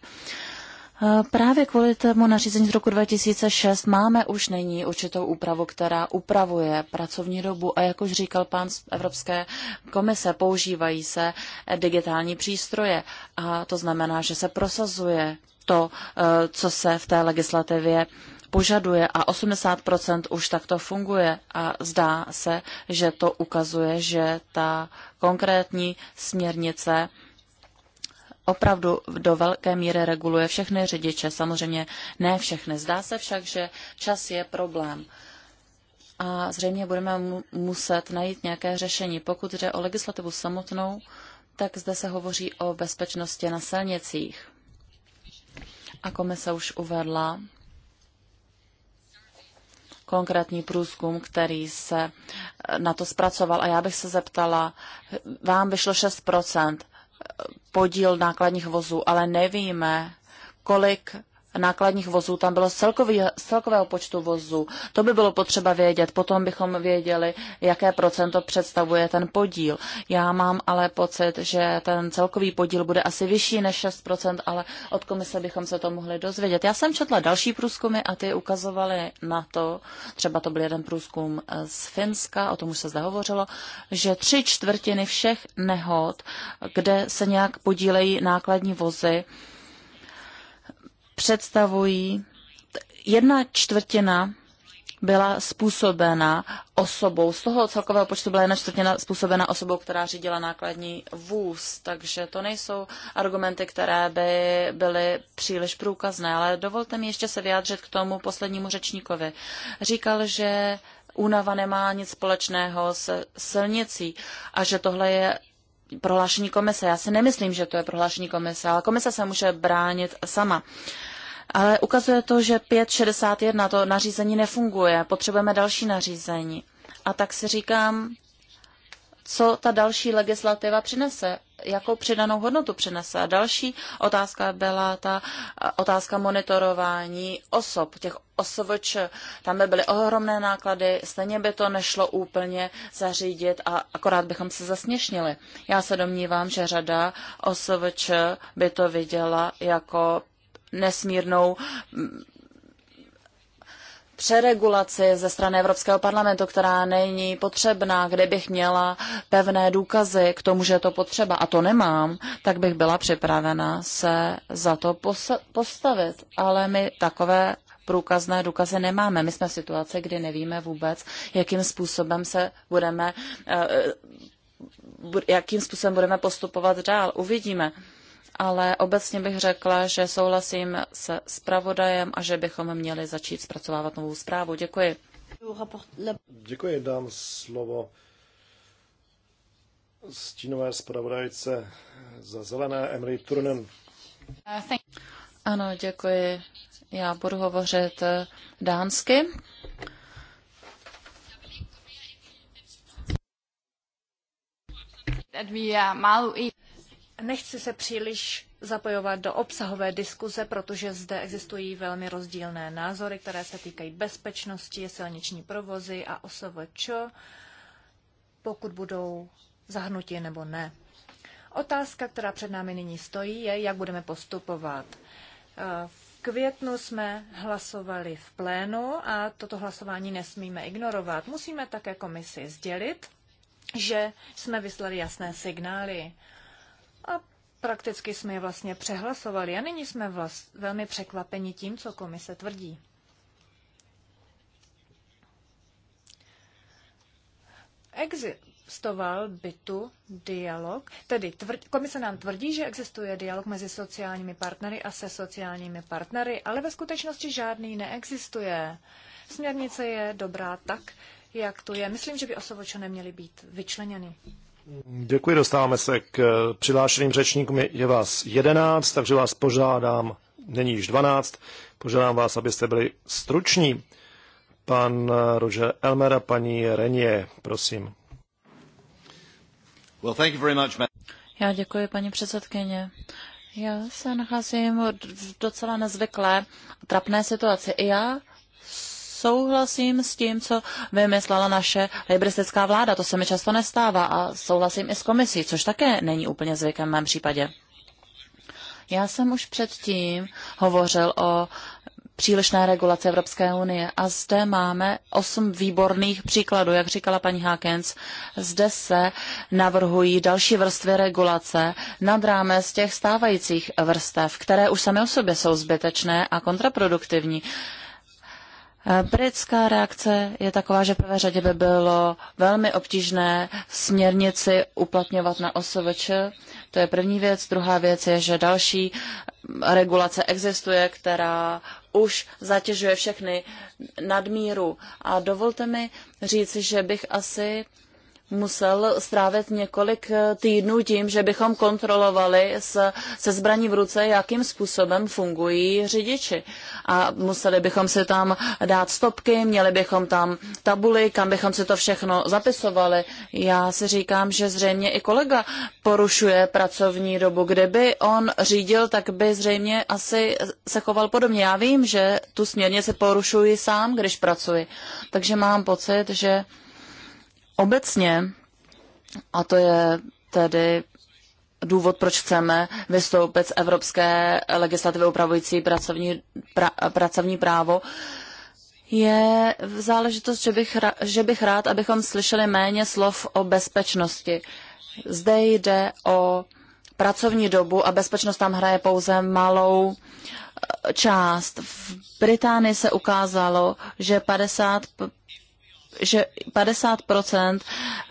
Eh, právě kvůli tomu nařízení z roku 2006 máme už nyní určitou úpravu, která upravuje pracovní dobu a jak už říkal pán z Evropské komise, používají se digitální přístroje a to znamená, že se prosazuje to, eh, co se v té legislativě požaduje a 80% už takto funguje a zdá se, že to ukazuje, že ta konkrétní směrnice opravdu do velké míry reguluje všechny řidiče, samozřejmě ne všechny. Zdá se však, že čas je problém. A zřejmě budeme mu muset najít nějaké řešení. Pokud jde o legislativu samotnou, tak zde se hovoří o bezpečnosti na silnicích a komise už uvedla konkrétní průzkum, který se eh, na to zpracoval. A já bych se zeptala, vám vyšlo 6% podíl nákladních vozů, ale nevíme, kolik nákladních vozů tam bylo z, celkový, z celkového počtu vozů. To by bylo potřeba vědět. Potom bychom věděli, jaké procento představuje ten podíl. Já mám ale pocit, že ten celkový podíl bude asi vyšší než 6%, ale od komise bychom se to mohli dozvědět. Já jsem četla další průzkumy a ty ukazovaly na to, třeba to byl jeden průzkum z Finska, o tom už se zde hovořilo, že tři čtvrtiny všech nehod, kde se nějak podílejí nákladní vozy, představují jedna čtvrtina byla způsobena osobou. Z toho celkového počtu byla jedna čtvrtina způsobena osobou, která řídila nákladní vůz. Takže to nejsou argumenty, které by byly příliš průkazné. Ale dovolte mi ještě se vyjádřit k tomu poslednímu řečníkovi. Říkal, že únava nemá nic společného s silnicí a že tohle je prohlášení komise. Já si nemyslím, že to je prohlášení komise, ale komise se může bránit sama. Ale ukazuje to, že 561 to nařízení nefunguje, potřebujeme další nařízení. A tak si říkám, co ta další legislativa přinese, jakou přidanou hodnotu přinese. A další otázka byla ta otázka monitorování osob, těch osvč. Tam by byly ohromné náklady, stejně by to nešlo úplně zařídit a akorát bychom se zasněšnili. Já se domnívám, že řada osvč by to viděla jako nesmírnou přeregulaci ze strany Evropského parlamentu, která není potřebná, kde bych měla pevné důkazy k tomu, že je to potřeba, a to nemám, tak bych byla připravena se za to postavit. Ale my takové průkazné důkazy nemáme. My jsme v situaci, kdy nevíme vůbec, jakým způsobem se budeme eh, eh, jakým způsobem budeme postupovat dál. Uvidíme ale obecně bych řekla, že souhlasím se zpravodajem a že bychom měli začít zpracovávat novou zprávu. Děkuji. Děkuji, dám slovo stínové zpravodajce za zelené Emily Turnen. Ano, děkuji. Já budu hovořit eh, dánsky. That we er are meget Nechci se příliš zapojovat do obsahové diskuze, protože zde existují velmi rozdílné názory, které se týkají bezpečnosti, silniční provozy a OSVČ, pokud budou zahnuti nebo ne. Otázka, která před námi nyní stojí, je, jak budeme postupovat. Eh, v květnu jsme hlasovali v plénu a toto hlasování nesmíme ignorovat. Musíme také komisi sdělit, že jsme vyslali jasné signály a prakticky jsme je vlastně přehlasovali. A nyní jsme vlast, velmi překvapeni tím, co komise tvrdí. Existoval by tu dialog, tedy tvrd, komise nám tvrdí, že existuje dialog mezi sociálními partnery a se sociálními partnery, ale ve skutečnosti žádný neexistuje. Směrnice je dobrá tak, jak to je. Myslím, že by osovoče neměly být vyčleněny. Děkuji, dostáváme se k eh, přihlášeným řečníkům. Je vás jedenáct, takže vás požádám, není již dvanáct, požádám vás, abyste byli struční. Pan eh, Roger Elmer a paní Renie, prosím. Well, thank you very much, Já děkuji, paní předsedkyně. Já se nacházím v docela nezvyklé trapné situaci. I já souhlasím s tím, co vymyslela naše liberistická vláda. To se mi často nestává a souhlasím i s komisí, což také není úplně zvykem v mém případě. Já jsem už předtím hovořil o přílišné regulace Evropské unie. A zde máme osm výborných příkladů, jak říkala paní Hákens. Zde se navrhují další vrstvy regulace nad z těch stávajících vrstev, které už sami o sobě jsou zbytečné a kontraproduktivní. Eh, britská reakce je taková, že v prvé řadě by bylo velmi obtížné směrnici uplatňovat na OSVČ. To je první věc. Druhá věc je, že další eh, regulace existuje, která už zatěžuje všechny nadmíru. A dovolte mi říci, že bych asi musel strávit několik eh, týdnů tím, že bychom kontrolovali se, se zbraní v ruce, jakým způsobem fungují řidiči. A museli bychom si tam dát stopky, měli bychom tam tabuly, kam bychom si to všechno zapisovali. Já si říkám, že zřejmě i kolega porušuje pracovní dobu. Kdyby on řídil, tak by zřejmě asi se choval podobně. Já vím, že tu se porušuji sám, když pracuji. Takže mám pocit, že obecně, a to je tedy důvod, proč chceme vystoupit z evropské legislativy upravující pracovní, pra, pracovní právo, je v záležitost, že bych, že bych rád, abychom slyšeli méně slov o bezpečnosti. Zde jde o pracovní dobu a bezpečnost tam hraje pouze malou eh, část. V Británii se ukázalo, že 50 že 50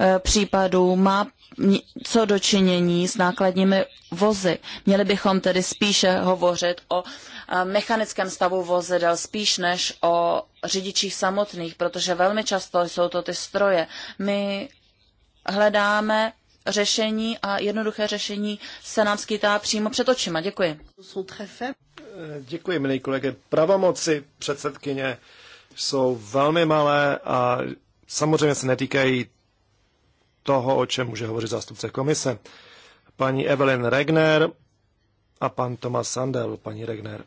eh, případů má co dočinění s nákladními vozy. Měli bychom tedy spíše hovořit o eh, mechanickém stavu vozidel spíš než o řidičích samotných, protože velmi často jsou to ty stroje. My hledáme řešení a jednoduché řešení se nám skýtá přímo před očima. Děkuji. Eh, děkuji, milí kolege. Pravomoci předsedkyně jsou velmi malé a samozřejmě se netýkají toho, o čem může hovořit zástupce komise. Paní Evelyn Regner a pan Thomas Sandel, paní Regner.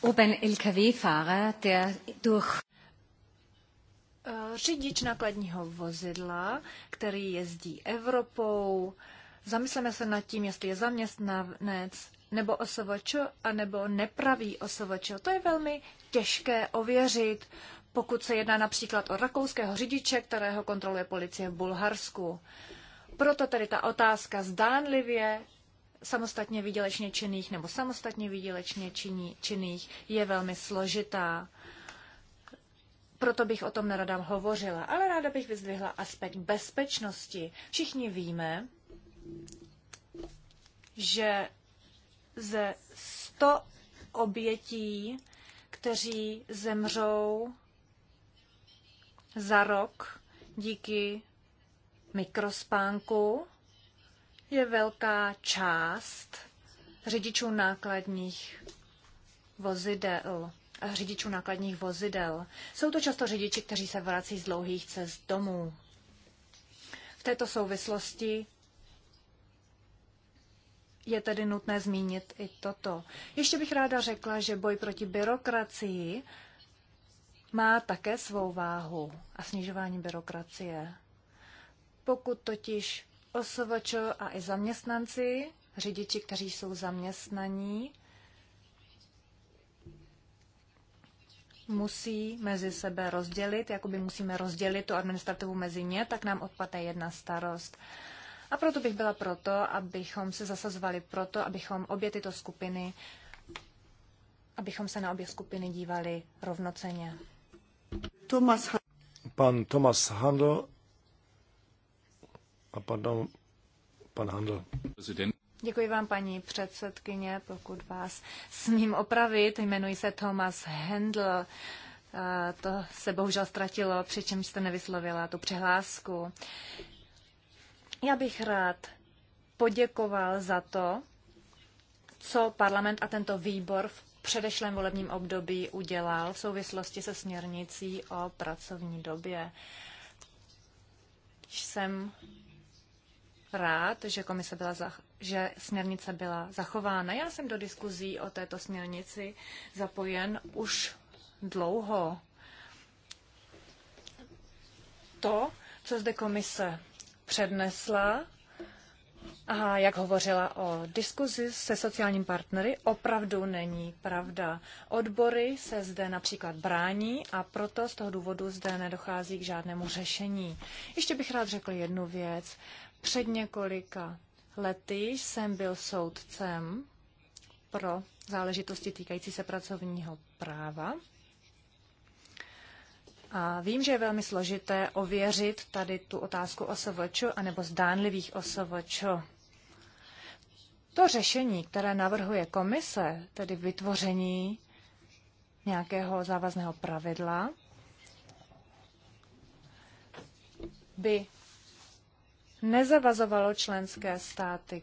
Oben LKW-Fahrer, der durch eh, Řidič nákladního vozidla, který jezdí Evropou, zamysleme se nad tím, jestli je zaměstnanec nebo OSVČ, anebo nepravý OSVČ. To je velmi těžké ověřit, pokud se jedná například o rakouského řidiče, kterého kontroluje policie v Bulharsku. Proto tedy ta otázka zdánlivě samostatně výdělečně činných nebo samostatně výdělečně činí, činných je velmi složitá. Proto bych o tom nerada hovořila, ale ráda bych vyzdvihla aspekt bezpečnosti. Všichni víme, že ze 100 obětí, kteří zemřou za rok díky mikrospánku, je velká část řidičů nákladních vozidel. Řidičů nákladních vozidel. Jsou to často řidiči, kteří se vrací z dlouhých cest domů. V této souvislosti je tedy nutné zmínit i toto. Ještě bych ráda řekla, že boj proti byrokracii má také svou váhu a snižování byrokracie. Pokud totiž OSVČ a i zaměstnanci, řidiči, kteří jsou zaměstnaní, musí mezi sebe rozdělit, jakoby musíme rozdělit tu administrativu mezi ně, tak nám odpadne jedna starost. A proto bych byla proto, abychom se zasazovali proto, abychom obě tyto skupiny, abychom se na obě skupiny dívali rovnoceně. Thomas pan Thomas Handel a pardon, pan Handel. Děkuji vám, paní předsedkyně, pokud vás smím opravit. Jmenuji se Thomas Handel. To se bohužel ztratilo, přičemž jste nevyslovila tu přihlásku. Já bych rád poděkoval za to, co parlament a tento výbor v předešlém volebním období udělal v souvislosti se směrnicí o pracovní době. Jsem rád, že, komise byla zach- že směrnice byla zachována. Já jsem do diskuzí o této směrnici zapojen už dlouho. To, co zde komise přednesla a jak hovořila o diskuzi se sociálními partnery, opravdu není pravda. Odbory se zde například brání a proto z toho důvodu zde nedochází k žádnému řešení. Ještě bych rád řekl jednu věc. Před několika lety jsem byl soudcem pro záležitosti týkající se pracovního práva vím, že je velmi složité ověřit tady tu otázku OSVČ anebo zdánlivých OSVČ. To řešení, které navrhuje komise, tedy vytvoření nějakého závazného pravidla, by nezavazovalo členské státy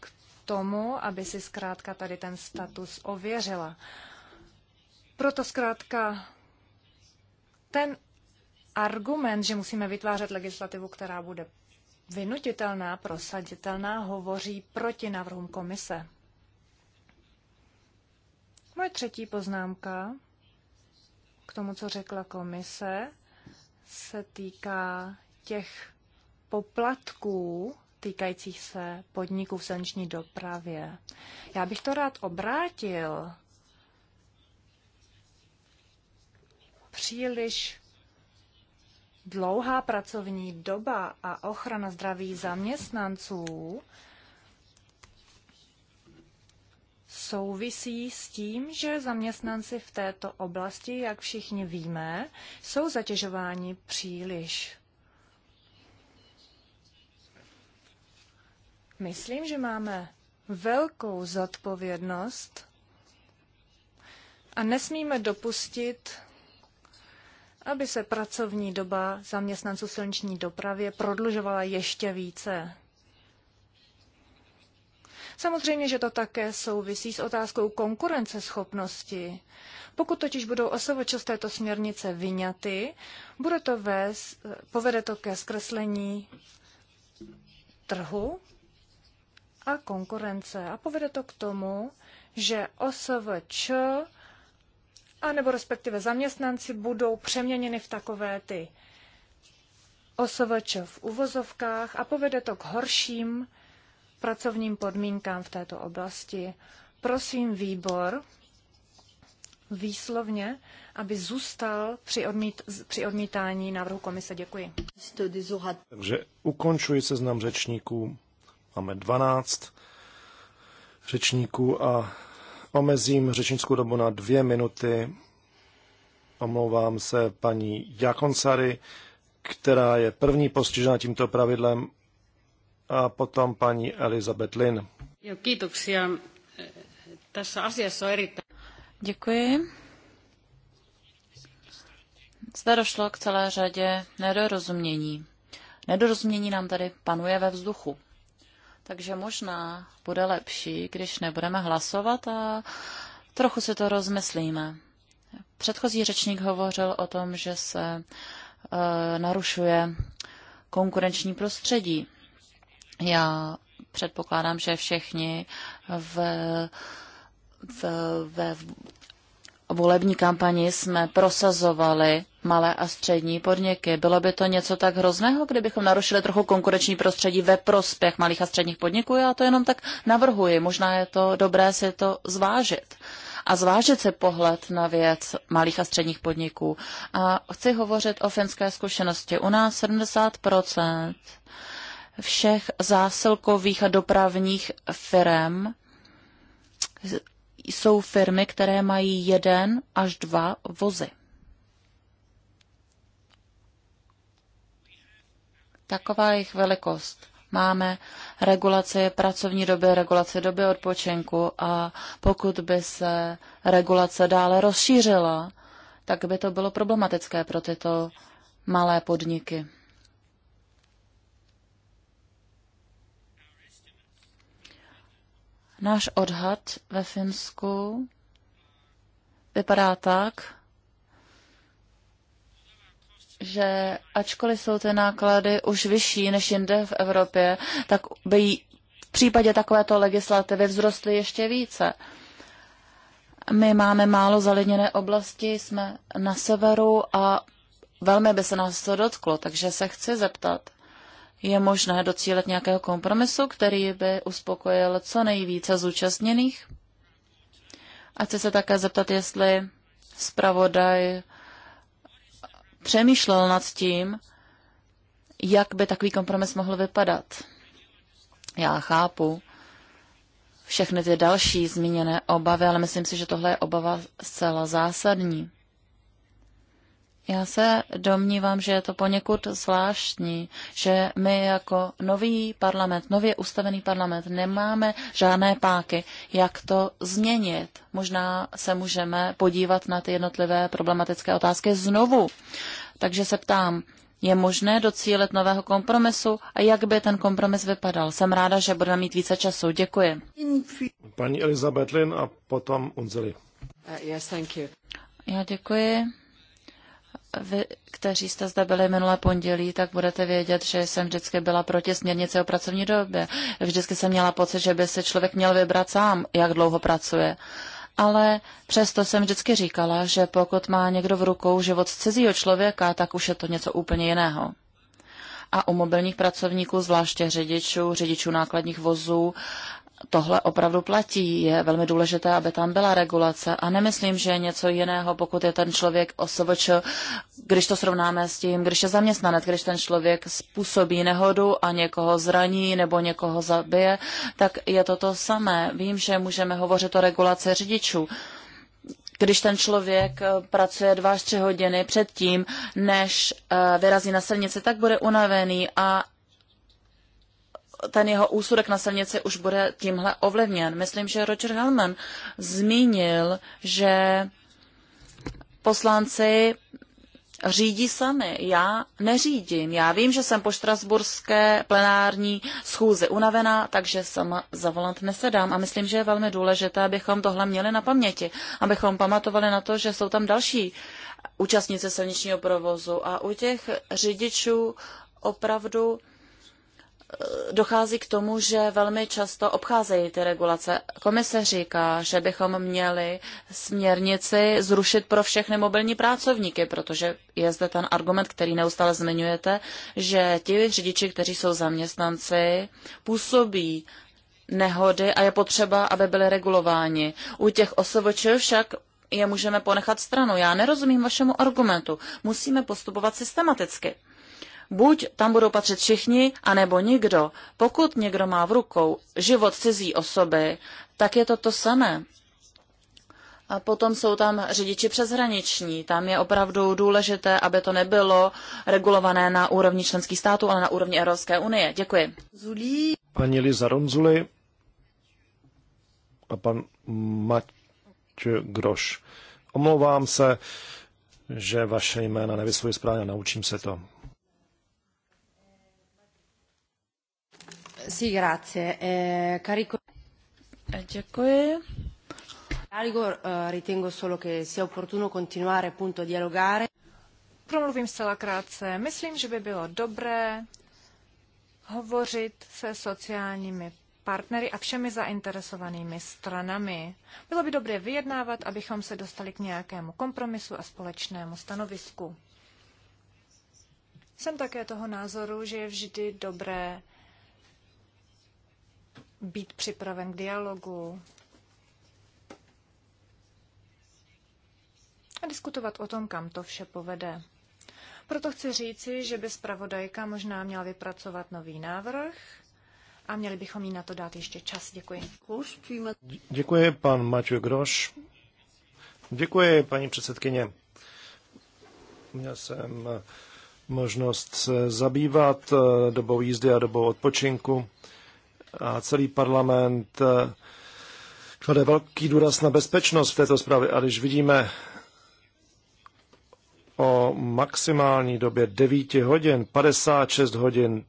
k tomu, aby si zkrátka tady ten status ověřila. Proto zkrátka ten argument, že musíme vytvářet legislativu, která bude vynutitelná, prosaditelná, hovoří proti návrhům komise. Moje třetí poznámka k tomu, co řekla komise, se týká těch poplatků týkajících se podniků v silniční dopravě. Já bych to rád obrátil příliš dlouhá pracovní doba a ochrana zdraví zaměstnanců souvisí s tím, že zaměstnanci v této oblasti, jak všichni víme, jsou zatěžováni příliš. Myslím, že máme velkou zodpovědnost a nesmíme dopustit aby se pracovní doba zaměstnanců silniční dopravě prodlužovala ještě více. Samozřejmě, že to také souvisí s otázkou konkurenceschopnosti. Pokud totiž budou OSVČ z této směrnice vyňaty, bude to vést, povede to ke zkreslení trhu a konkurence a povede to k tomu, že OSVČ a nebo respektive zaměstnanci budou přeměněni v takové ty OSVČ v uvozovkách a povede to k horším pracovním podmínkám v této oblasti. Prosím výbor výslovně, aby zůstal při, odmít, při odmítání návrhu komise. Děkuji. Takže ukončuji seznam řečníků. Máme 12 řečníků a Omezím řečnickou dobu na dvě minuty. Omlouvám se paní Jakonsary, která je první postižena tímto pravidlem, a potom paní Elizabeth Lin. Děkuji. Zde došlo k celé řadě nedorozumění. Nedorozumění nám tady panuje ve vzduchu. Takže možná bude lepší, když nebudeme hlasovat a trochu si to rozmyslíme. Předchozí řečník hovořil o tom, že se e, narušuje konkurenční prostředí. Já předpokládám, že všichni v, v, v, volební kampani jsme prosazovali malé a střední podniky. Bylo by to něco tak hrozného, kdybychom narušili trochu konkurenční prostředí ve prospěch malých a středních podniků? Já to jenom tak navrhuji. Možná je to dobré si to zvážit a zvážit se pohled na věc malých a středních podniků. A chci hovořit o finské zkušenosti. U nás 70% všech zásilkových a dopravních firm jsou firmy, které mají jeden až dva vozy. Taková jejich velikost. Máme regulaci pracovní doby, regulaci doby odpočinku a pokud by se regulace dále rozšířila, tak by to bylo problematické pro tyto malé podniky. Náš odhad ve Finsku vypadá tak, že ačkoliv jsou ty náklady už vyšší než jinde v Evropě, tak by v případě takovéto legislativy vzrostly ještě více. My máme málo zalidněné oblasti, jsme na severu a velmi by se nás to dotklo, takže se chci zeptat, je možné docílet nějakého kompromisu, který by uspokojil co nejvíce zúčastněných. A chci se také zeptat, jestli zpravodaj přemýšlel nad tím, jak by takový kompromis mohl vypadat. Já chápu všechny ty další zmíněné obavy, ale myslím si, že tohle je obava zcela zásadní. Já se domnívám, že je to poněkud zvláštní, že my jako nový parlament, nově ustavený parlament, nemáme žádné páky, jak to změnit. Možná se můžeme podívat na ty jednotlivé problematické otázky znovu. Takže se ptám, je možné docílit nového kompromisu a jak by ten kompromis vypadal? Jsem ráda, že budeme mít více času. Děkuji. Paní Elizabeth Lin a potom Unzeli. Uh, yes, thank you. Já děkuji vy, kteří jste zde byli minulé pondělí, tak budete vědět, že jsem vždycky byla proti směrnici o pracovní době. Vždycky jsem měla pocit, že by se člověk měl vybrat sám, jak dlouho pracuje. Ale přesto jsem vždycky říkala, že pokud má někdo v rukou život cizího člověka, tak už je to něco úplně jiného. A u mobilních pracovníků, zvláště řidičů, řidičů nákladních vozů tohle opravdu platí. Je velmi důležité, aby tam byla regulace a nemyslím, že je něco jiného, pokud je ten člověk osoboč, když to srovnáme s tím, když je zaměstnanec, když ten člověk způsobí nehodu a někoho zraní nebo někoho zabije, tak je to to samé. Vím, že můžeme hovořit o regulaci řidičů, když ten člověk eh, pracuje dva až tři hodiny předtím, než eh, vyrazí na silnici, tak bude unavený a ten jeho úsudek na silnici už bude tímhle ovlivněn. Myslím, že Roger Hellman zmínil, že poslanci řídí sami. Já neřídím. Já vím, že jsem po štrasburské plenární schůzi unavená, takže sama za volant nesedám. A myslím, že je velmi důležité, abychom tohle měli na paměti. Abychom pamatovali na to, že jsou tam další účastnice silničního provozu. A u těch řidičů opravdu dochází k tomu, že velmi často obcházejí ty regulace. Komise říká, že bychom měli směrnici zrušit pro všechny mobilní pracovníky, protože je zde ten argument, který neustále zmiňujete, že ti řidiči, kteří jsou zaměstnanci, působí nehody a je potřeba, aby byly regulováni. U těch osoboč však je můžeme ponechat stranou. Já nerozumím vašemu argumentu. Musíme postupovat systematicky. Buď tam budou patřit všichni, anebo nikdo. Pokud někdo má v rukou život cizí osoby, tak je to to samé. A potom jsou tam řidiči přeshraniční. Tam je opravdu důležité, aby to nebylo regulované na úrovni členských států, ale na úrovni Evropské unie. Děkuji. Zulí. Paní Liza Ronzuli a pan Mať Groš. Omlouvám se, že vaše jména nevyslovuji správně, naučím se to. sì, grazie. Eh, carico... Eh, Děkuji. Carico, eh, ritengo solo che sia opportuno continuare appunto a dialogare. Promluvím zcela krátce. Myslím, že by bylo dobré hovořit se sociálními partnery a všemi zainteresovanými stranami. Bylo by dobré vyjednávat, abychom se dostali k nějakému kompromisu a společnému stanovisku. Jsem také toho názoru, že je vždy dobré být připraven k dialogu a diskutovat o tom, kam to vše povede. Proto chci říci, že by zpravodajka možná měla vypracovat nový návrh a měli bychom jí na to dát ještě čas. Děkuji. Děkuji, pan Matěj Groš. Děkuji, paní předsedkyně. Měl jsem možnost se zabývat eh, dobou jízdy a dobou odpočinku a celý parlament eh, klade velký důraz na bezpečnost v této zprávě. A když vidíme o maximální době 9 hodin, 56 hodin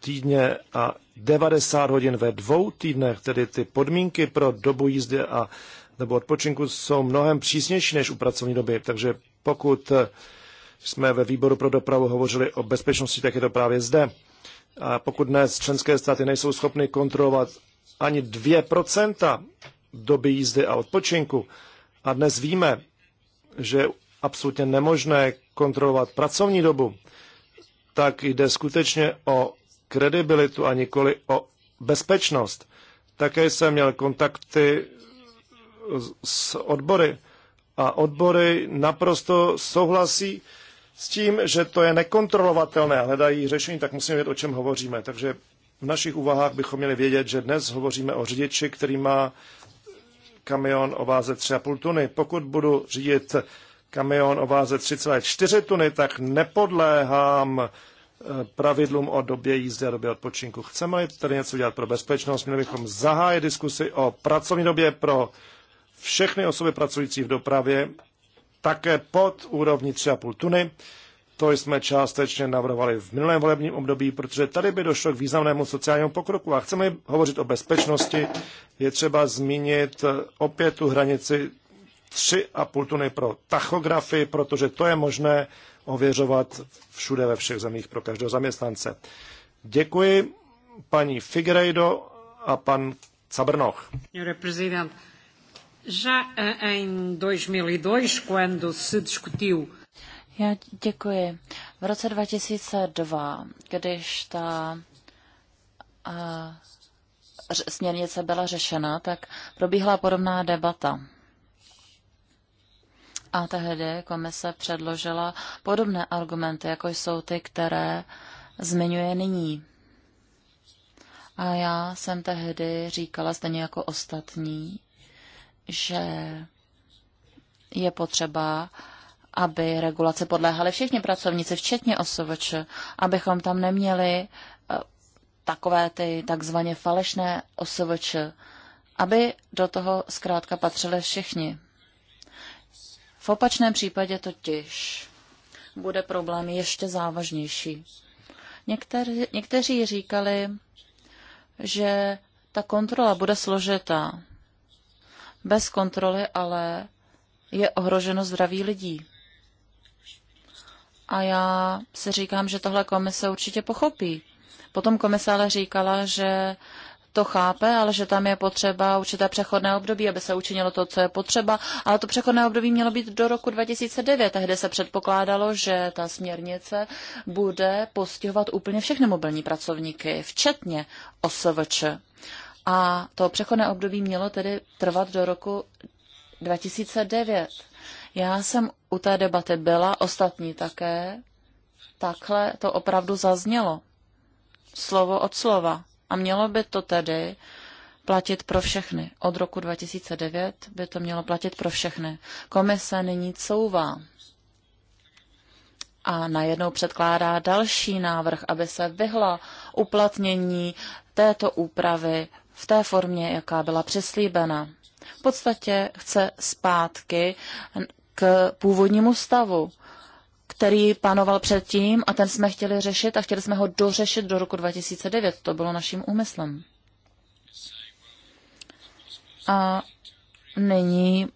týdně a 90 hodin ve dvou týdnech, tedy ty podmínky pro dobu jízdy a nebo odpočinku jsou mnohem přísnější než u pracovní doby. Takže pokud eh, jsme ve výboru pro dopravu hovořili o bezpečnosti, tak je to právě zde. A pokud dnes členské státy nejsou schopny kontrolovat ani 2% doby jízdy a odpočinku, a dnes víme, že je absolutně nemožné kontrolovat pracovní dobu, tak jde skutečně o kredibilitu a nikoli o bezpečnost. Také jsem měl kontakty s odbory a odbory naprosto souhlasí s tím, že to je nekontrolovatelné a hledají řešení, tak musíme vědět, o čem hovoříme. Takže v našich úvahách bychom měli vědět, že dnes hovoříme o řidiči, který má kamion o váze 3,5 tuny. Pokud budu řídit kamion o váze 3,4 tuny, tak nepodléhám eh, pravidlům o době jízdy a době odpočinku. Chceme tady něco dělat pro bezpečnost, měli bychom zahájit diskusi o pracovní době pro všechny osoby pracující v dopravě také pod úrovni 3,5 tuny. To jsme částečně navrhovali v minulém volebním období, protože tady by došlo k významnému sociálnímu pokroku. A chceme hovořit o bezpečnosti, je třeba zmínit eh, opět tu hranici 3,5 tuny pro tachografy, protože to je možné ověřovat všude ve všech zemích pro každého zaměstnance. Děkuji paní Figueiredo a pan Cabrnoch. Pane já eh, em 2002, e quando se discutiu já děkuji. V roce 2002, když ta uh, směrnice byla řešena, tak probíhala podobná debata. A tehdy komise předložila podobné argumenty, jako jsou ty, které zmiňuje nyní. A já jsem tehdy říkala, stejně jako ostatní, že je potřeba, aby regulace podléhaly všichni pracovníci, včetně OSVČ, abychom tam neměli eh, takové ty takzvaně falešné OSVČ, aby do toho zkrátka patřili všichni. V opačném případě totiž bude problém ještě závažnější. Někteří, někteří říkali, že ta kontrola bude složitá. Bez kontroly ale je ohroženo zdraví lidí. A já si říkám, že tohle komise určitě pochopí. Potom komise ale říkala, že to chápe, ale že tam je potřeba určité přechodné období, aby se učinilo to, co je potřeba. Ale to přechodné období mělo být do roku 2009. Tehdy se předpokládalo, že ta směrnice bude postihovat úplně všechny mobilní pracovníky, včetně OSVČ. A to přechodné období mělo tedy trvat do roku 2009. Já jsem u té debaty byla, ostatní také. Takhle to opravdu zaznělo. Slovo od slova. A mělo by to tedy platit pro všechny. Od roku 2009 by to mělo platit pro všechny. Komise nyní couvá a najednou předkládá další návrh, aby se vyhla uplatnění této úpravy v té formě, jaká byla přeslíbena. V podstatě chce zpátky k původnímu stavu, který panoval předtím a ten jsme chtěli řešit a chtěli jsme ho dořešit do roku 2009. To bylo naším úmyslem. A nyní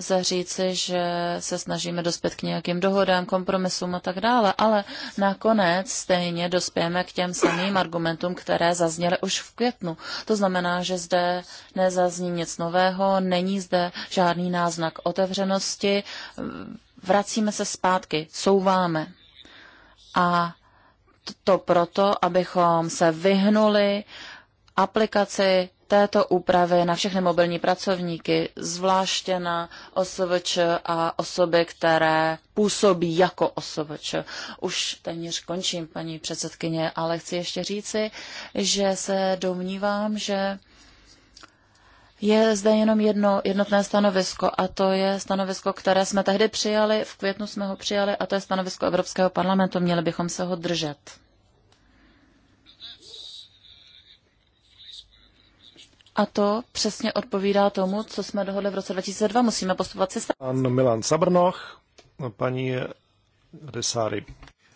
lze říci, že se snažíme dospět k nějakým dohodám, kompromisům a tak dále, ale nakonec stejně dospějeme k těm samým argumentům, které zazněly už v květnu. To znamená, že zde nezazní nic nového, není zde žádný náznak otevřenosti, vracíme se zpátky, souváme. A to proto, abychom se vyhnuli aplikaci této úpravy na všechny mobilní pracovníky, zvláště na OSVČ a osoby, které působí jako OSVČ. Už téměř končím, paní předsedkyně, ale chci ještě říci, že se domnívám, že je zde jenom jedno jednotné stanovisko a to je stanovisko, které jsme tehdy přijali, v květnu jsme ho přijali a to je stanovisko Evropského parlamentu, měli bychom se ho držet. A to přesně odpovídá tomu, co jsme dohodli v roce 2002. Musíme postupovat se Pan Milan Sabrnoch, paní Desáry.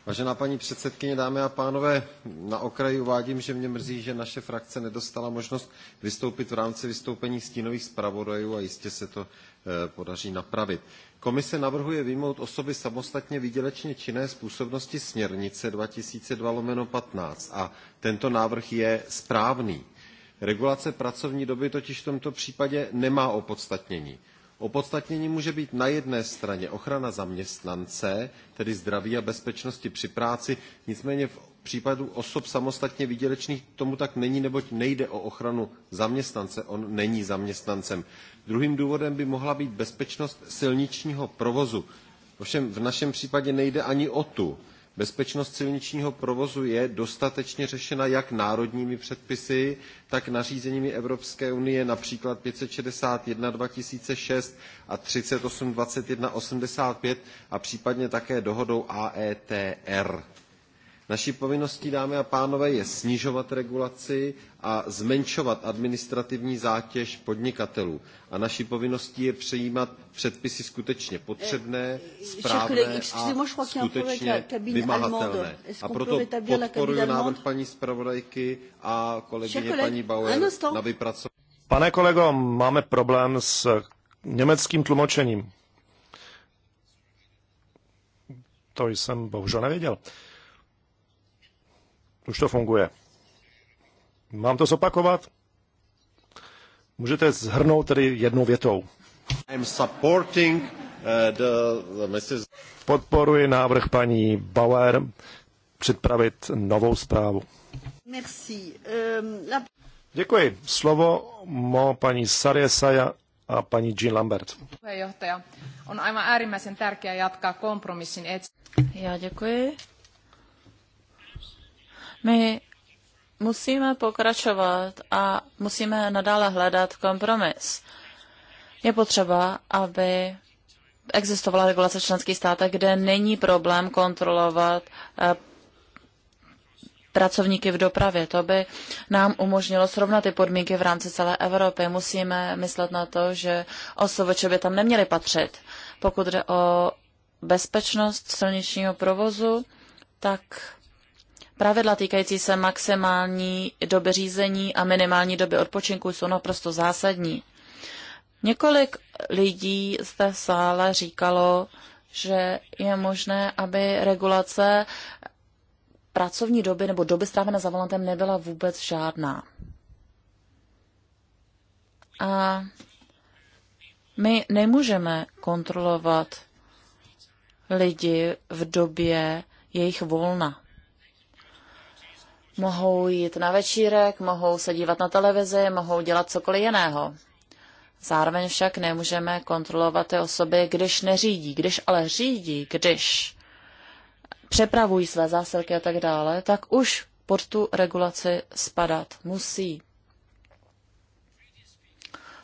Vážená paní předsedkyně, dámy a pánové, na okraji uvádím, že mě mrzí, že naše frakce nedostala možnost vystoupit v rámci vystoupení stínových zpravodajů a jistě se to eh, podaří napravit. Komise navrhuje výjmout osoby samostatně výdělečně činné z působnosti směrnice 2002-15 a tento návrh je správný Regulace pracovní doby totiž v tomto případě nemá opodstatnění. Opodstatnění může být na jedné straně ochrana zaměstnance, tedy zdraví a bezpečnosti při práci, nicméně v případu osob samostatně výdělečných tomu tak není, neboť nejde o ochranu zaměstnance, on není zaměstnancem. Druhým důvodem by mohla být bezpečnost silničního provozu. Ovšem v našem případě nejde ani o tu. Bezpečnost silničního provozu je dostatečně řešena jak národními předpisy, tak nařízeními Evropské unie, například 561 2006 a 38 21 85 a případně také dohodou AETR. Naší povinností, dámy a pánové, je snižovat regulaci a zmenšovat administrativní zátěž podnikatelů. A naší povinností je přijímat předpisy skutečně potřebné, eh, správné eh, a skutečně vymahatelné. A proto podporuji návrh paní zpravodajky a kolegyně paní Bauer na vypracování. Pane kolego, máme problém s německým tlumočením. To jsem bohužel nevěděl. Uh, už to funguje. Mám to zopakovat? Můžete zhrnout tedy jednou větou. I'm supporting uh, the, the Mrs. Podporuji návrh paní Bauer připravit novou zprávu. Merci. Um, la... Děkuji. Slovo má paní Sarie Saja a paní Jean Lambert. Puheenjohtaja, on aivan äärimmäisen tärkeää jatkaa kompromissin etsimistä. Já děkuji. My musíme pokračovat a musíme nadále hledat kompromis. Je potřeba, aby existovala regulace členských státech, kde není problém kontrolovat eh, pracovníky v dopravě. To by nám umožnilo srovnat ty podmínky v rámci celé Evropy. Musíme myslet na to, že osovoče by tam neměly patřit. Pokud jde o bezpečnost silničního provozu, tak Pravidla týkající se maximální doby řízení a minimální doby odpočinku jsou naprosto zásadní. Několik lidí z té sále říkalo, že je možné, aby regulace pracovní doby nebo doby strávené za volantem nebyla vůbec žádná. A my nemůžeme kontrolovat lidi v době jejich volna. Mohou jít na večírek, mohou se dívat na televizi, mohou dělat cokoliv jiného. Zároveň však nemůžeme kontrolovat ty osoby, když neřídí. Když ale řídí, když přepravují své zásilky a tak dále, tak už pod tu regulaci spadat musí.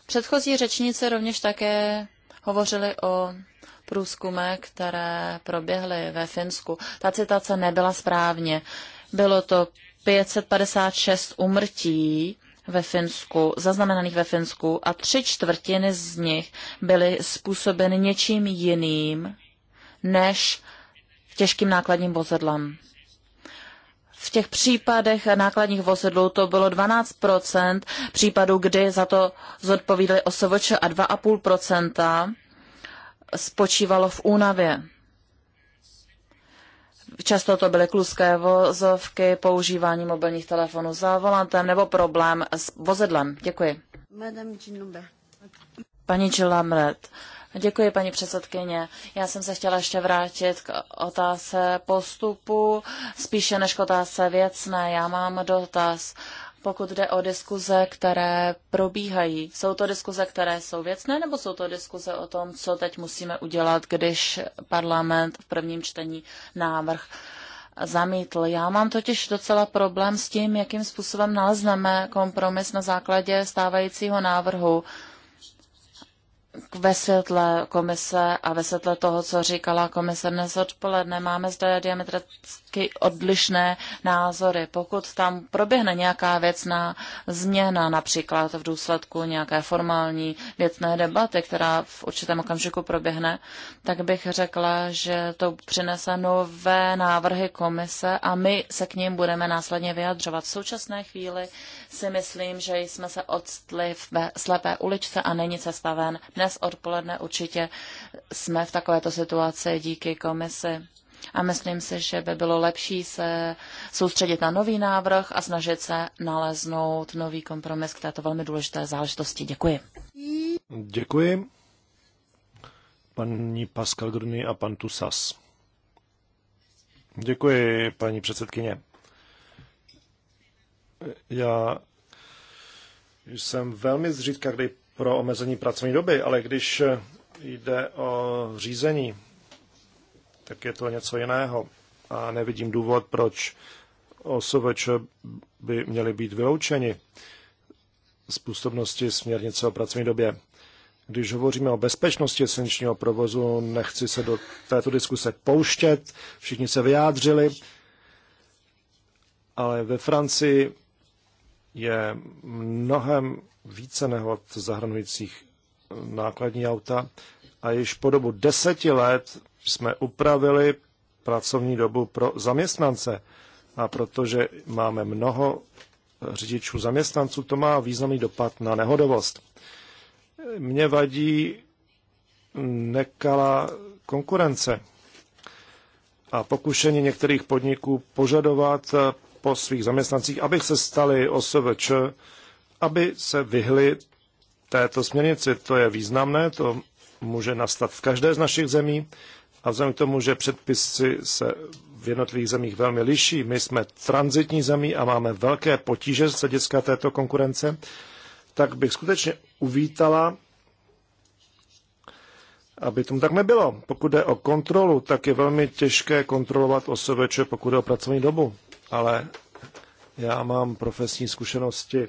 Předchozí řečníci rovněž také hovořili o průzkumech, které proběhly ve Finsku. Ta citace nebyla správně. Bylo to 556 umrtí ve Finsku, zaznamenaných ve Finsku a tři čtvrtiny z nich byly způsobeny něčím jiným než těžkým nákladním vozidlem. V těch případech nákladních vozidlů to bylo 12 případů, kdy za to zodpovídali osovoče a 2,5 spočívalo v únavě. Často to byly kluské vozovky, používání mobilních telefonů za volantem nebo problém s vozidlem. Děkuji. Paní Čilamret, Děkuji, paní předsedkyně. Já jsem se chtěla ještě vrátit k otázce postupu, spíše než k otázce věcné. Já mám dotaz pokud jde o diskuze, které probíhají. Jsou to diskuze, které jsou věcné, nebo jsou to diskuze o tom, co teď musíme udělat, když parlament v prvním čtení návrh zamítl. Já mám totiž docela problém s tím, jakým způsobem nalezneme kompromis na základě stávajícího návrhu ve světle komise a ve světle toho, co říkala komise dnes odpoledne, máme zde diametricky odlišné názory. Pokud tam proběhne nějaká věcná změna, například v důsledku nějaké formální věcné debaty, která v určitém okamžiku proběhne, tak bych řekla, že to přinese nové návrhy komise a my se k ním budeme následně vyjadřovat. V současné chvíli si myslím, že jsme se odstli ve slepé uličce a není cesta ven. Dnes odpoledne určitě jsme v takovéto situaci díky komisi. A myslím si, že by bylo lepší se soustředit na nový návrh a snažit se naleznout nový kompromis k této velmi důležité záležitosti. Děkuji. Děkuji. Paní Pascal Gruny a pan Tusas. Děkuji, paní předsedkyně. Já jsem velmi zřídka kdy pro omezení pracovní doby, ale když jde o řízení, tak je to něco jiného. A nevidím důvod, proč OSVČ by měly být vyloučeni z působnosti směrnice o pracovní době. Když hovoříme o bezpečnosti silničního provozu, nechci se do této diskuse pouštět, všichni se vyjádřili, ale ve Francii je mnohem více nehod zahrnujících eh, nákladní auta a již po dobu deseti let jsme upravili pracovní dobu pro zaměstnance. A protože máme mnoho eh, řidičů zaměstnanců, to má významný dopad na nehodovost. Mně vadí nekala konkurence a pokušení některých podniků požadovat eh, po svých zaměstnancích, aby se stali OSVČ, aby se vyhli této směrnici. To je významné, to může nastat v každé z našich zemí a vzhledem k tomu, že předpisy se v jednotlivých zemích velmi liší, my jsme transitní zemí a máme velké potíže z hlediska této konkurence, tak bych skutečně uvítala, aby tomu tak nebylo. Pokud jde o kontrolu, tak je velmi těžké kontrolovat osobeče, pokud jde o pracovní dobu ale já mám profesní zkušenosti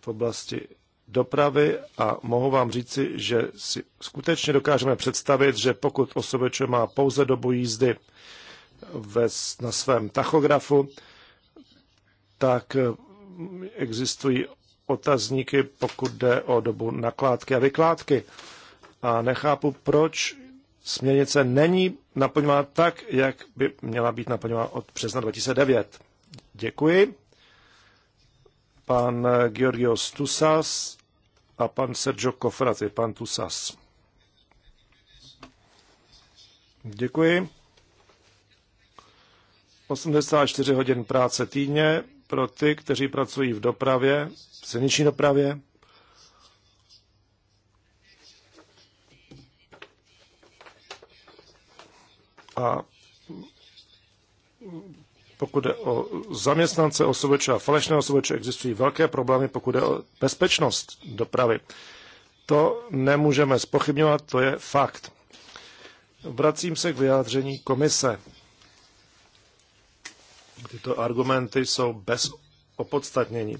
v oblasti dopravy a mohu vám říci, že si skutečně dokážeme představit, že pokud osobeče má pouze dobu jízdy ve, na svém tachografu, tak eh, existují otazníky, pokud jde o dobu nakládky a vykládky. A nechápu, proč směrnice není naplňována tak, jak by měla být naplňována od března 2009. Děkuji. Pan Georgios Tusas a pan Sergio Kofrati, pan Tusas. Děkuji. 84 hodin práce týdně pro ty, kteří pracují v dopravě, v silniční dopravě. A pokud jde o zaměstnance osobeče a falešné osobeče, existují velké problémy, pokud jde o bezpečnost dopravy. To nemůžeme spochybňovat, to je fakt. Vracím se k vyjádření komise. Tyto argumenty jsou bez opodstatnění.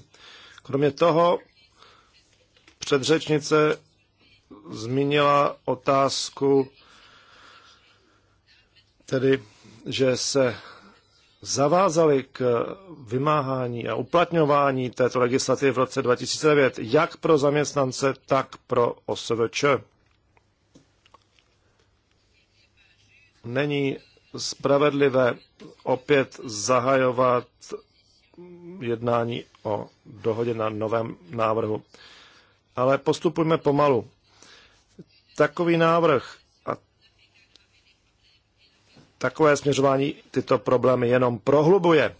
Kromě toho předřečnice zmínila otázku, tedy, že se zavázali k vymáhání a uplatňování této legislativy v roce 2009, jak pro zaměstnance, tak pro OSVČ. Není spravedlivé opět zahajovat jednání o dohodě na novém návrhu. Ale postupujme pomalu. Takový návrh takové směřování tyto problémy jenom prohlubuje.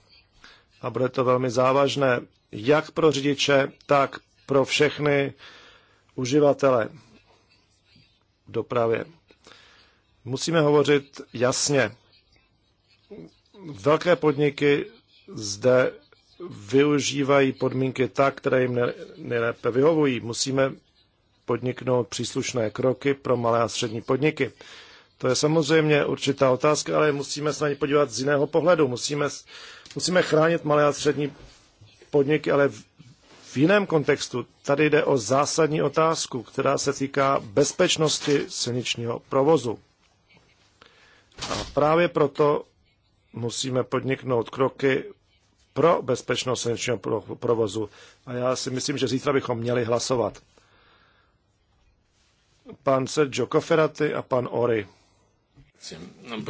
A bude to velmi závažné jak pro řidiče, tak pro všechny uživatele v dopravě. Musíme hovořit jasně. Velké podniky zde využívají podmínky tak, které jim nejlépe vyhovují. Musíme podniknout příslušné kroky pro malé a střední podniky. To je samozřejmě určitá otázka, ale musíme se na ně podívat z jiného pohledu. Musíme, musíme chránit malé a střední podniky, ale v, v jiném kontextu. Tady jde o zásadní otázku, která se týká bezpečnosti silničního provozu. A právě proto musíme podniknout kroky pro bezpečnost silničního provozu. A já si myslím, že zítra bychom měli hlasovat. Pan Sergio Cofferati a pan Ory. No,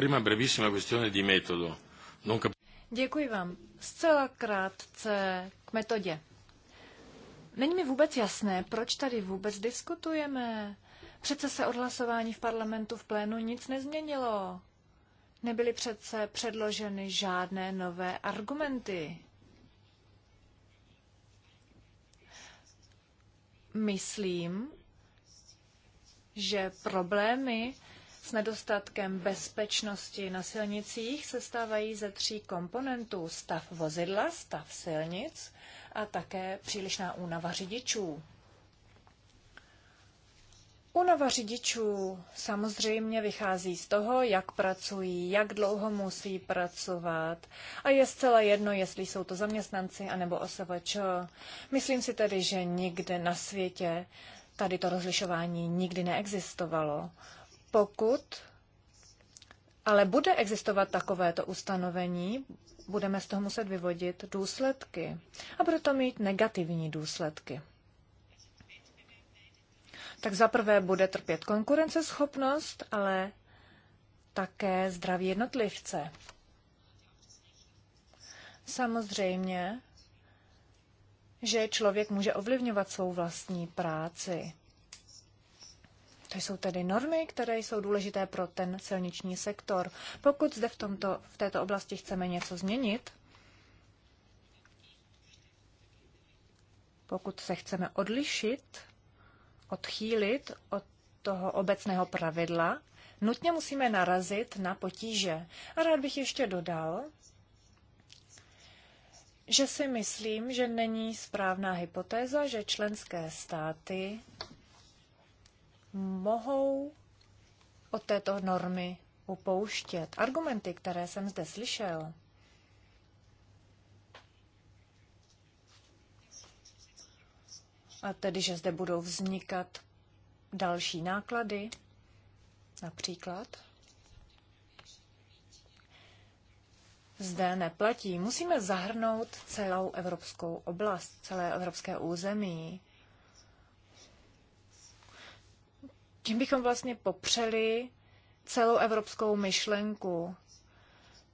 Děkuji vám. Zcela krátce k metodě. Není mi vůbec jasné, proč tady vůbec diskutujeme. Přece se odhlasování v parlamentu v plénu nic nezměnilo. Nebyly přece předloženy žádné nové argumenty. Myslím, že problémy s nedostatkem bezpečnosti na silnicích se stávají ze tří komponentů. Stav vozidla, stav silnic a také přílišná únava řidičů. Únava řidičů samozřejmě vychází z toho, jak pracují, jak dlouho musí pracovat a je zcela jedno, jestli jsou to zaměstnanci anebo OSVČ. Myslím si tedy, že nikde na světě tady to rozlišování nikdy neexistovalo. Pokud ale bude existovat takovéto ustanovení, budeme z toho muset vyvodit důsledky a bude to mít negativní důsledky. Tak zaprvé bude trpět konkurenceschopnost, ale také zdraví jednotlivce. Samozřejmě, že člověk může ovlivňovat svou vlastní práci. To jsou tedy normy, které jsou důležité pro ten silniční sektor. Pokud zde v, tomto, v této oblasti chceme něco změnit, pokud se chceme odlišit, odchýlit od toho obecného pravidla, nutně musíme narazit na potíže. A rád bych ještě dodal, že si myslím, že není správná hypotéza, že členské státy mohou od této normy upouštět. Argumenty, které jsem zde slyšel, a tedy, že zde budou vznikat další náklady, například, zde neplatí. Musíme zahrnout celou evropskou oblast, celé evropské území. Tím bychom vlastně popřeli celou evropskou myšlenku.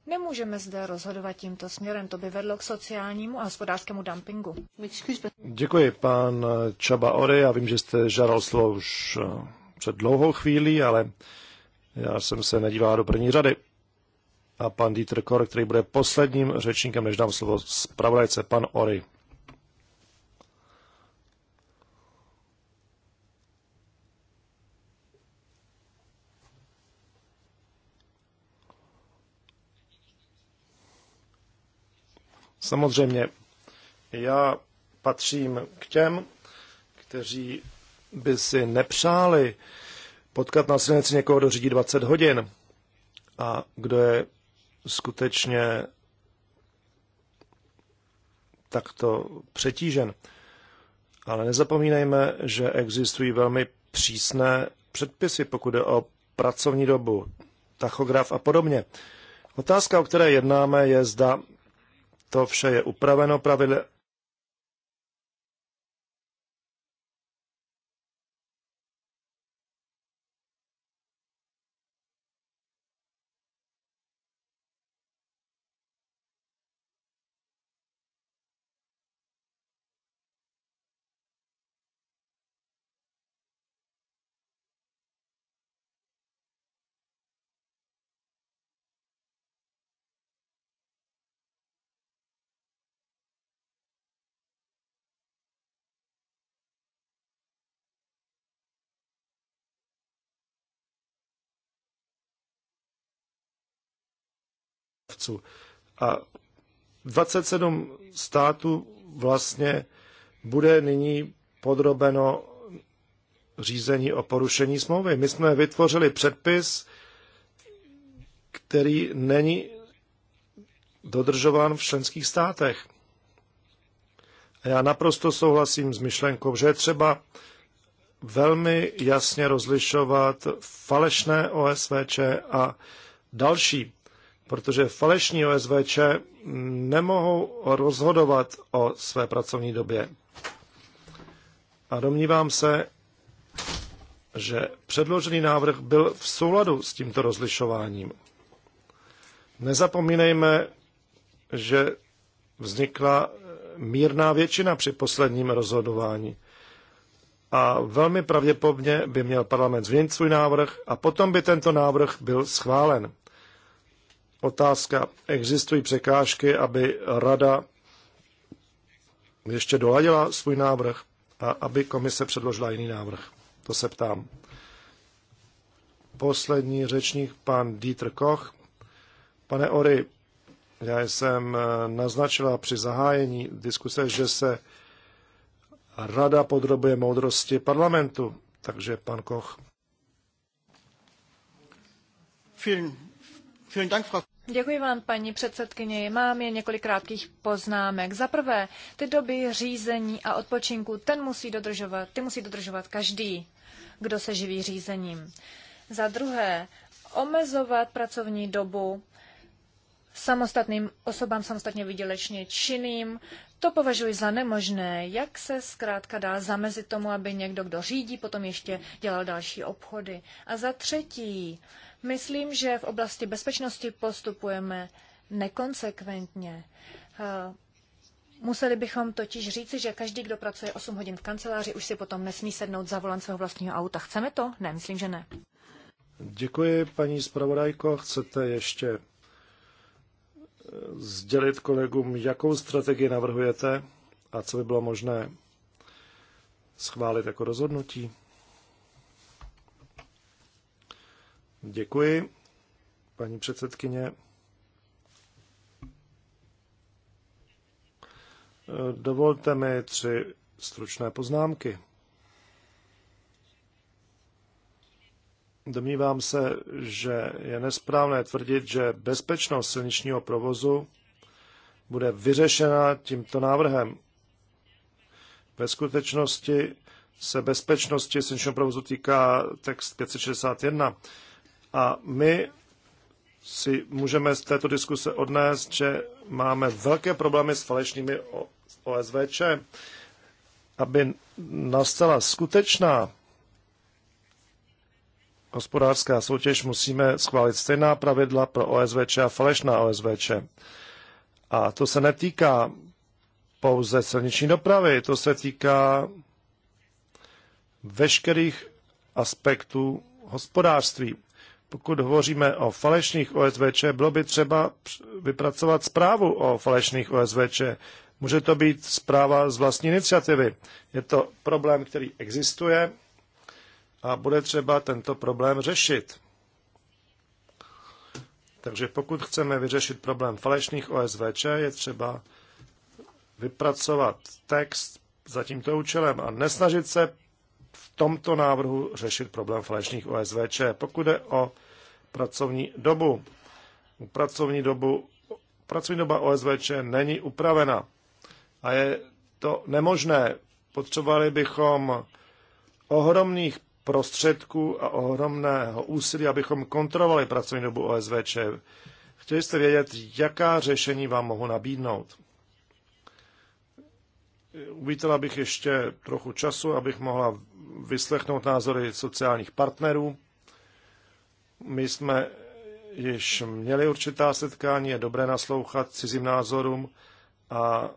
Nemůžeme zde rozhodovat tímto směrem, to by vedlo k sociálnímu a hospodářskému dumpingu. Děkuji, pan Čaba Ory. Já vím, že jste žádal slovo už eh, před dlouhou chvílí, ale já jsem se nedíval do první řady. A pan Dieter Kor, který bude posledním řečníkem, než dám slovo zpravodajce, pan Ory. Samozřejmě já patřím k těm, kteří by si nepřáli potkat na silnici někoho, kdo řídí 20 hodin a kdo je skutečně takto přetížen. Ale nezapomínejme, že existují velmi přísné předpisy, pokud je o pracovní dobu, tachograf a podobně. Otázka, o které jednáme, je, zda to vše je upraveno pravidly dopravců. A 27 států vlastně bude nyní podrobeno řízení o porušení smlouvy. My jsme vytvořili předpis, který není dodržován v členských státech. A já naprosto souhlasím s myšlenkou, že je třeba velmi jasně rozlišovat falešné OSVČ a další protože falešní OSVČ nemohou rozhodovat o své pracovní době. A domnívám se, že předložený návrh byl v souladu s tímto rozlišováním. Nezapomínejme, že vznikla mírná většina při posledním rozhodování. A velmi pravděpodobně by měl parlament změnit svůj návrh a potom by tento návrh byl schválen. Otázka, existují překážky, aby rada ještě doladila svůj návrh a aby komise předložila jiný návrh. To se ptám. Poslední řečník, pan Dieter Koch. Pane Ory, já jsem naznačila při zahájení diskuse, že se rada podrobuje moudrosti parlamentu. Takže pan Koch. Vielen, vielen Dank, Frau Děkuji vám, paní předsedkyně. Mám jen několik krátkých poznámek. Za prvé, ty doby řízení a odpočinku, ten musí dodržovat, ty musí dodržovat každý, kdo se živí řízením. Za druhé, omezovat pracovní dobu samostatným osobám samostatně výdělečně činným. To považuji za nemožné. Jak se zkrátka dá zamezit tomu, aby někdo, kdo řídí, potom ještě dělal další obchody. A za třetí, Myslím, že v oblasti bezpečnosti postupujeme nekonsekventně. Eh, museli bychom totiž říci, že každý, kdo pracuje 8 hodin v kanceláři, už si potom nesmí sednout za volant svého vlastního auta. Chceme to? Ne, myslím, že ne. Děkuji, paní zpravodajko. Chcete ještě eh, sdělit kolegům, jakou strategii navrhujete a co by bylo možné schválit jako rozhodnutí? Děkuji, paní předsedkyně. Dovolte mi tři stručné poznámky. Domnívám se, že je nesprávné tvrdit, že bezpečnost silničního provozu bude vyřešena tímto návrhem. Ve skutečnosti se bezpečnosti silničního provozu týká text 561 a my si můžeme z této diskuse odnést, že máme velké problémy s falešnými OSVČ, aby nastala skutečná hospodářská soutěž, musíme schválit stejná pravidla pro OSVČ a falešná OSVČ. A to se netýká pouze silniční dopravy, to se týká veškerých aspektů hospodářství pokud hovoříme o falešných OSVČ, bylo by třeba vypracovat zprávu o falešných OSVČ. Může to být zpráva z vlastní iniciativy. Je to problém, který existuje a bude třeba tento problém řešit. Takže pokud chceme vyřešit problém falešných OSVČ, je třeba vypracovat text za tímto účelem a nesnažit se tomto návrhu řešit problém falešných OSVČ. Pokud jde o pracovní dobu, pracovní, dobu, pracovní doba OSVČ není upravena a je to nemožné. Potřebovali bychom ohromných prostředků a ohromného úsilí, abychom kontrolovali pracovní dobu OSVČ. Chtěli jste vědět, jaká řešení vám mohu nabídnout. Uvítala bych ještě trochu času, abych mohla vyslechnout názory sociálních partnerů. My jsme již měli určitá setkání, je dobré naslouchat cizím názorům a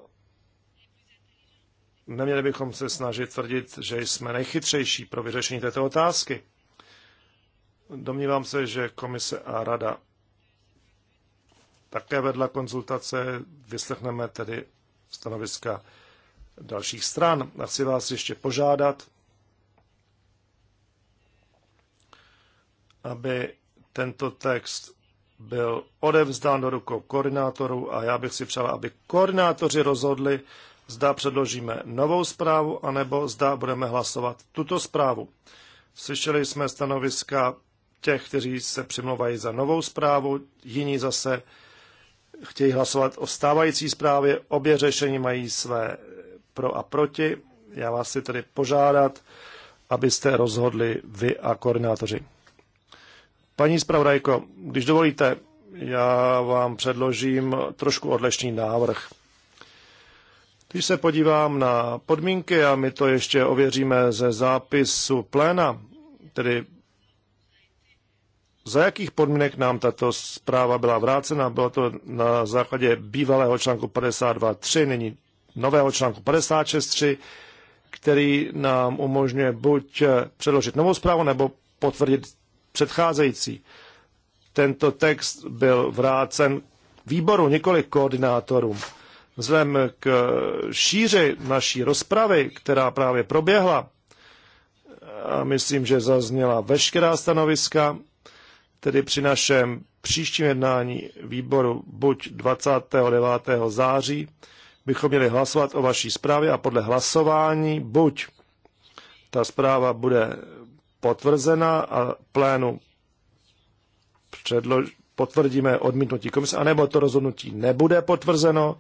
neměli bychom se snažit tvrdit, že jsme nejchytřejší pro vyřešení této otázky. Domnívám se, že komise a rada také vedla konzultace, vyslechneme tedy stanoviska dalších stran. A chci vás ještě požádat, aby tento text byl odevzdán do rukou koordinátorů a já bych si přál, aby koordinátoři rozhodli, zda předložíme novou zprávu, anebo zda budeme hlasovat tuto zprávu. Slyšeli jsme stanoviska těch, kteří se přimlouvají za novou zprávu, jiní zase chtějí hlasovat o stávající zprávě. Obě řešení mají své pro a proti. Já vás si tedy požádat, abyste rozhodli vy a koordinátoři. Paní zpravodajko, když dovolíte, já vám předložím trošku odlešný návrh. Když se podívám na podmínky, a my to ještě ověříme ze zápisu pléna, tedy za jakých podmínek nám tato zpráva byla vrácena, bylo to na základě bývalého článku 52.3, nyní nového článku 56.3, který nám umožňuje buď předložit novou zprávu, nebo potvrdit předcházející. Tento text byl vrácen výboru, několik koordinátorům. Vzhledem k šíři naší rozpravy, která právě proběhla, a myslím, že zazněla veškerá stanoviska, tedy při našem příštím jednání výboru buď 29. září bychom měli hlasovat o vaší zprávě a podle hlasování buď ta zpráva bude potvrzena a plénu předlož, potvrdíme odmítnutí komise, anebo to rozhodnutí nebude potvrzeno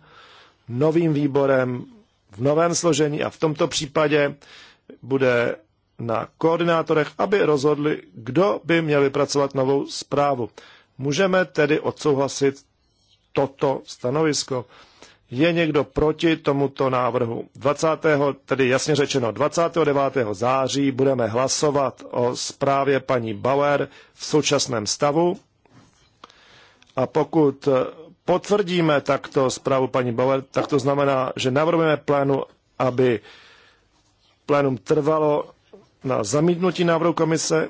novým výborem v novém složení a v tomto případě bude na koordinátorech, aby rozhodli, kdo by měl vypracovat novou zprávu. Můžeme tedy odsouhlasit toto stanovisko. Je někdo proti tomuto návrhu? 20. tedy jasně řečeno 29. září budeme hlasovat o zprávě paní Bauer v současném stavu. A pokud potvrdíme takto zprávu paní Bauer, tak to znamená, že navrhujeme plénu, aby plénum trvalo na zamítnutí návrhu komise,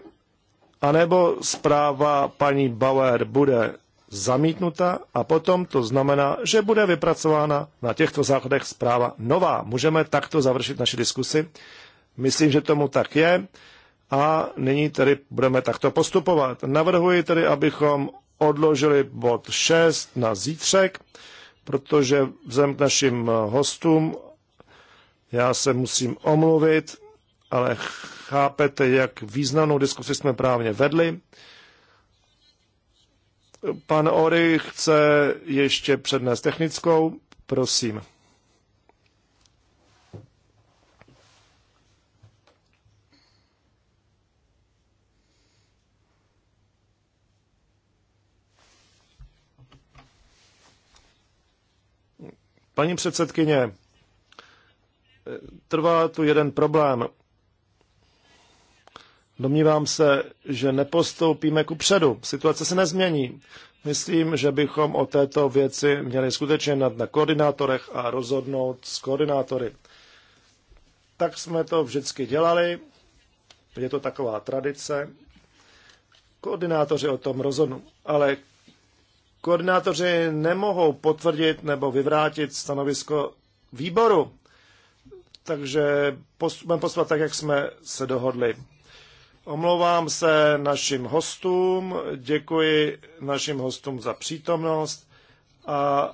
anebo zpráva paní Bauer bude zamítnuta a potom to znamená, že bude vypracována na těchto základech zpráva nová. Můžeme takto završit naši diskusi. Myslím, že tomu tak je a nyní tedy budeme takto postupovat. Navrhuji tedy, abychom odložili bod 6 na zítřek, protože vzem k našim hostům já se musím omluvit, ale chápete, jak významnou diskusi jsme právě vedli. Pan Ory chce ještě přednést technickou. Prosím. Paní předsedkyně, trvá tu jeden problém. Domnívám se, že nepostoupíme ku předu. Situace se nezmění. Myslím, že bychom o této věci měli skutečně nad na koordinátorech a rozhodnout s koordinátory. Tak jsme to vždycky dělali. Je to taková tradice. Koordinátoři o tom rozhodnou. Ale koordinátoři nemohou potvrdit nebo vyvrátit stanovisko výboru. Takže budeme postupovat tak, jak jsme se dohodli. Omlouvám se našim hostům, děkuji našim hostům za přítomnost a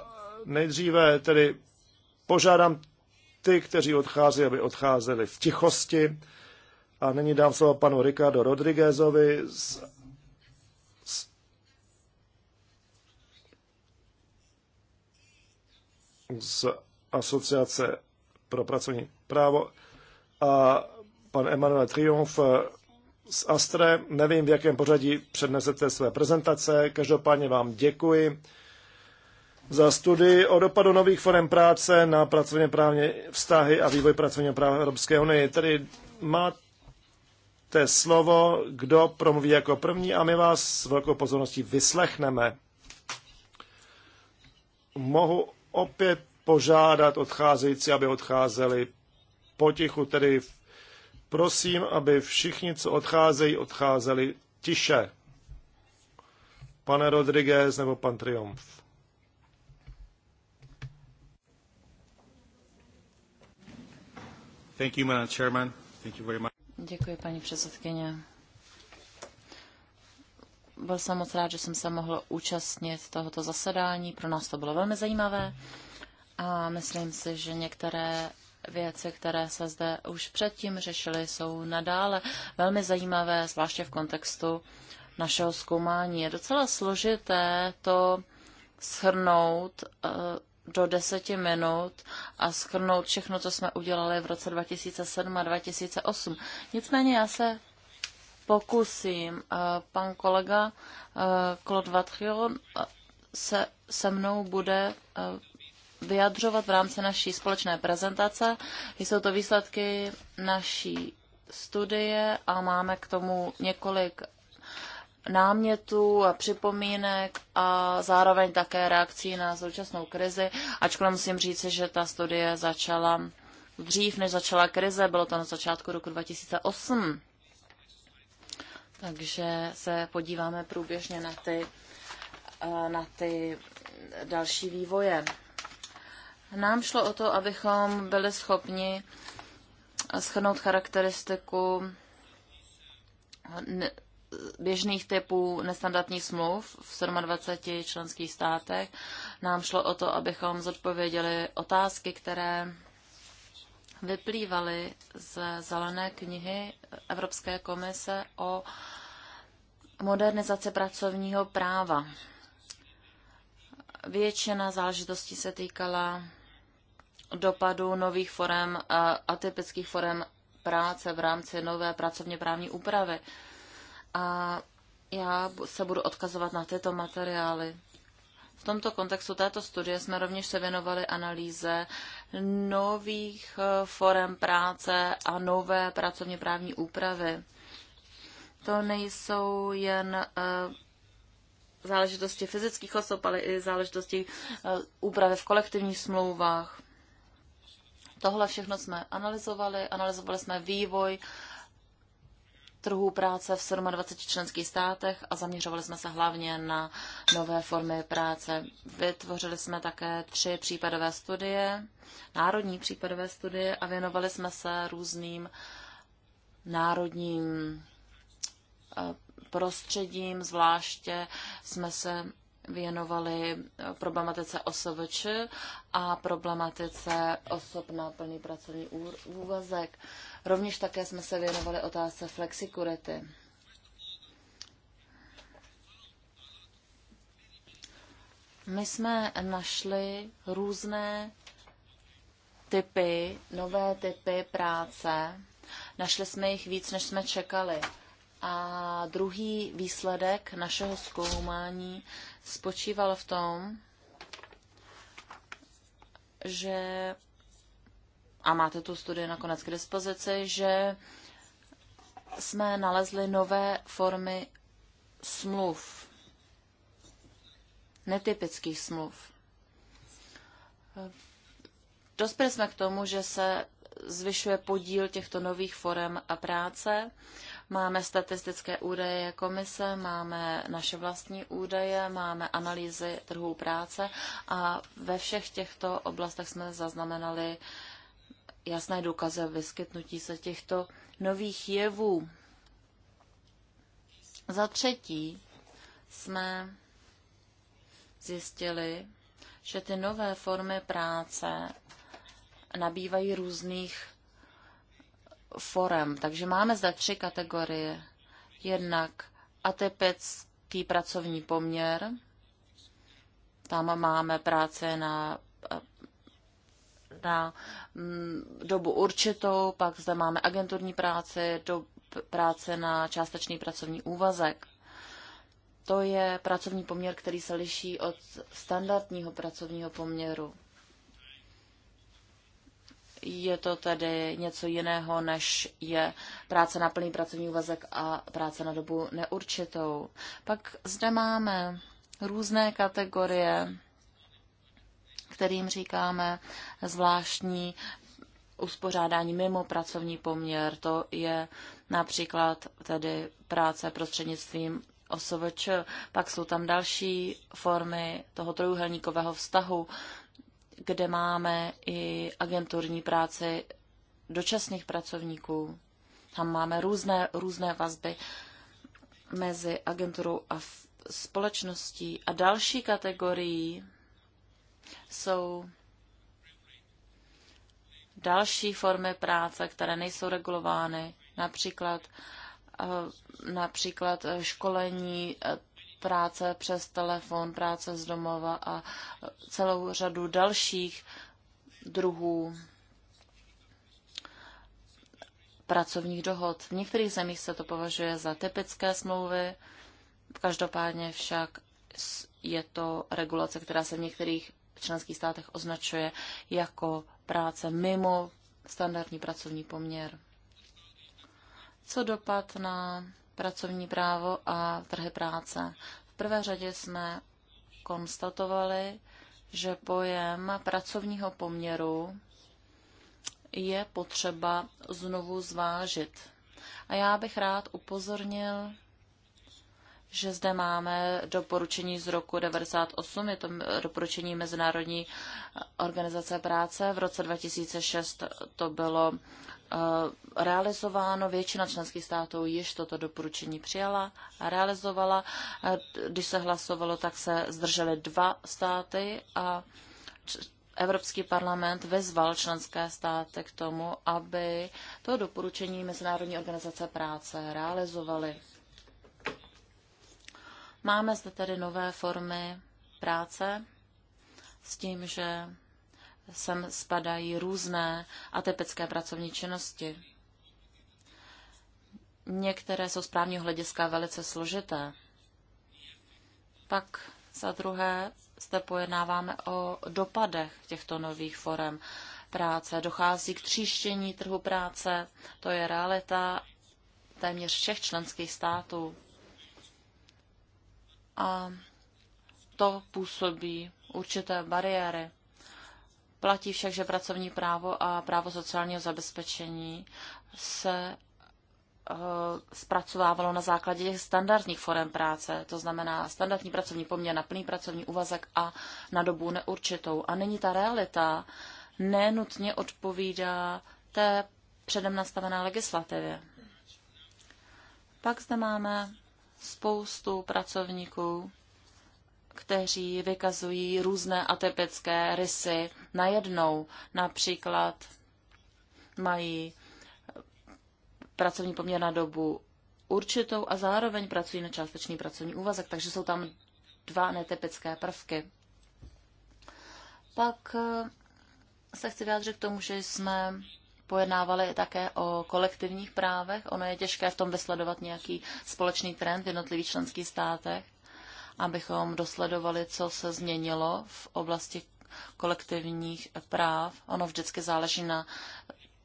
nejdříve tedy požádám ty, kteří odchází, aby odcházeli v tichosti. A nyní dám slovo panu Ricardo Rodriguezovi z, z z Asociace pro pracovní právo a pan Emmanuel Triumf z Astre. Nevím, v jakém pořadí přednesete své prezentace. Každopádně vám děkuji za studii o dopadu nových forem práce na pracovně právně vztahy a vývoj pracovně práv Evropské unie. Tedy máte slovo, kdo promluví jako první a my vás s velkou pozorností vyslechneme. Mohu opět požádat odcházející, aby odcházeli potichu, tedy v Prosím, aby všichni, co odcházejí, odcházeli tiše. Pane Rodriguez nebo pan Triumf. Thank you, Madam Chairman. Thank you very much. Děkuji, paní předsedkyně. Byl jsem moc rád, že jsem se mohl účastnit tohoto zasedání. Pro nás to bylo velmi zajímavé a myslím si, že některé věci, které se zde už předtím řešily, jsou nadále velmi zajímavé, zvláště v kontextu našeho zkoumání. Je docela složité to shrnout eh, do deseti minut a schrnout všechno, co jsme udělali v roce 2007 a 2008. Nicméně já se pokusím. Eh, pan kolega eh, Claude Vatrion se se mnou bude vyjadřovat v rámci naší společné prezentace. Jsou to výsledky naší studie a máme k tomu několik námětů a připomínek a zároveň také reakcí na současnou krizi, ačkoliv musím říct, že ta studie začala dřív, než začala krize, bylo to na začátku roku 2008. Takže se podíváme průběžně na ty, eh, na ty další vývoje. Nám šlo o to, abychom byli schopni schrnout charakteristiku běžných typů nestandardních smluv v 27 členských státech. Nám šlo o to, abychom zodpověděli otázky, které vyplývaly ze zelené knihy Evropské komise o modernizaci pracovního práva. Většina záležitostí se týkala dopadu nových forem a atypických forem práce v rámci nové pracovně právní úpravy. A já se budu odkazovat na tyto materiály. V tomto kontextu této studie jsme rovněž se věnovali analýze nových eh, forem práce a nové pracovně právní úpravy. To nejsou jen eh, záležitosti fyzických osob, ale i záležitosti eh, úpravy v kolektivních smlouvách. Tohle všechno jsme analyzovali. Analyzovali jsme vývoj trhů práce v 27 členských státech a zaměřovali jsme se hlavně na nové formy práce. Vytvořili jsme také tři případové studie, národní případové studie a věnovali jsme se různým národním eh, prostředím, zvláště jsme se věnovali problematice OSVČ a problematice osob na plný pracovní úvazek. Rovněž také jsme se věnovali otázce flexikurity. My jsme našli různé typy, nové typy práce. Našli jsme jich víc, než jsme čekali. A druhý výsledek našeho zkoumání spočíval v tom, že, a máte tu studii nakonec k dispozici, že jsme nalezli nové formy smluv, netypických smluv. Dospěli jsme k tomu, že se zvyšuje podíl těchto nových forem a práce Máme statistické údaje komise, máme naše vlastní údaje, máme analýzy trhů práce a ve všech těchto oblastech jsme zaznamenali jasné důkazy vyskytnutí se těchto nových jevů. Za třetí jsme zjistili, že ty nové formy práce nabývají různých forem. Takže máme zde tři kategorie. Jednak atypický pracovní poměr. Tam máme práce na, na mm, dobu určitou, pak zde máme agenturní práci, do, práce na částečný pracovní úvazek. To je pracovní poměr, který se liší od standardního pracovního poměru je to tedy něco jiného, než je práce na plný pracovní úvazek a práce na dobu neurčitou. Pak zde máme různé kategorie, kterým říkáme zvláštní uspořádání mimo pracovní poměr. To je například tedy práce prostřednictvím osovoč. pak jsou tam další formy toho trojuhelníkového vztahu, kde máme i agenturní práci dočasných pracovníků. Tam máme různé, různé vazby mezi agenturou a společností. A další kategorií jsou další formy práce, které nejsou regulovány, například eh, například školení eh, práce přes telefon, práce z domova a celou řadu dalších druhů pracovních dohod. V některých zemích se to považuje za typické smlouvy, každopádně však je to regulace, která se v některých členských státech označuje jako práce mimo standardní pracovní poměr. Co dopad na pracovní právo a trhy práce. V prvé řadě jsme konstatovali, že pojem pracovního poměru je potřeba znovu zvážit. A já bych rád upozornil, že zde máme doporučení z roku 1998, je to doporučení Mezinárodní organizace práce. V roce 2006 to bylo Eh, realizováno. Většina členských států již toto doporučení přijala a realizovala. Eh, když se hlasovalo, tak se zdržely dva státy a Evropský parlament vyzval členské státy k tomu, aby to doporučení Mezinárodní organizace práce realizovaly. Máme zde tedy nové formy práce s tím, že sem spadají různé atypické pracovní činnosti. Některé jsou z právního hlediska velice složité. Pak za druhé zde pojednáváme o dopadech těchto nových forem práce. Dochází k tříštění trhu práce, to je realita téměř všech členských států. A to působí určité bariéry. Platí však, že pracovní právo a právo sociálního zabezpečení se eh, zpracovávalo na základě těch standardních forem práce, to znamená standardní pracovní poměr na plný pracovní úvazek a na dobu neurčitou. A není ta realita nenutně odpovídá té předem nastavené legislativě. Pak zde máme spoustu pracovníků, kteří vykazují různé atypické rysy najednou. Například mají pracovní poměr na dobu určitou a zároveň pracují na částečný pracovní úvazek, takže jsou tam dva netypické prvky. Pak eh, se chci vyjádřit k tomu, že jsme pojednávali také o kolektivních právech. Ono je těžké v tom vysledovat nějaký společný trend v jednotlivých členských státech, abychom dosledovali, co se změnilo v oblasti kolektivních práv. Ono vždycky záleží na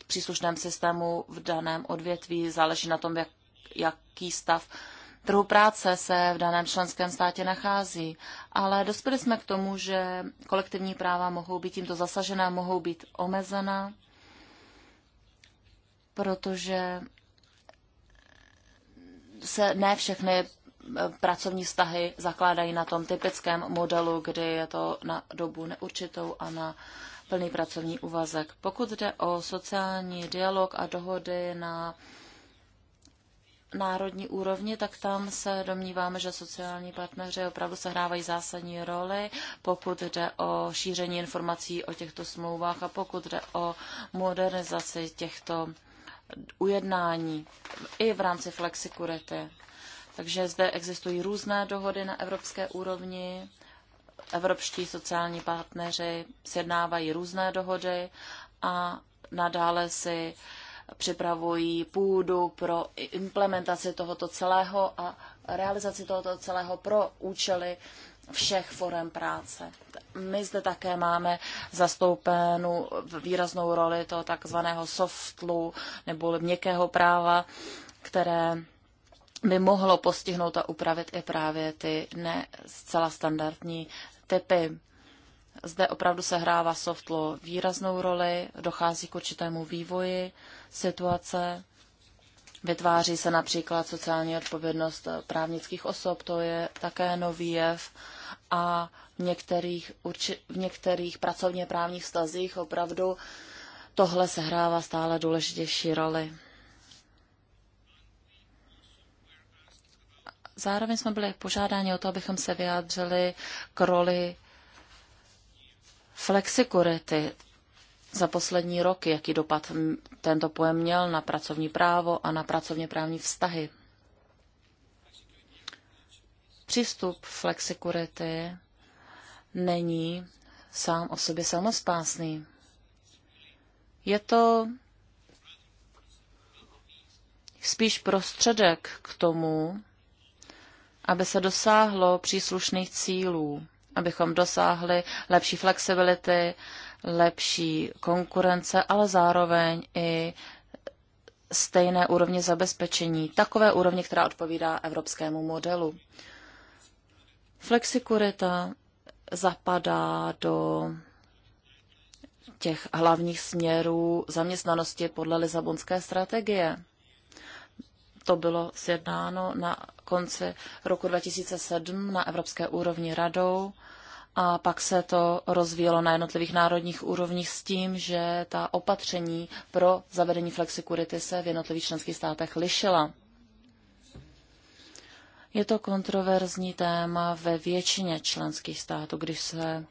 příslušném systému v daném odvětví, záleží na tom, jak, jaký stav trhu práce se v daném členském státě nachází. Ale dospěli jsme k tomu, že kolektivní práva mohou být tímto zasažená, mohou být omezená, protože se ne všechny pracovní vztahy zakládají na tom typickém modelu, kdy je to na dobu neurčitou a na plný pracovní úvazek. Pokud jde o sociální dialog a dohody na národní úrovni, tak tam se domníváme, že sociální partneři opravdu sehrávají zásadní roli, pokud jde o šíření informací o těchto smlouvách a pokud jde o modernizaci těchto ujednání i v rámci flexikurity. Takže zde existují různé dohody na evropské úrovni. Evropští sociální partneři sjednávají různé dohody a nadále si připravují půdu pro implementaci tohoto celého a realizaci tohoto celého pro účely všech forem práce. My zde také máme zastoupenou výraznou roli toho takzvaného softlu nebo měkkého práva, které by mohlo postihnout a upravit i právě ty ne zcela standardní typy. Zde opravdu se hrává soft law výraznou roli, dochází k určitému vývoji situace, vytváří se například sociální odpovědnost právnických osob, to je také nový jev a v některých, urči, v některých pracovně právních vztazích opravdu tohle sehrává stále důležitější roli. zároveň jsme byli požádáni o to, abychom se vyjádřili k roli flexikurity za poslední roky, jaký dopad tento pojem měl na pracovní právo a na pracovně právní vztahy. Přístup flexikurity není sám o sobě samozpásný. Je to spíš prostředek k tomu, aby se dosáhlo příslušných cílů, abychom dosáhli lepší flexibility, lepší konkurence, ale zároveň i stejné úrovně zabezpečení, takové úrovně, která odpovídá evropskému modelu. Flexikurita zapadá do těch hlavních směrů zaměstnanosti podle Lisabonské strategie. To bylo sjednáno na konci roku 2007 na evropské úrovni radou a pak se to rozvíjelo na jednotlivých národních úrovních s tím, že ta opatření pro zavedení flexikurity se v jednotlivých členských státech lišila. Je to kontroverzní téma ve většině členských států, když se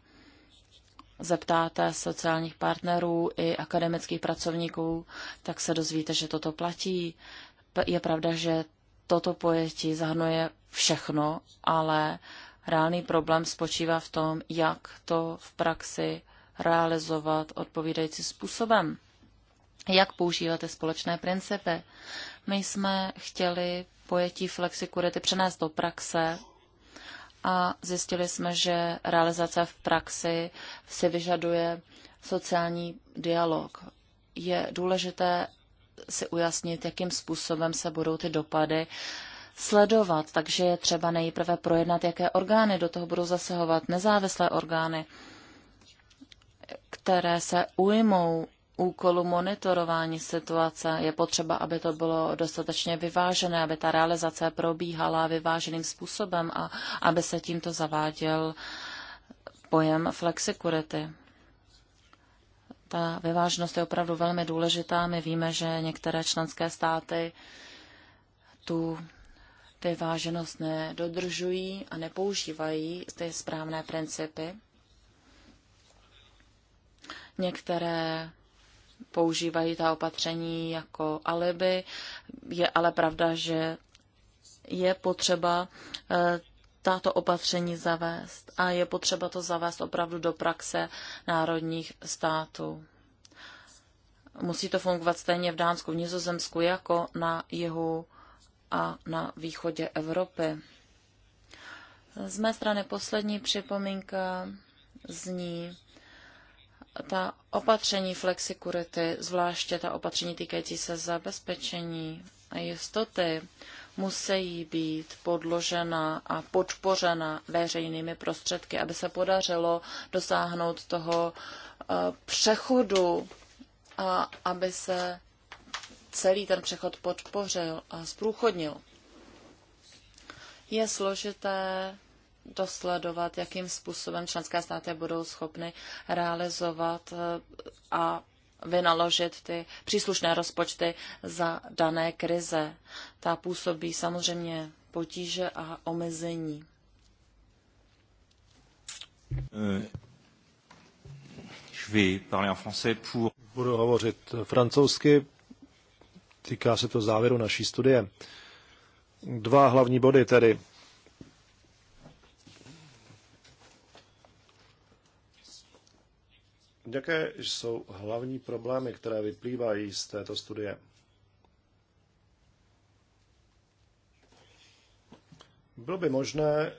zeptáte sociálních partnerů i akademických pracovníků, tak se dozvíte, že toto platí, je pravda, že toto pojetí zahrnuje všechno, ale reálný problém spočívá v tom, jak to v praxi realizovat odpovídajícím způsobem. Jak používat ty společné principy. My jsme chtěli pojetí flexikurity přenést do praxe a zjistili jsme, že realizace v praxi si vyžaduje sociální dialog. Je důležité si ujasnit, jakým způsobem se budou ty dopady sledovat. Takže je třeba nejprve projednat, jaké orgány do toho budou zasahovat, nezávislé orgány, které se ujmou úkolu monitorování situace. Je potřeba, aby to bylo dostatečně vyvážené, aby ta realizace probíhala vyváženým způsobem a aby se tímto zaváděl pojem flexikurity. Ta vyvážnost je opravdu velmi důležitá. My víme, že některé členské státy tu vyváženost nedodržují a nepoužívají ty správné principy. Některé používají ta opatření jako alibi. Je ale pravda, že je potřeba eh, tato opatření zavést a je potřeba to zavést opravdu do praxe národních států. Musí to fungovat stejně v Dánsku, v Nizozemsku, jako na jihu a na východě Evropy. Z mé strany poslední připomínka zní, ta opatření flexikurity, zvláště ta opatření týkající se zabezpečení a jistoty, musí být podložena a podpořena veřejnými prostředky, aby se podařilo dosáhnout toho eh, přechodu a aby se celý ten přechod podpořil a zprůchodnil. Je složité dosledovat, jakým způsobem členské státy budou schopny realizovat eh, a vynaložit ty příslušné rozpočty za dané krize. Ta působí samozřejmě potíže a omezení. Euh, Budu hovořit francouzsky, týká se to závěru naší studie. Dva hlavní body tedy. Jaké jsou hlavní problémy, které vyplývají z této studie? Bylo by možné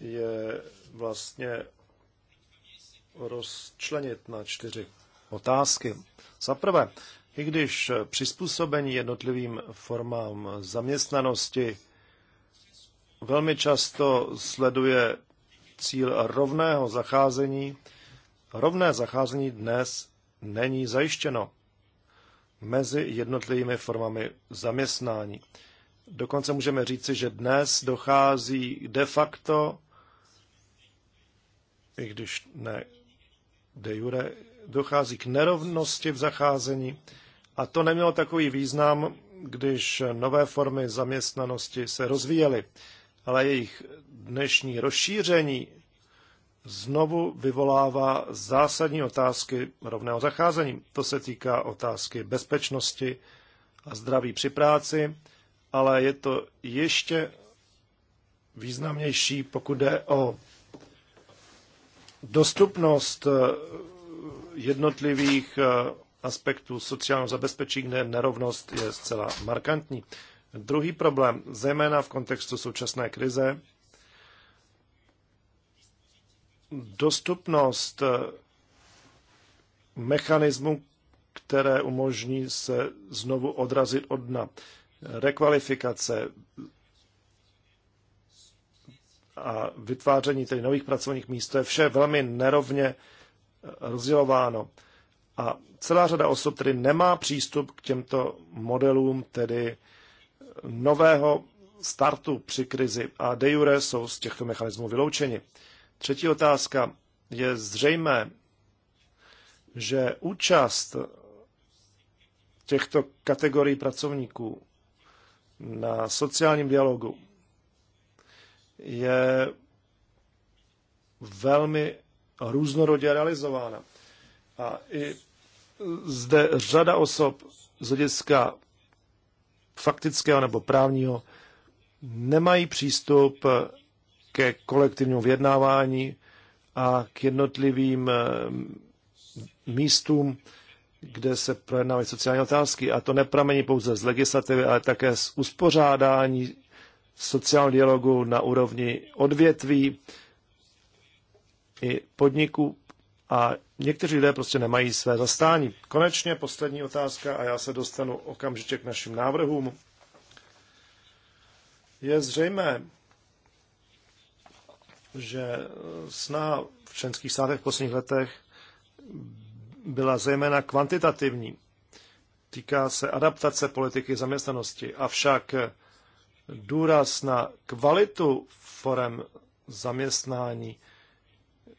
je vlastně rozčlenit na čtyři otázky. Za prvé, i když přizpůsobení jednotlivým formám zaměstnanosti velmi často sleduje cíl rovného zacházení, Rovné zacházení dnes není zajištěno mezi jednotlivými formami zaměstnání. Dokonce můžeme říci, že dnes dochází de facto, i když ne de jure, dochází k nerovnosti v zacházení. A to nemělo takový význam, když nové formy zaměstnanosti se rozvíjely, ale jejich dnešní rozšíření znovu vyvolává zásadní otázky rovného zacházení. To se týká otázky bezpečnosti a zdraví při práci, ale je to ještě významnější, pokud jde o dostupnost eh, jednotlivých eh, aspektů sociálního zabezpečení, kde nerovnost je zcela markantní. Druhý problém, zejména v kontextu současné krize, dostupnost eh, mechanismu, které umožní se znovu odrazit od dna. Rekvalifikace a vytváření tedy nových pracovních míst, to je vše velmi nerovně eh, rozdělováno. A celá řada osob tedy nemá přístup k těmto modelům, tedy eh, nového startu při krizi a de jure jsou z těchto mechanismů vyloučeni. Třetí otázka. Je zřejmé, že účast těchto kategorií pracovníků na sociálním dialogu je velmi různorodě realizována. A i zde řada osob z hlediska faktického nebo právního nemají přístup ke kolektivnímu vyjednávání a k jednotlivým eh, místům, kde se projednávají sociální otázky. A to nepramení pouze z legislativy, ale také z uspořádání sociálního dialogu na úrovni odvětví i podniků. A někteří lidé prostě nemají své zastání. Konečně poslední otázka a já se dostanu okamžitě k našim návrhům. Je zřejmé, že eh, snaha v členských státech v posledních letech byla zejména kvantitativní. Týká se adaptace politiky zaměstnanosti, avšak eh, důraz na kvalitu forem zaměstnání eh,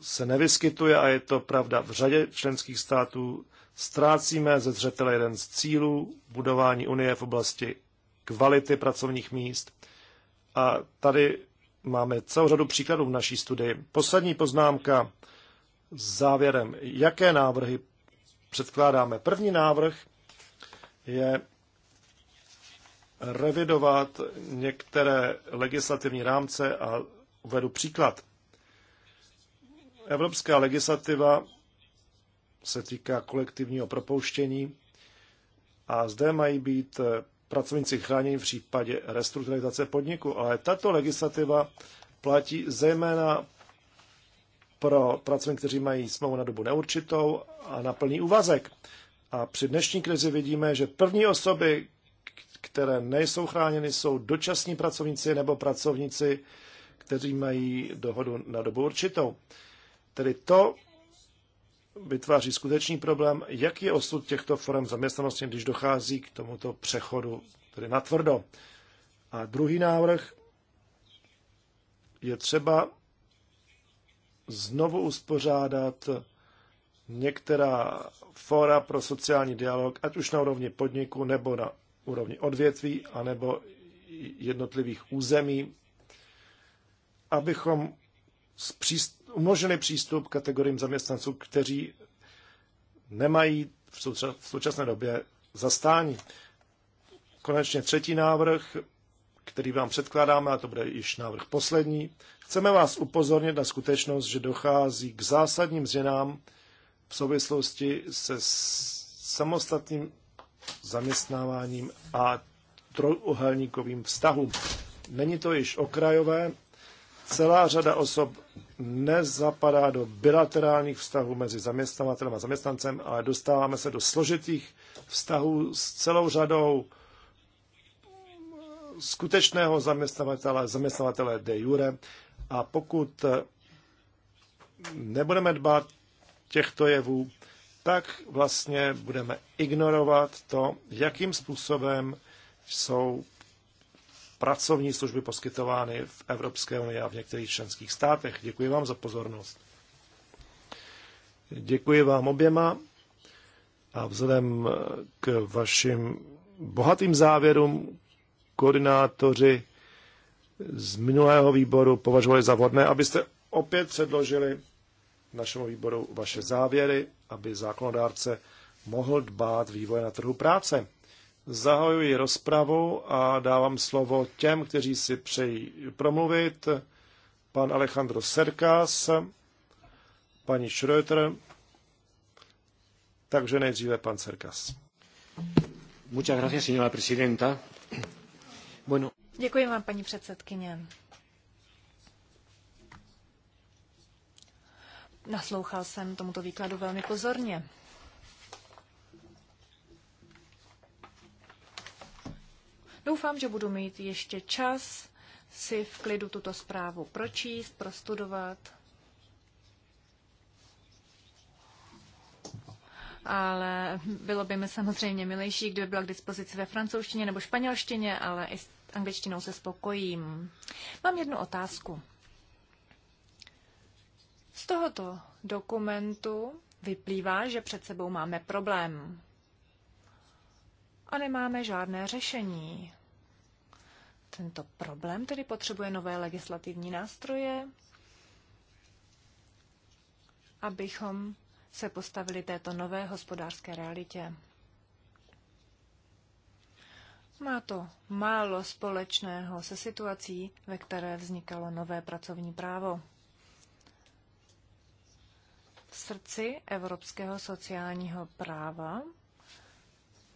se nevyskytuje a je to pravda. V řadě členských států ztrácíme ze zřetele jeden z cílů budování Unie v oblasti kvality pracovních míst. A tady Máme celou řadu příkladů v naší studii. Poslední poznámka s závěrem. Jaké návrhy předkládáme? První návrh je revidovat některé legislativní rámce a uvedu příklad. Evropská legislativa se týká kolektivního propouštění a zde mají být pracovníci chráněni v případě restrukturalizace podniku, ale tato legislativa platí zejména pro pracovníky, kteří mají smlouvu na dobu neurčitou a na plný úvazek. A při dnešní krizi vidíme, že první osoby, které nejsou chráněny, jsou dočasní pracovníci nebo pracovníci, kteří mají dohodu na dobu určitou. Tedy to vytváří skutečný problém, jak je osud těchto forem zaměstnanosti, když dochází k tomuto přechodu, tedy na tvrdo. A druhý návrh je třeba znovu uspořádat některá fora pro sociální dialog, ať už na úrovni podniku, nebo na úrovni odvětví, anebo jednotlivých území, abychom zpříst umožnili přístup kategoriím zaměstnanců, kteří nemají v, v současné době zastání. Konečně třetí návrh, který vám předkládáme, a to bude již návrh poslední. Chceme vás upozornit na skutečnost, že dochází k zásadním změnám v souvislosti se samostatným zaměstnáváním a trojuhelníkovým vztahům. Není to již okrajové celá řada osob nezapadá do bilaterálních vztahů mezi zaměstnavatelem a zaměstnancem, ale dostáváme se do složitých vztahů s celou řadou skutečného zaměstnavatele, zaměstnavatele de jure. A pokud nebudeme dbát těchto jevů, tak vlastně budeme ignorovat to, jakým způsobem jsou pracovní služby poskytovány v Evropské unii a v některých členských státech. Děkuji vám za pozornost. Děkuji vám oběma a vzhledem k vašim bohatým závěrům koordinátoři z minulého výboru považovali za vhodné, abyste opět předložili našemu výboru vaše závěry, aby zákonodárce mohl dbát vývoje na trhu práce. Zahajuji rozpravu a dávám slovo těm, kteří si přejí promluvit. Pan Alejandro Serkas, paní Schröter, takže nejdříve pan Serkas. Muchas gracias, señora presidenta. Bueno. Děkuji vám, paní předsedkyně. Naslouchal jsem tomuto výkladu velmi pozorně. Doufám, že budu mít ještě čas si v klidu tuto zprávu pročíst, prostudovat. Ale bylo by mi samozřejmě milejší, kdyby byla k dispozici ve francouzštině nebo španělštině, ale i s angličtinou se spokojím. Mám jednu otázku. Z tohoto dokumentu vyplývá, že před sebou máme problém a nemáme žádné řešení. Tento problém tedy potřebuje nové legislativní nástroje, abychom se postavili této nové hospodářské realitě. Má to málo společného se situací, ve které vznikalo nové pracovní právo. V srdci evropského sociálního práva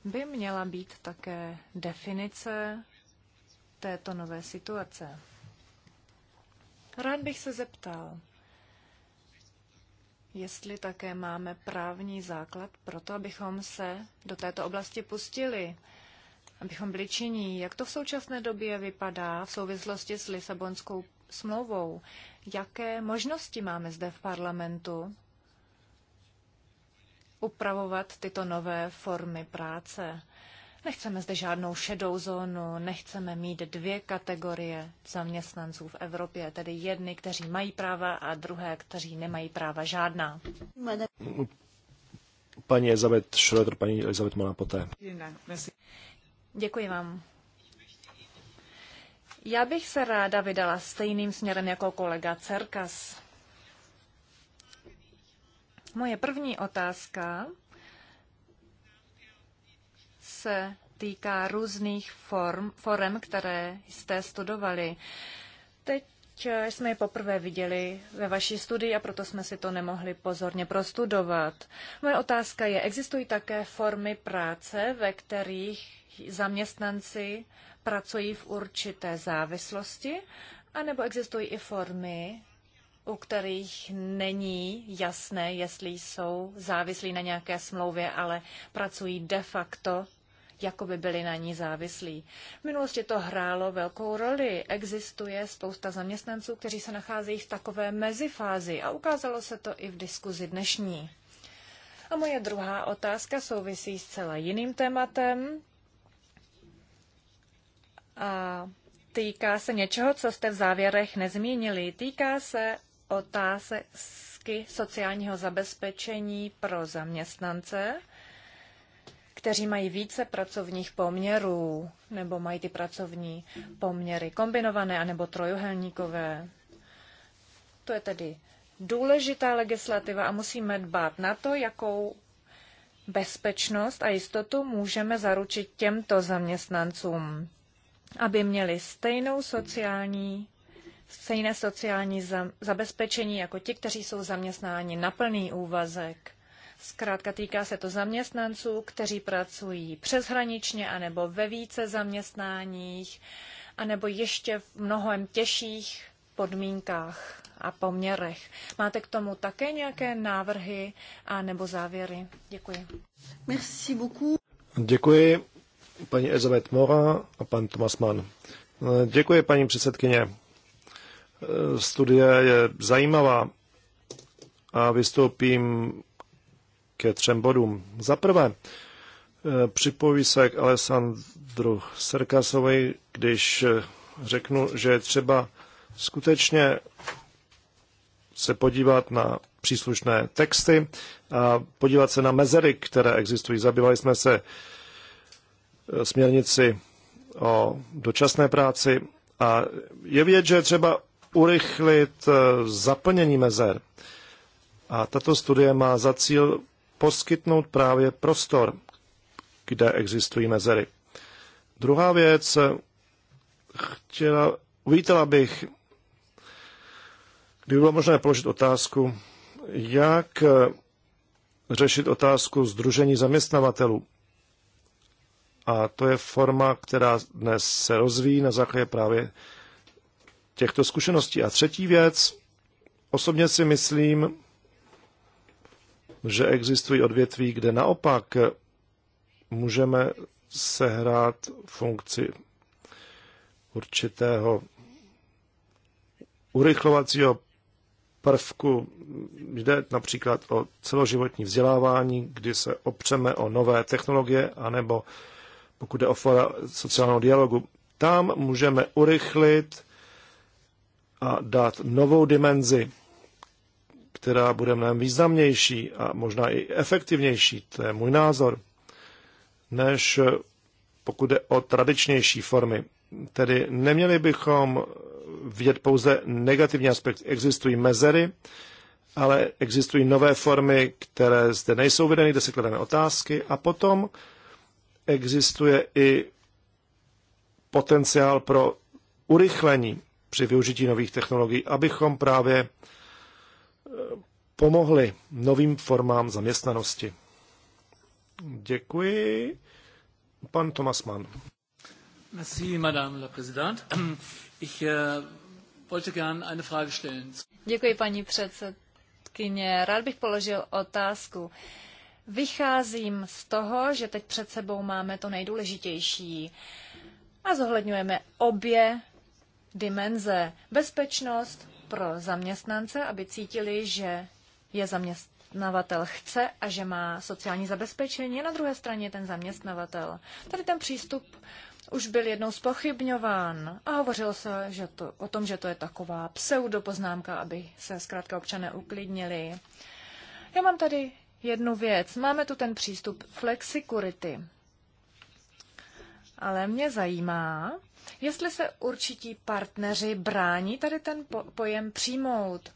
by měla být také definice této nové situace. Rád bych se zeptal, jestli také máme právní základ pro to, abychom se do této oblasti pustili, abychom byli činní. Jak to v současné době vypadá v souvislosti s Lisabonskou smlouvou? Jaké možnosti máme zde v parlamentu upravovat tyto nové formy práce. Nechceme zde žádnou šedou zónu, nechceme mít dvě kategorie zaměstnanců v Evropě, tedy jedny, kteří mají práva a druhé, kteří nemají práva žádná. Paní Elizabeth Schroeder, paní Elizabeth Monapoté. Děkuji vám. Já bych se ráda vydala stejným směrem jako kolega Cerkas. Moje první otázka se týká různých form, forem, které jste studovali. Teď eh, jsme je poprvé viděli ve vaší studii a proto jsme si to nemohli pozorně prostudovat. Moje otázka je, existují také formy práce, ve kterých zaměstnanci pracují v určité závislosti, anebo existují i formy, u kterých není jasné, jestli jsou závislí na nějaké smlouvě, ale pracují de facto, jako by byli na ní závislí. V minulosti to hrálo velkou roli. Existuje spousta zaměstnanců, kteří se nacházejí v takové mezifázi a ukázalo se to i v diskuzi dnešní. A moje druhá otázka souvisí s celá jiným tématem a týká se něčeho, co jste v závěrech nezmínili. Týká se otázky sociálního zabezpečení pro zaměstnance, kteří mají více pracovních poměrů, nebo mají ty pracovní poměry kombinované anebo trojuhelníkové. To je tedy důležitá legislativa a musíme dbát na to, jakou bezpečnost a jistotu můžeme zaručit těmto zaměstnancům, aby měli stejnou sociální stejné sociální zabezpečení jako ti, kteří jsou zaměstnáni na plný úvazek. Zkrátka týká se to zaměstnanců, kteří pracují přeshraničně anebo ve více zaměstnáních, anebo ještě v mnohem těžších podmínkách a poměrech. Máte k tomu také nějaké návrhy a nebo závěry? Děkuji. Merci beaucoup. Děkuji paní Elizabeth Mora a pan Tomas Mann. Děkuji paní předsedkyně. Eh, studie je zajímavá a vystoupím ke třem bodům. Za prvé, eh, připojí se k Alessandru Serkasovi, když eh, řeknu, že je třeba skutečně se podívat na příslušné texty a podívat se na mezery, které existují. Zabývali jsme se směrnici o dočasné práci a je vidět, že je třeba urychlit eh, zaplnění mezer. A tato studie má za cíl poskytnout právě prostor, kde existují mezery. Druhá věc, eh, chtěla, uvítala bych, kdyby bylo možné položit otázku, jak eh, řešit otázku združení zaměstnavatelů. A to je forma, která dnes se rozvíjí na základě právě těchto zkušeností. A třetí věc, osobně si myslím, že existují odvětví, kde naopak můžeme sehrát funkci určitého urychlovacího prvku. Jde například o celoživotní vzdělávání, kdy se opřeme o nové technologie, anebo pokud jde o fora sociálního dialogu, tam můžeme urychlit a dát novou dimenzi, která bude mnohem významnější a možná i efektivnější, to je můj názor, než eh, pokud jde o tradičnější formy. Tedy neměli bychom vidět pouze negativní aspekt. Existují mezery, ale existují nové formy, které zde nejsou vedeny, kde se klademe otázky a potom existuje i potenciál pro urychlení při využití nových technologií, abychom právě eh, pomohli novým formám zaměstnanosti. Děkuji. Pan Thomas Mann. Merci, madame la Ich eh, gern eine Frage stellen. Děkuji, paní předsedkyně. Rád bych položil otázku. Vycházím z toho, že teď před sebou máme to nejdůležitější a zohledňujeme obě dimenze. Bezpečnost pro zaměstnance, aby cítili, že je zaměstnavatel chce a že má sociální zabezpečení. na druhé straně ten zaměstnavatel. Tady ten přístup už byl jednou spochybňován a hovořilo se že to, o tom, že to je taková pseudopoznámka, aby se zkrátka občané uklidnili. Já mám tady jednu věc. Máme tu ten přístup flexikurity. Ale mě zajímá, jestli se určití partneři brání tady ten pojem přijmout.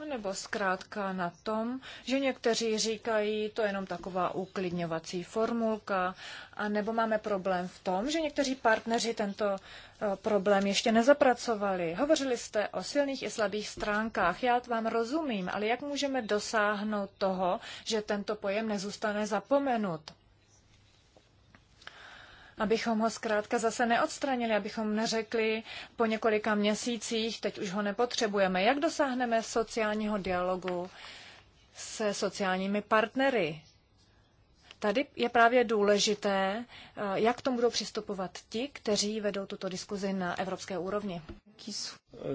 No, nebo zkrátka na tom, že někteří říkají, to je jenom taková uklidňovací formulka, a nebo máme problém v tom, že někteří partneři tento eh, problém ještě nezapracovali. Hovořili jste o silných i slabých stránkách, já vám rozumím, ale jak můžeme dosáhnout toho, že tento pojem nezůstane zapomenut? abychom ho zkrátka zase neodstranili, abychom neřekli po několika měsících, teď už ho nepotřebujeme. Jak dosáhneme sociálního dialogu se sociálními partnery? Tady je právě důležité, eh, jak k tomu budou přistupovat ti, kteří vedou tuto diskuzi na evropské úrovni.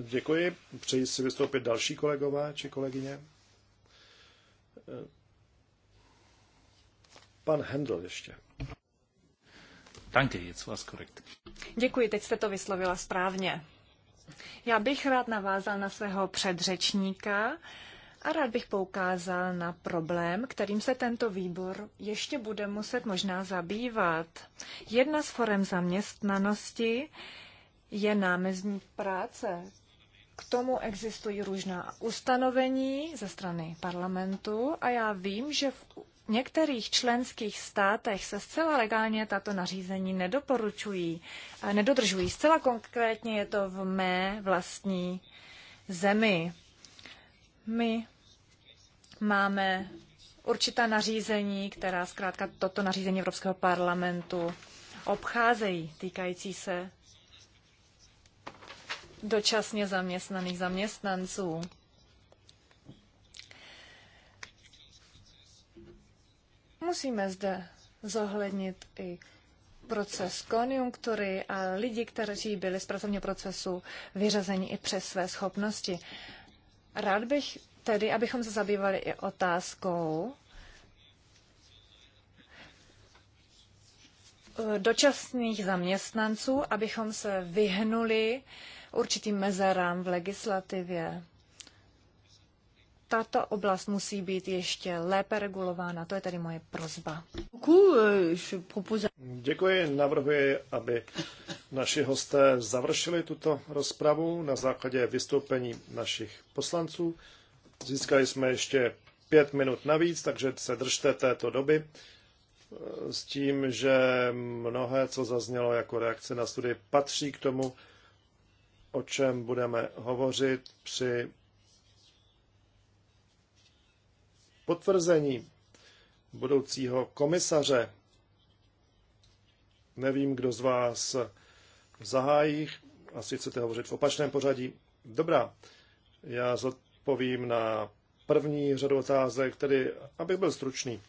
Děkuji. Přeji si vystoupit další kolegové či kolegyně. Eh, pan Hendl ještě. Danke, jetzt war's korrekt. Děkuji, teď jste to vyslovila správně. Já bych rád navázal na svého předřečníka a rád bych poukázal na problém, kterým se tento výbor ještě bude muset možná zabývat. Jedna z forem zaměstnanosti je námezní práce. K tomu existují různá ustanovení ze strany parlamentu a já vím, že v některých členských státech se zcela legálně tato nařízení nedoporučují, nedodržují. Zcela konkrétně je to v mé vlastní zemi. My máme určitá nařízení, která zkrátka toto nařízení Evropského parlamentu obcházejí, týkající se dočasně zaměstnaných zaměstnanců. Musíme zde zohlednit i proces konjunktury a lidi, kteří byli z pracovního procesu vyřazeni i přes své schopnosti. Rád bych tedy, abychom se zabývali i otázkou eh, dočasných zaměstnanců, abychom se vyhnuli určitým mezerám v legislativě tato oblast musí být ještě lépe regulována. To je tedy moje prozba. Děkuji. Navrhuji, aby naši hosté završili tuto rozpravu na základě vystoupení našich poslanců. Získali jsme ještě pět minut navíc, takže se držte této doby s tím, že mnohé, co zaznělo jako reakce na studii, patří k tomu, o čem budeme hovořit při potvrzení budoucího komisaře. Nevím, kdo z vás zahájí, asi chcete hovořit v opačném pořadí. Dobrá, já zodpovím na první řadu otázek, tedy abych byl stručný.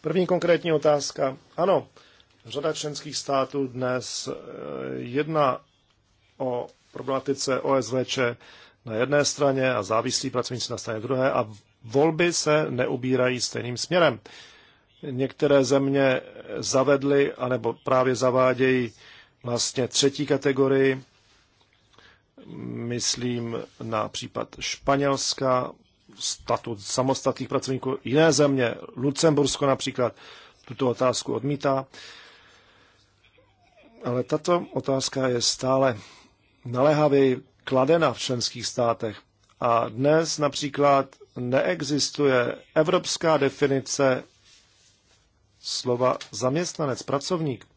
První konkrétní otázka. Ano, řada členských států dnes eh, jedna o problematice OSVČ na jedné straně a závislí pracovníci na straně druhé a volby se neubírají stejným směrem. Některé země zavedly, anebo právě zavádějí vlastně třetí kategorii, myslím na případ Španělska, statut samostatných pracovníků jiné země, Lucembursko například, tuto otázku odmítá. Ale tato otázka je stále naléhavěji kladena v členských státech. A dnes například neexistuje evropská definice slova zaměstnanec, pracovník.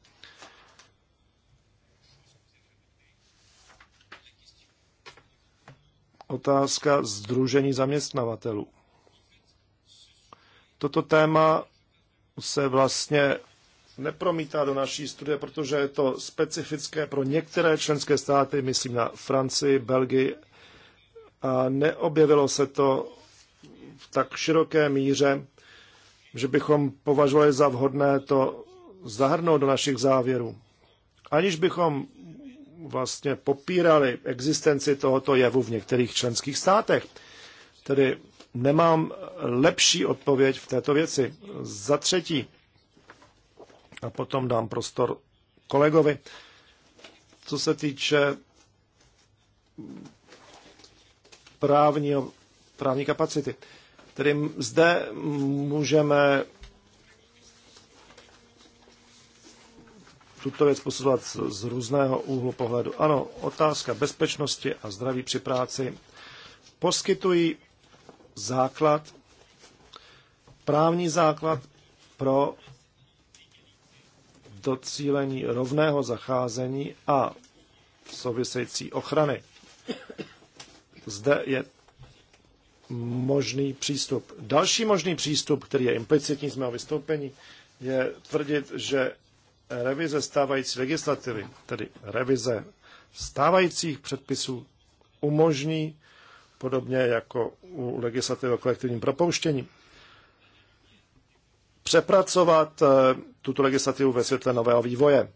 Otázka Združení zaměstnavatelů. Toto téma se vlastně nepromítá do naší studie, protože je to specifické pro některé členské státy, myslím na Francii, Belgii, a neobjevilo se to v tak široké míře, že bychom považovali za vhodné to zahrnout do našich závěrů. Aniž bychom vlastně popírali existenci tohoto jevu v některých členských státech. Tedy nemám lepší odpověď v této věci. Za třetí, a potom dám prostor kolegovi. Co se týče právního, právní kapacity, tedy zde můžeme tuto věc posuzovat z, z různého úhlu pohledu. Ano, otázka bezpečnosti a zdraví při práci poskytují základ, právní základ pro docílení rovného zacházení a související ochrany. Zde je možný přístup. Další možný přístup, který je implicitní z mého vystoupení, je tvrdit, že revize stávající legislativy, tedy revize stávajících předpisů, umožní, podobně jako u legislativy o kolektivním propouštění, přepracovat eh, tuto legislativu ve světle nového vývoje.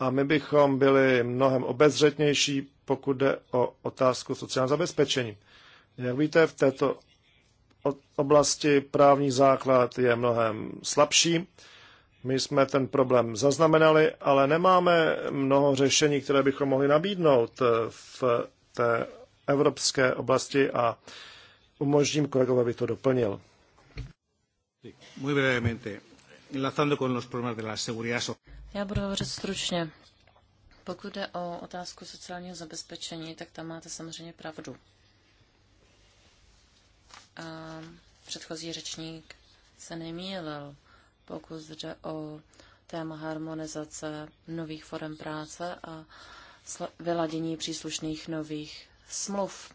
A my bychom byli mnohem obezřetnější, pokud jde o otázku sociálního zabezpečení. Jak víte, v této oblasti právní základ je mnohem slabší. My jsme ten problém zaznamenali, ale nemáme mnoho řešení, které bychom mohli nabídnout eh, v té evropské oblasti a umožním kolegovi, aby to doplnil. Já budu hovořit stručně. Pokud jde o otázku sociálního zabezpečení, tak tam máte samozřejmě pravdu. A předchozí řečník se nemýlil, pokud jde o téma harmonizace nových forem práce a vyladění příslušných nových smluv.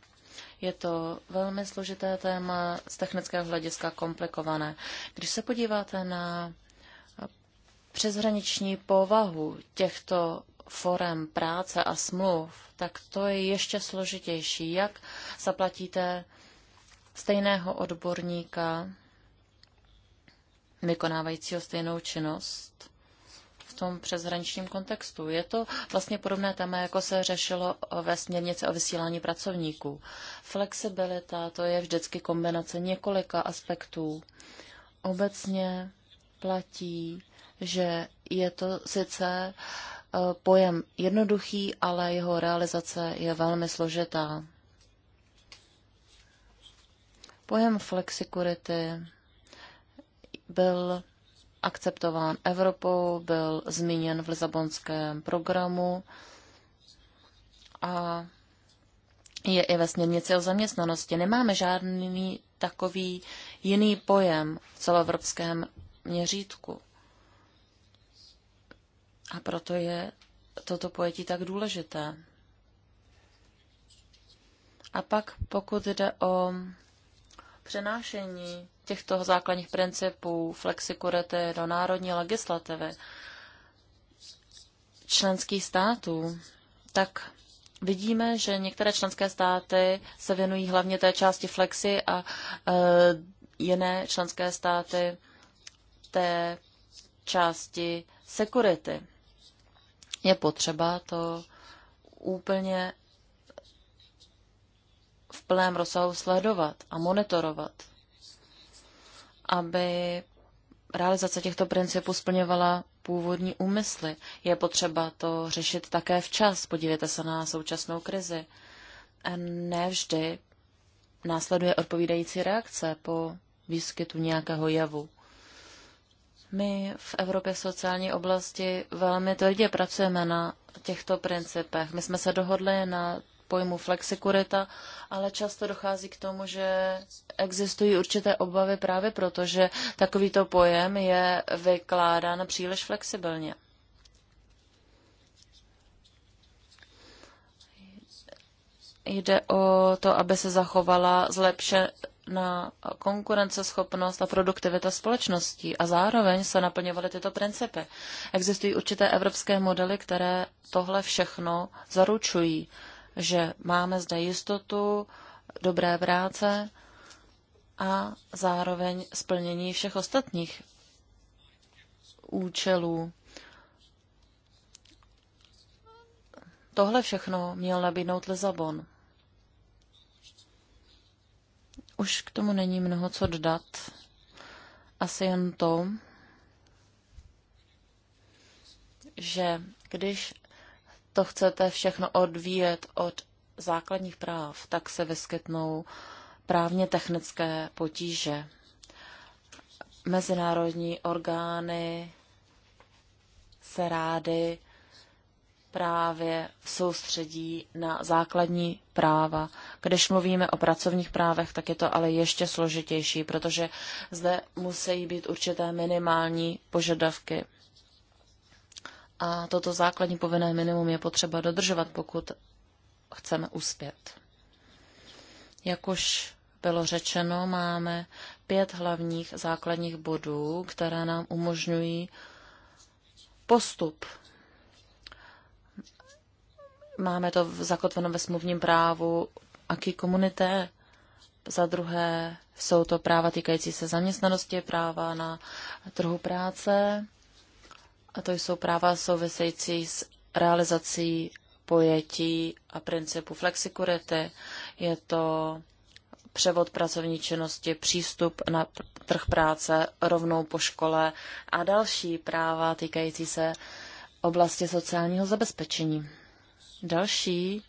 Je to velmi složité téma, z technického hlediska komplikované. Když se podíváte na přeshraniční povahu těchto forem práce a smluv, tak to je ještě složitější. Jak zaplatíte stejného odborníka, vykonávajícího stejnou činnost, tom přeshraničním kontextu. Je to vlastně podobné téma, jako se řešilo ve směrnici o vysílání pracovníků. Flexibilita to je vždycky kombinace několika aspektů. Obecně platí, že je to sice eh, pojem jednoduchý, ale jeho realizace je velmi složitá. Pojem flexikurity byl akceptován Evropou, byl zmíněn v Lisabonském programu a je i ve směrnici o zaměstnanosti. Nemáme žádný takový jiný pojem v celoevropském měřítku. A proto je toto pojetí tak důležité. A pak, pokud jde o přenášení těchto základních principů flexikurity do národní legislativy členských států, tak vidíme, že některé členské státy se věnují hlavně té části flexi a e, jiné členské státy té části security. Je potřeba to úplně v plném rozsahu sledovat a monitorovat aby realizace těchto principů splňovala původní úmysly. Je potřeba to řešit také včas. Podívejte se na současnou krizi. A následuje odpovídající reakce po výskytu nějakého jevu. My v Evropě v sociální oblasti velmi tvrdě pracujeme na těchto principech. My jsme se dohodli na pojmu flexikurita, ale často dochází k tomu, že existují určité obavy právě proto, že takovýto pojem je vykládán příliš flexibilně. Jde o to, aby se zachovala zlepšená konkurenceschopnost a produktivita společností a zároveň se naplňovaly tyto principy. Existují určité evropské modely, které tohle všechno zaručují že máme zde jistotu, dobré práce a zároveň splnění všech ostatních účelů. Tohle všechno měl nabídnout Lizabon. Už k tomu není mnoho co dodat. Asi jen to, že když to chcete všechno odvíjet od základních práv, tak se vyskytnou právně technické potíže. Mezinárodní orgány se rády právě soustředí na základní práva. Když mluvíme o pracovních právech, tak je to ale ještě složitější, protože zde musí být určité minimální požadavky. A toto základní povinné minimum je potřeba dodržovat, pokud chceme uspět. Jak už bylo řečeno, máme pět hlavních základních bodů, které nám umožňují postup. Máme to zakotveno ve smluvním právu aký komunité. Za druhé jsou to práva týkající se zaměstnanosti, práva na trhu práce, a to jsou práva související s realizací pojetí a principu flexikurity. Je to převod pracovní činnosti, přístup na trh práce rovnou po škole a další práva týkající se oblasti sociálního zabezpečení. Další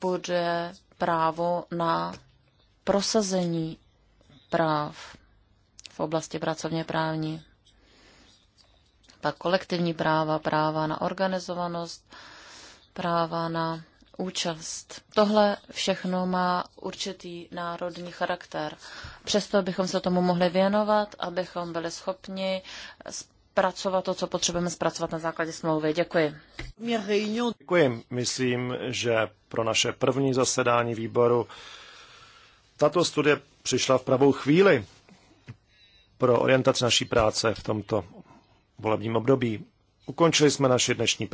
bude právo na prosazení práv v oblasti pracovně právní pak kolektivní práva, práva na organizovanost, práva na účast. Tohle všechno má určitý národní charakter. Přesto bychom se tomu mohli věnovat, abychom byli schopni zpracovat to, co potřebujeme zpracovat na základě smlouvy. Děkuji. Děkuji. Myslím, že pro naše první zasedání výboru tato studie přišla v pravou chvíli pro orientaci naší práce v tomto volebním období. Ukončili jsme naši dnešní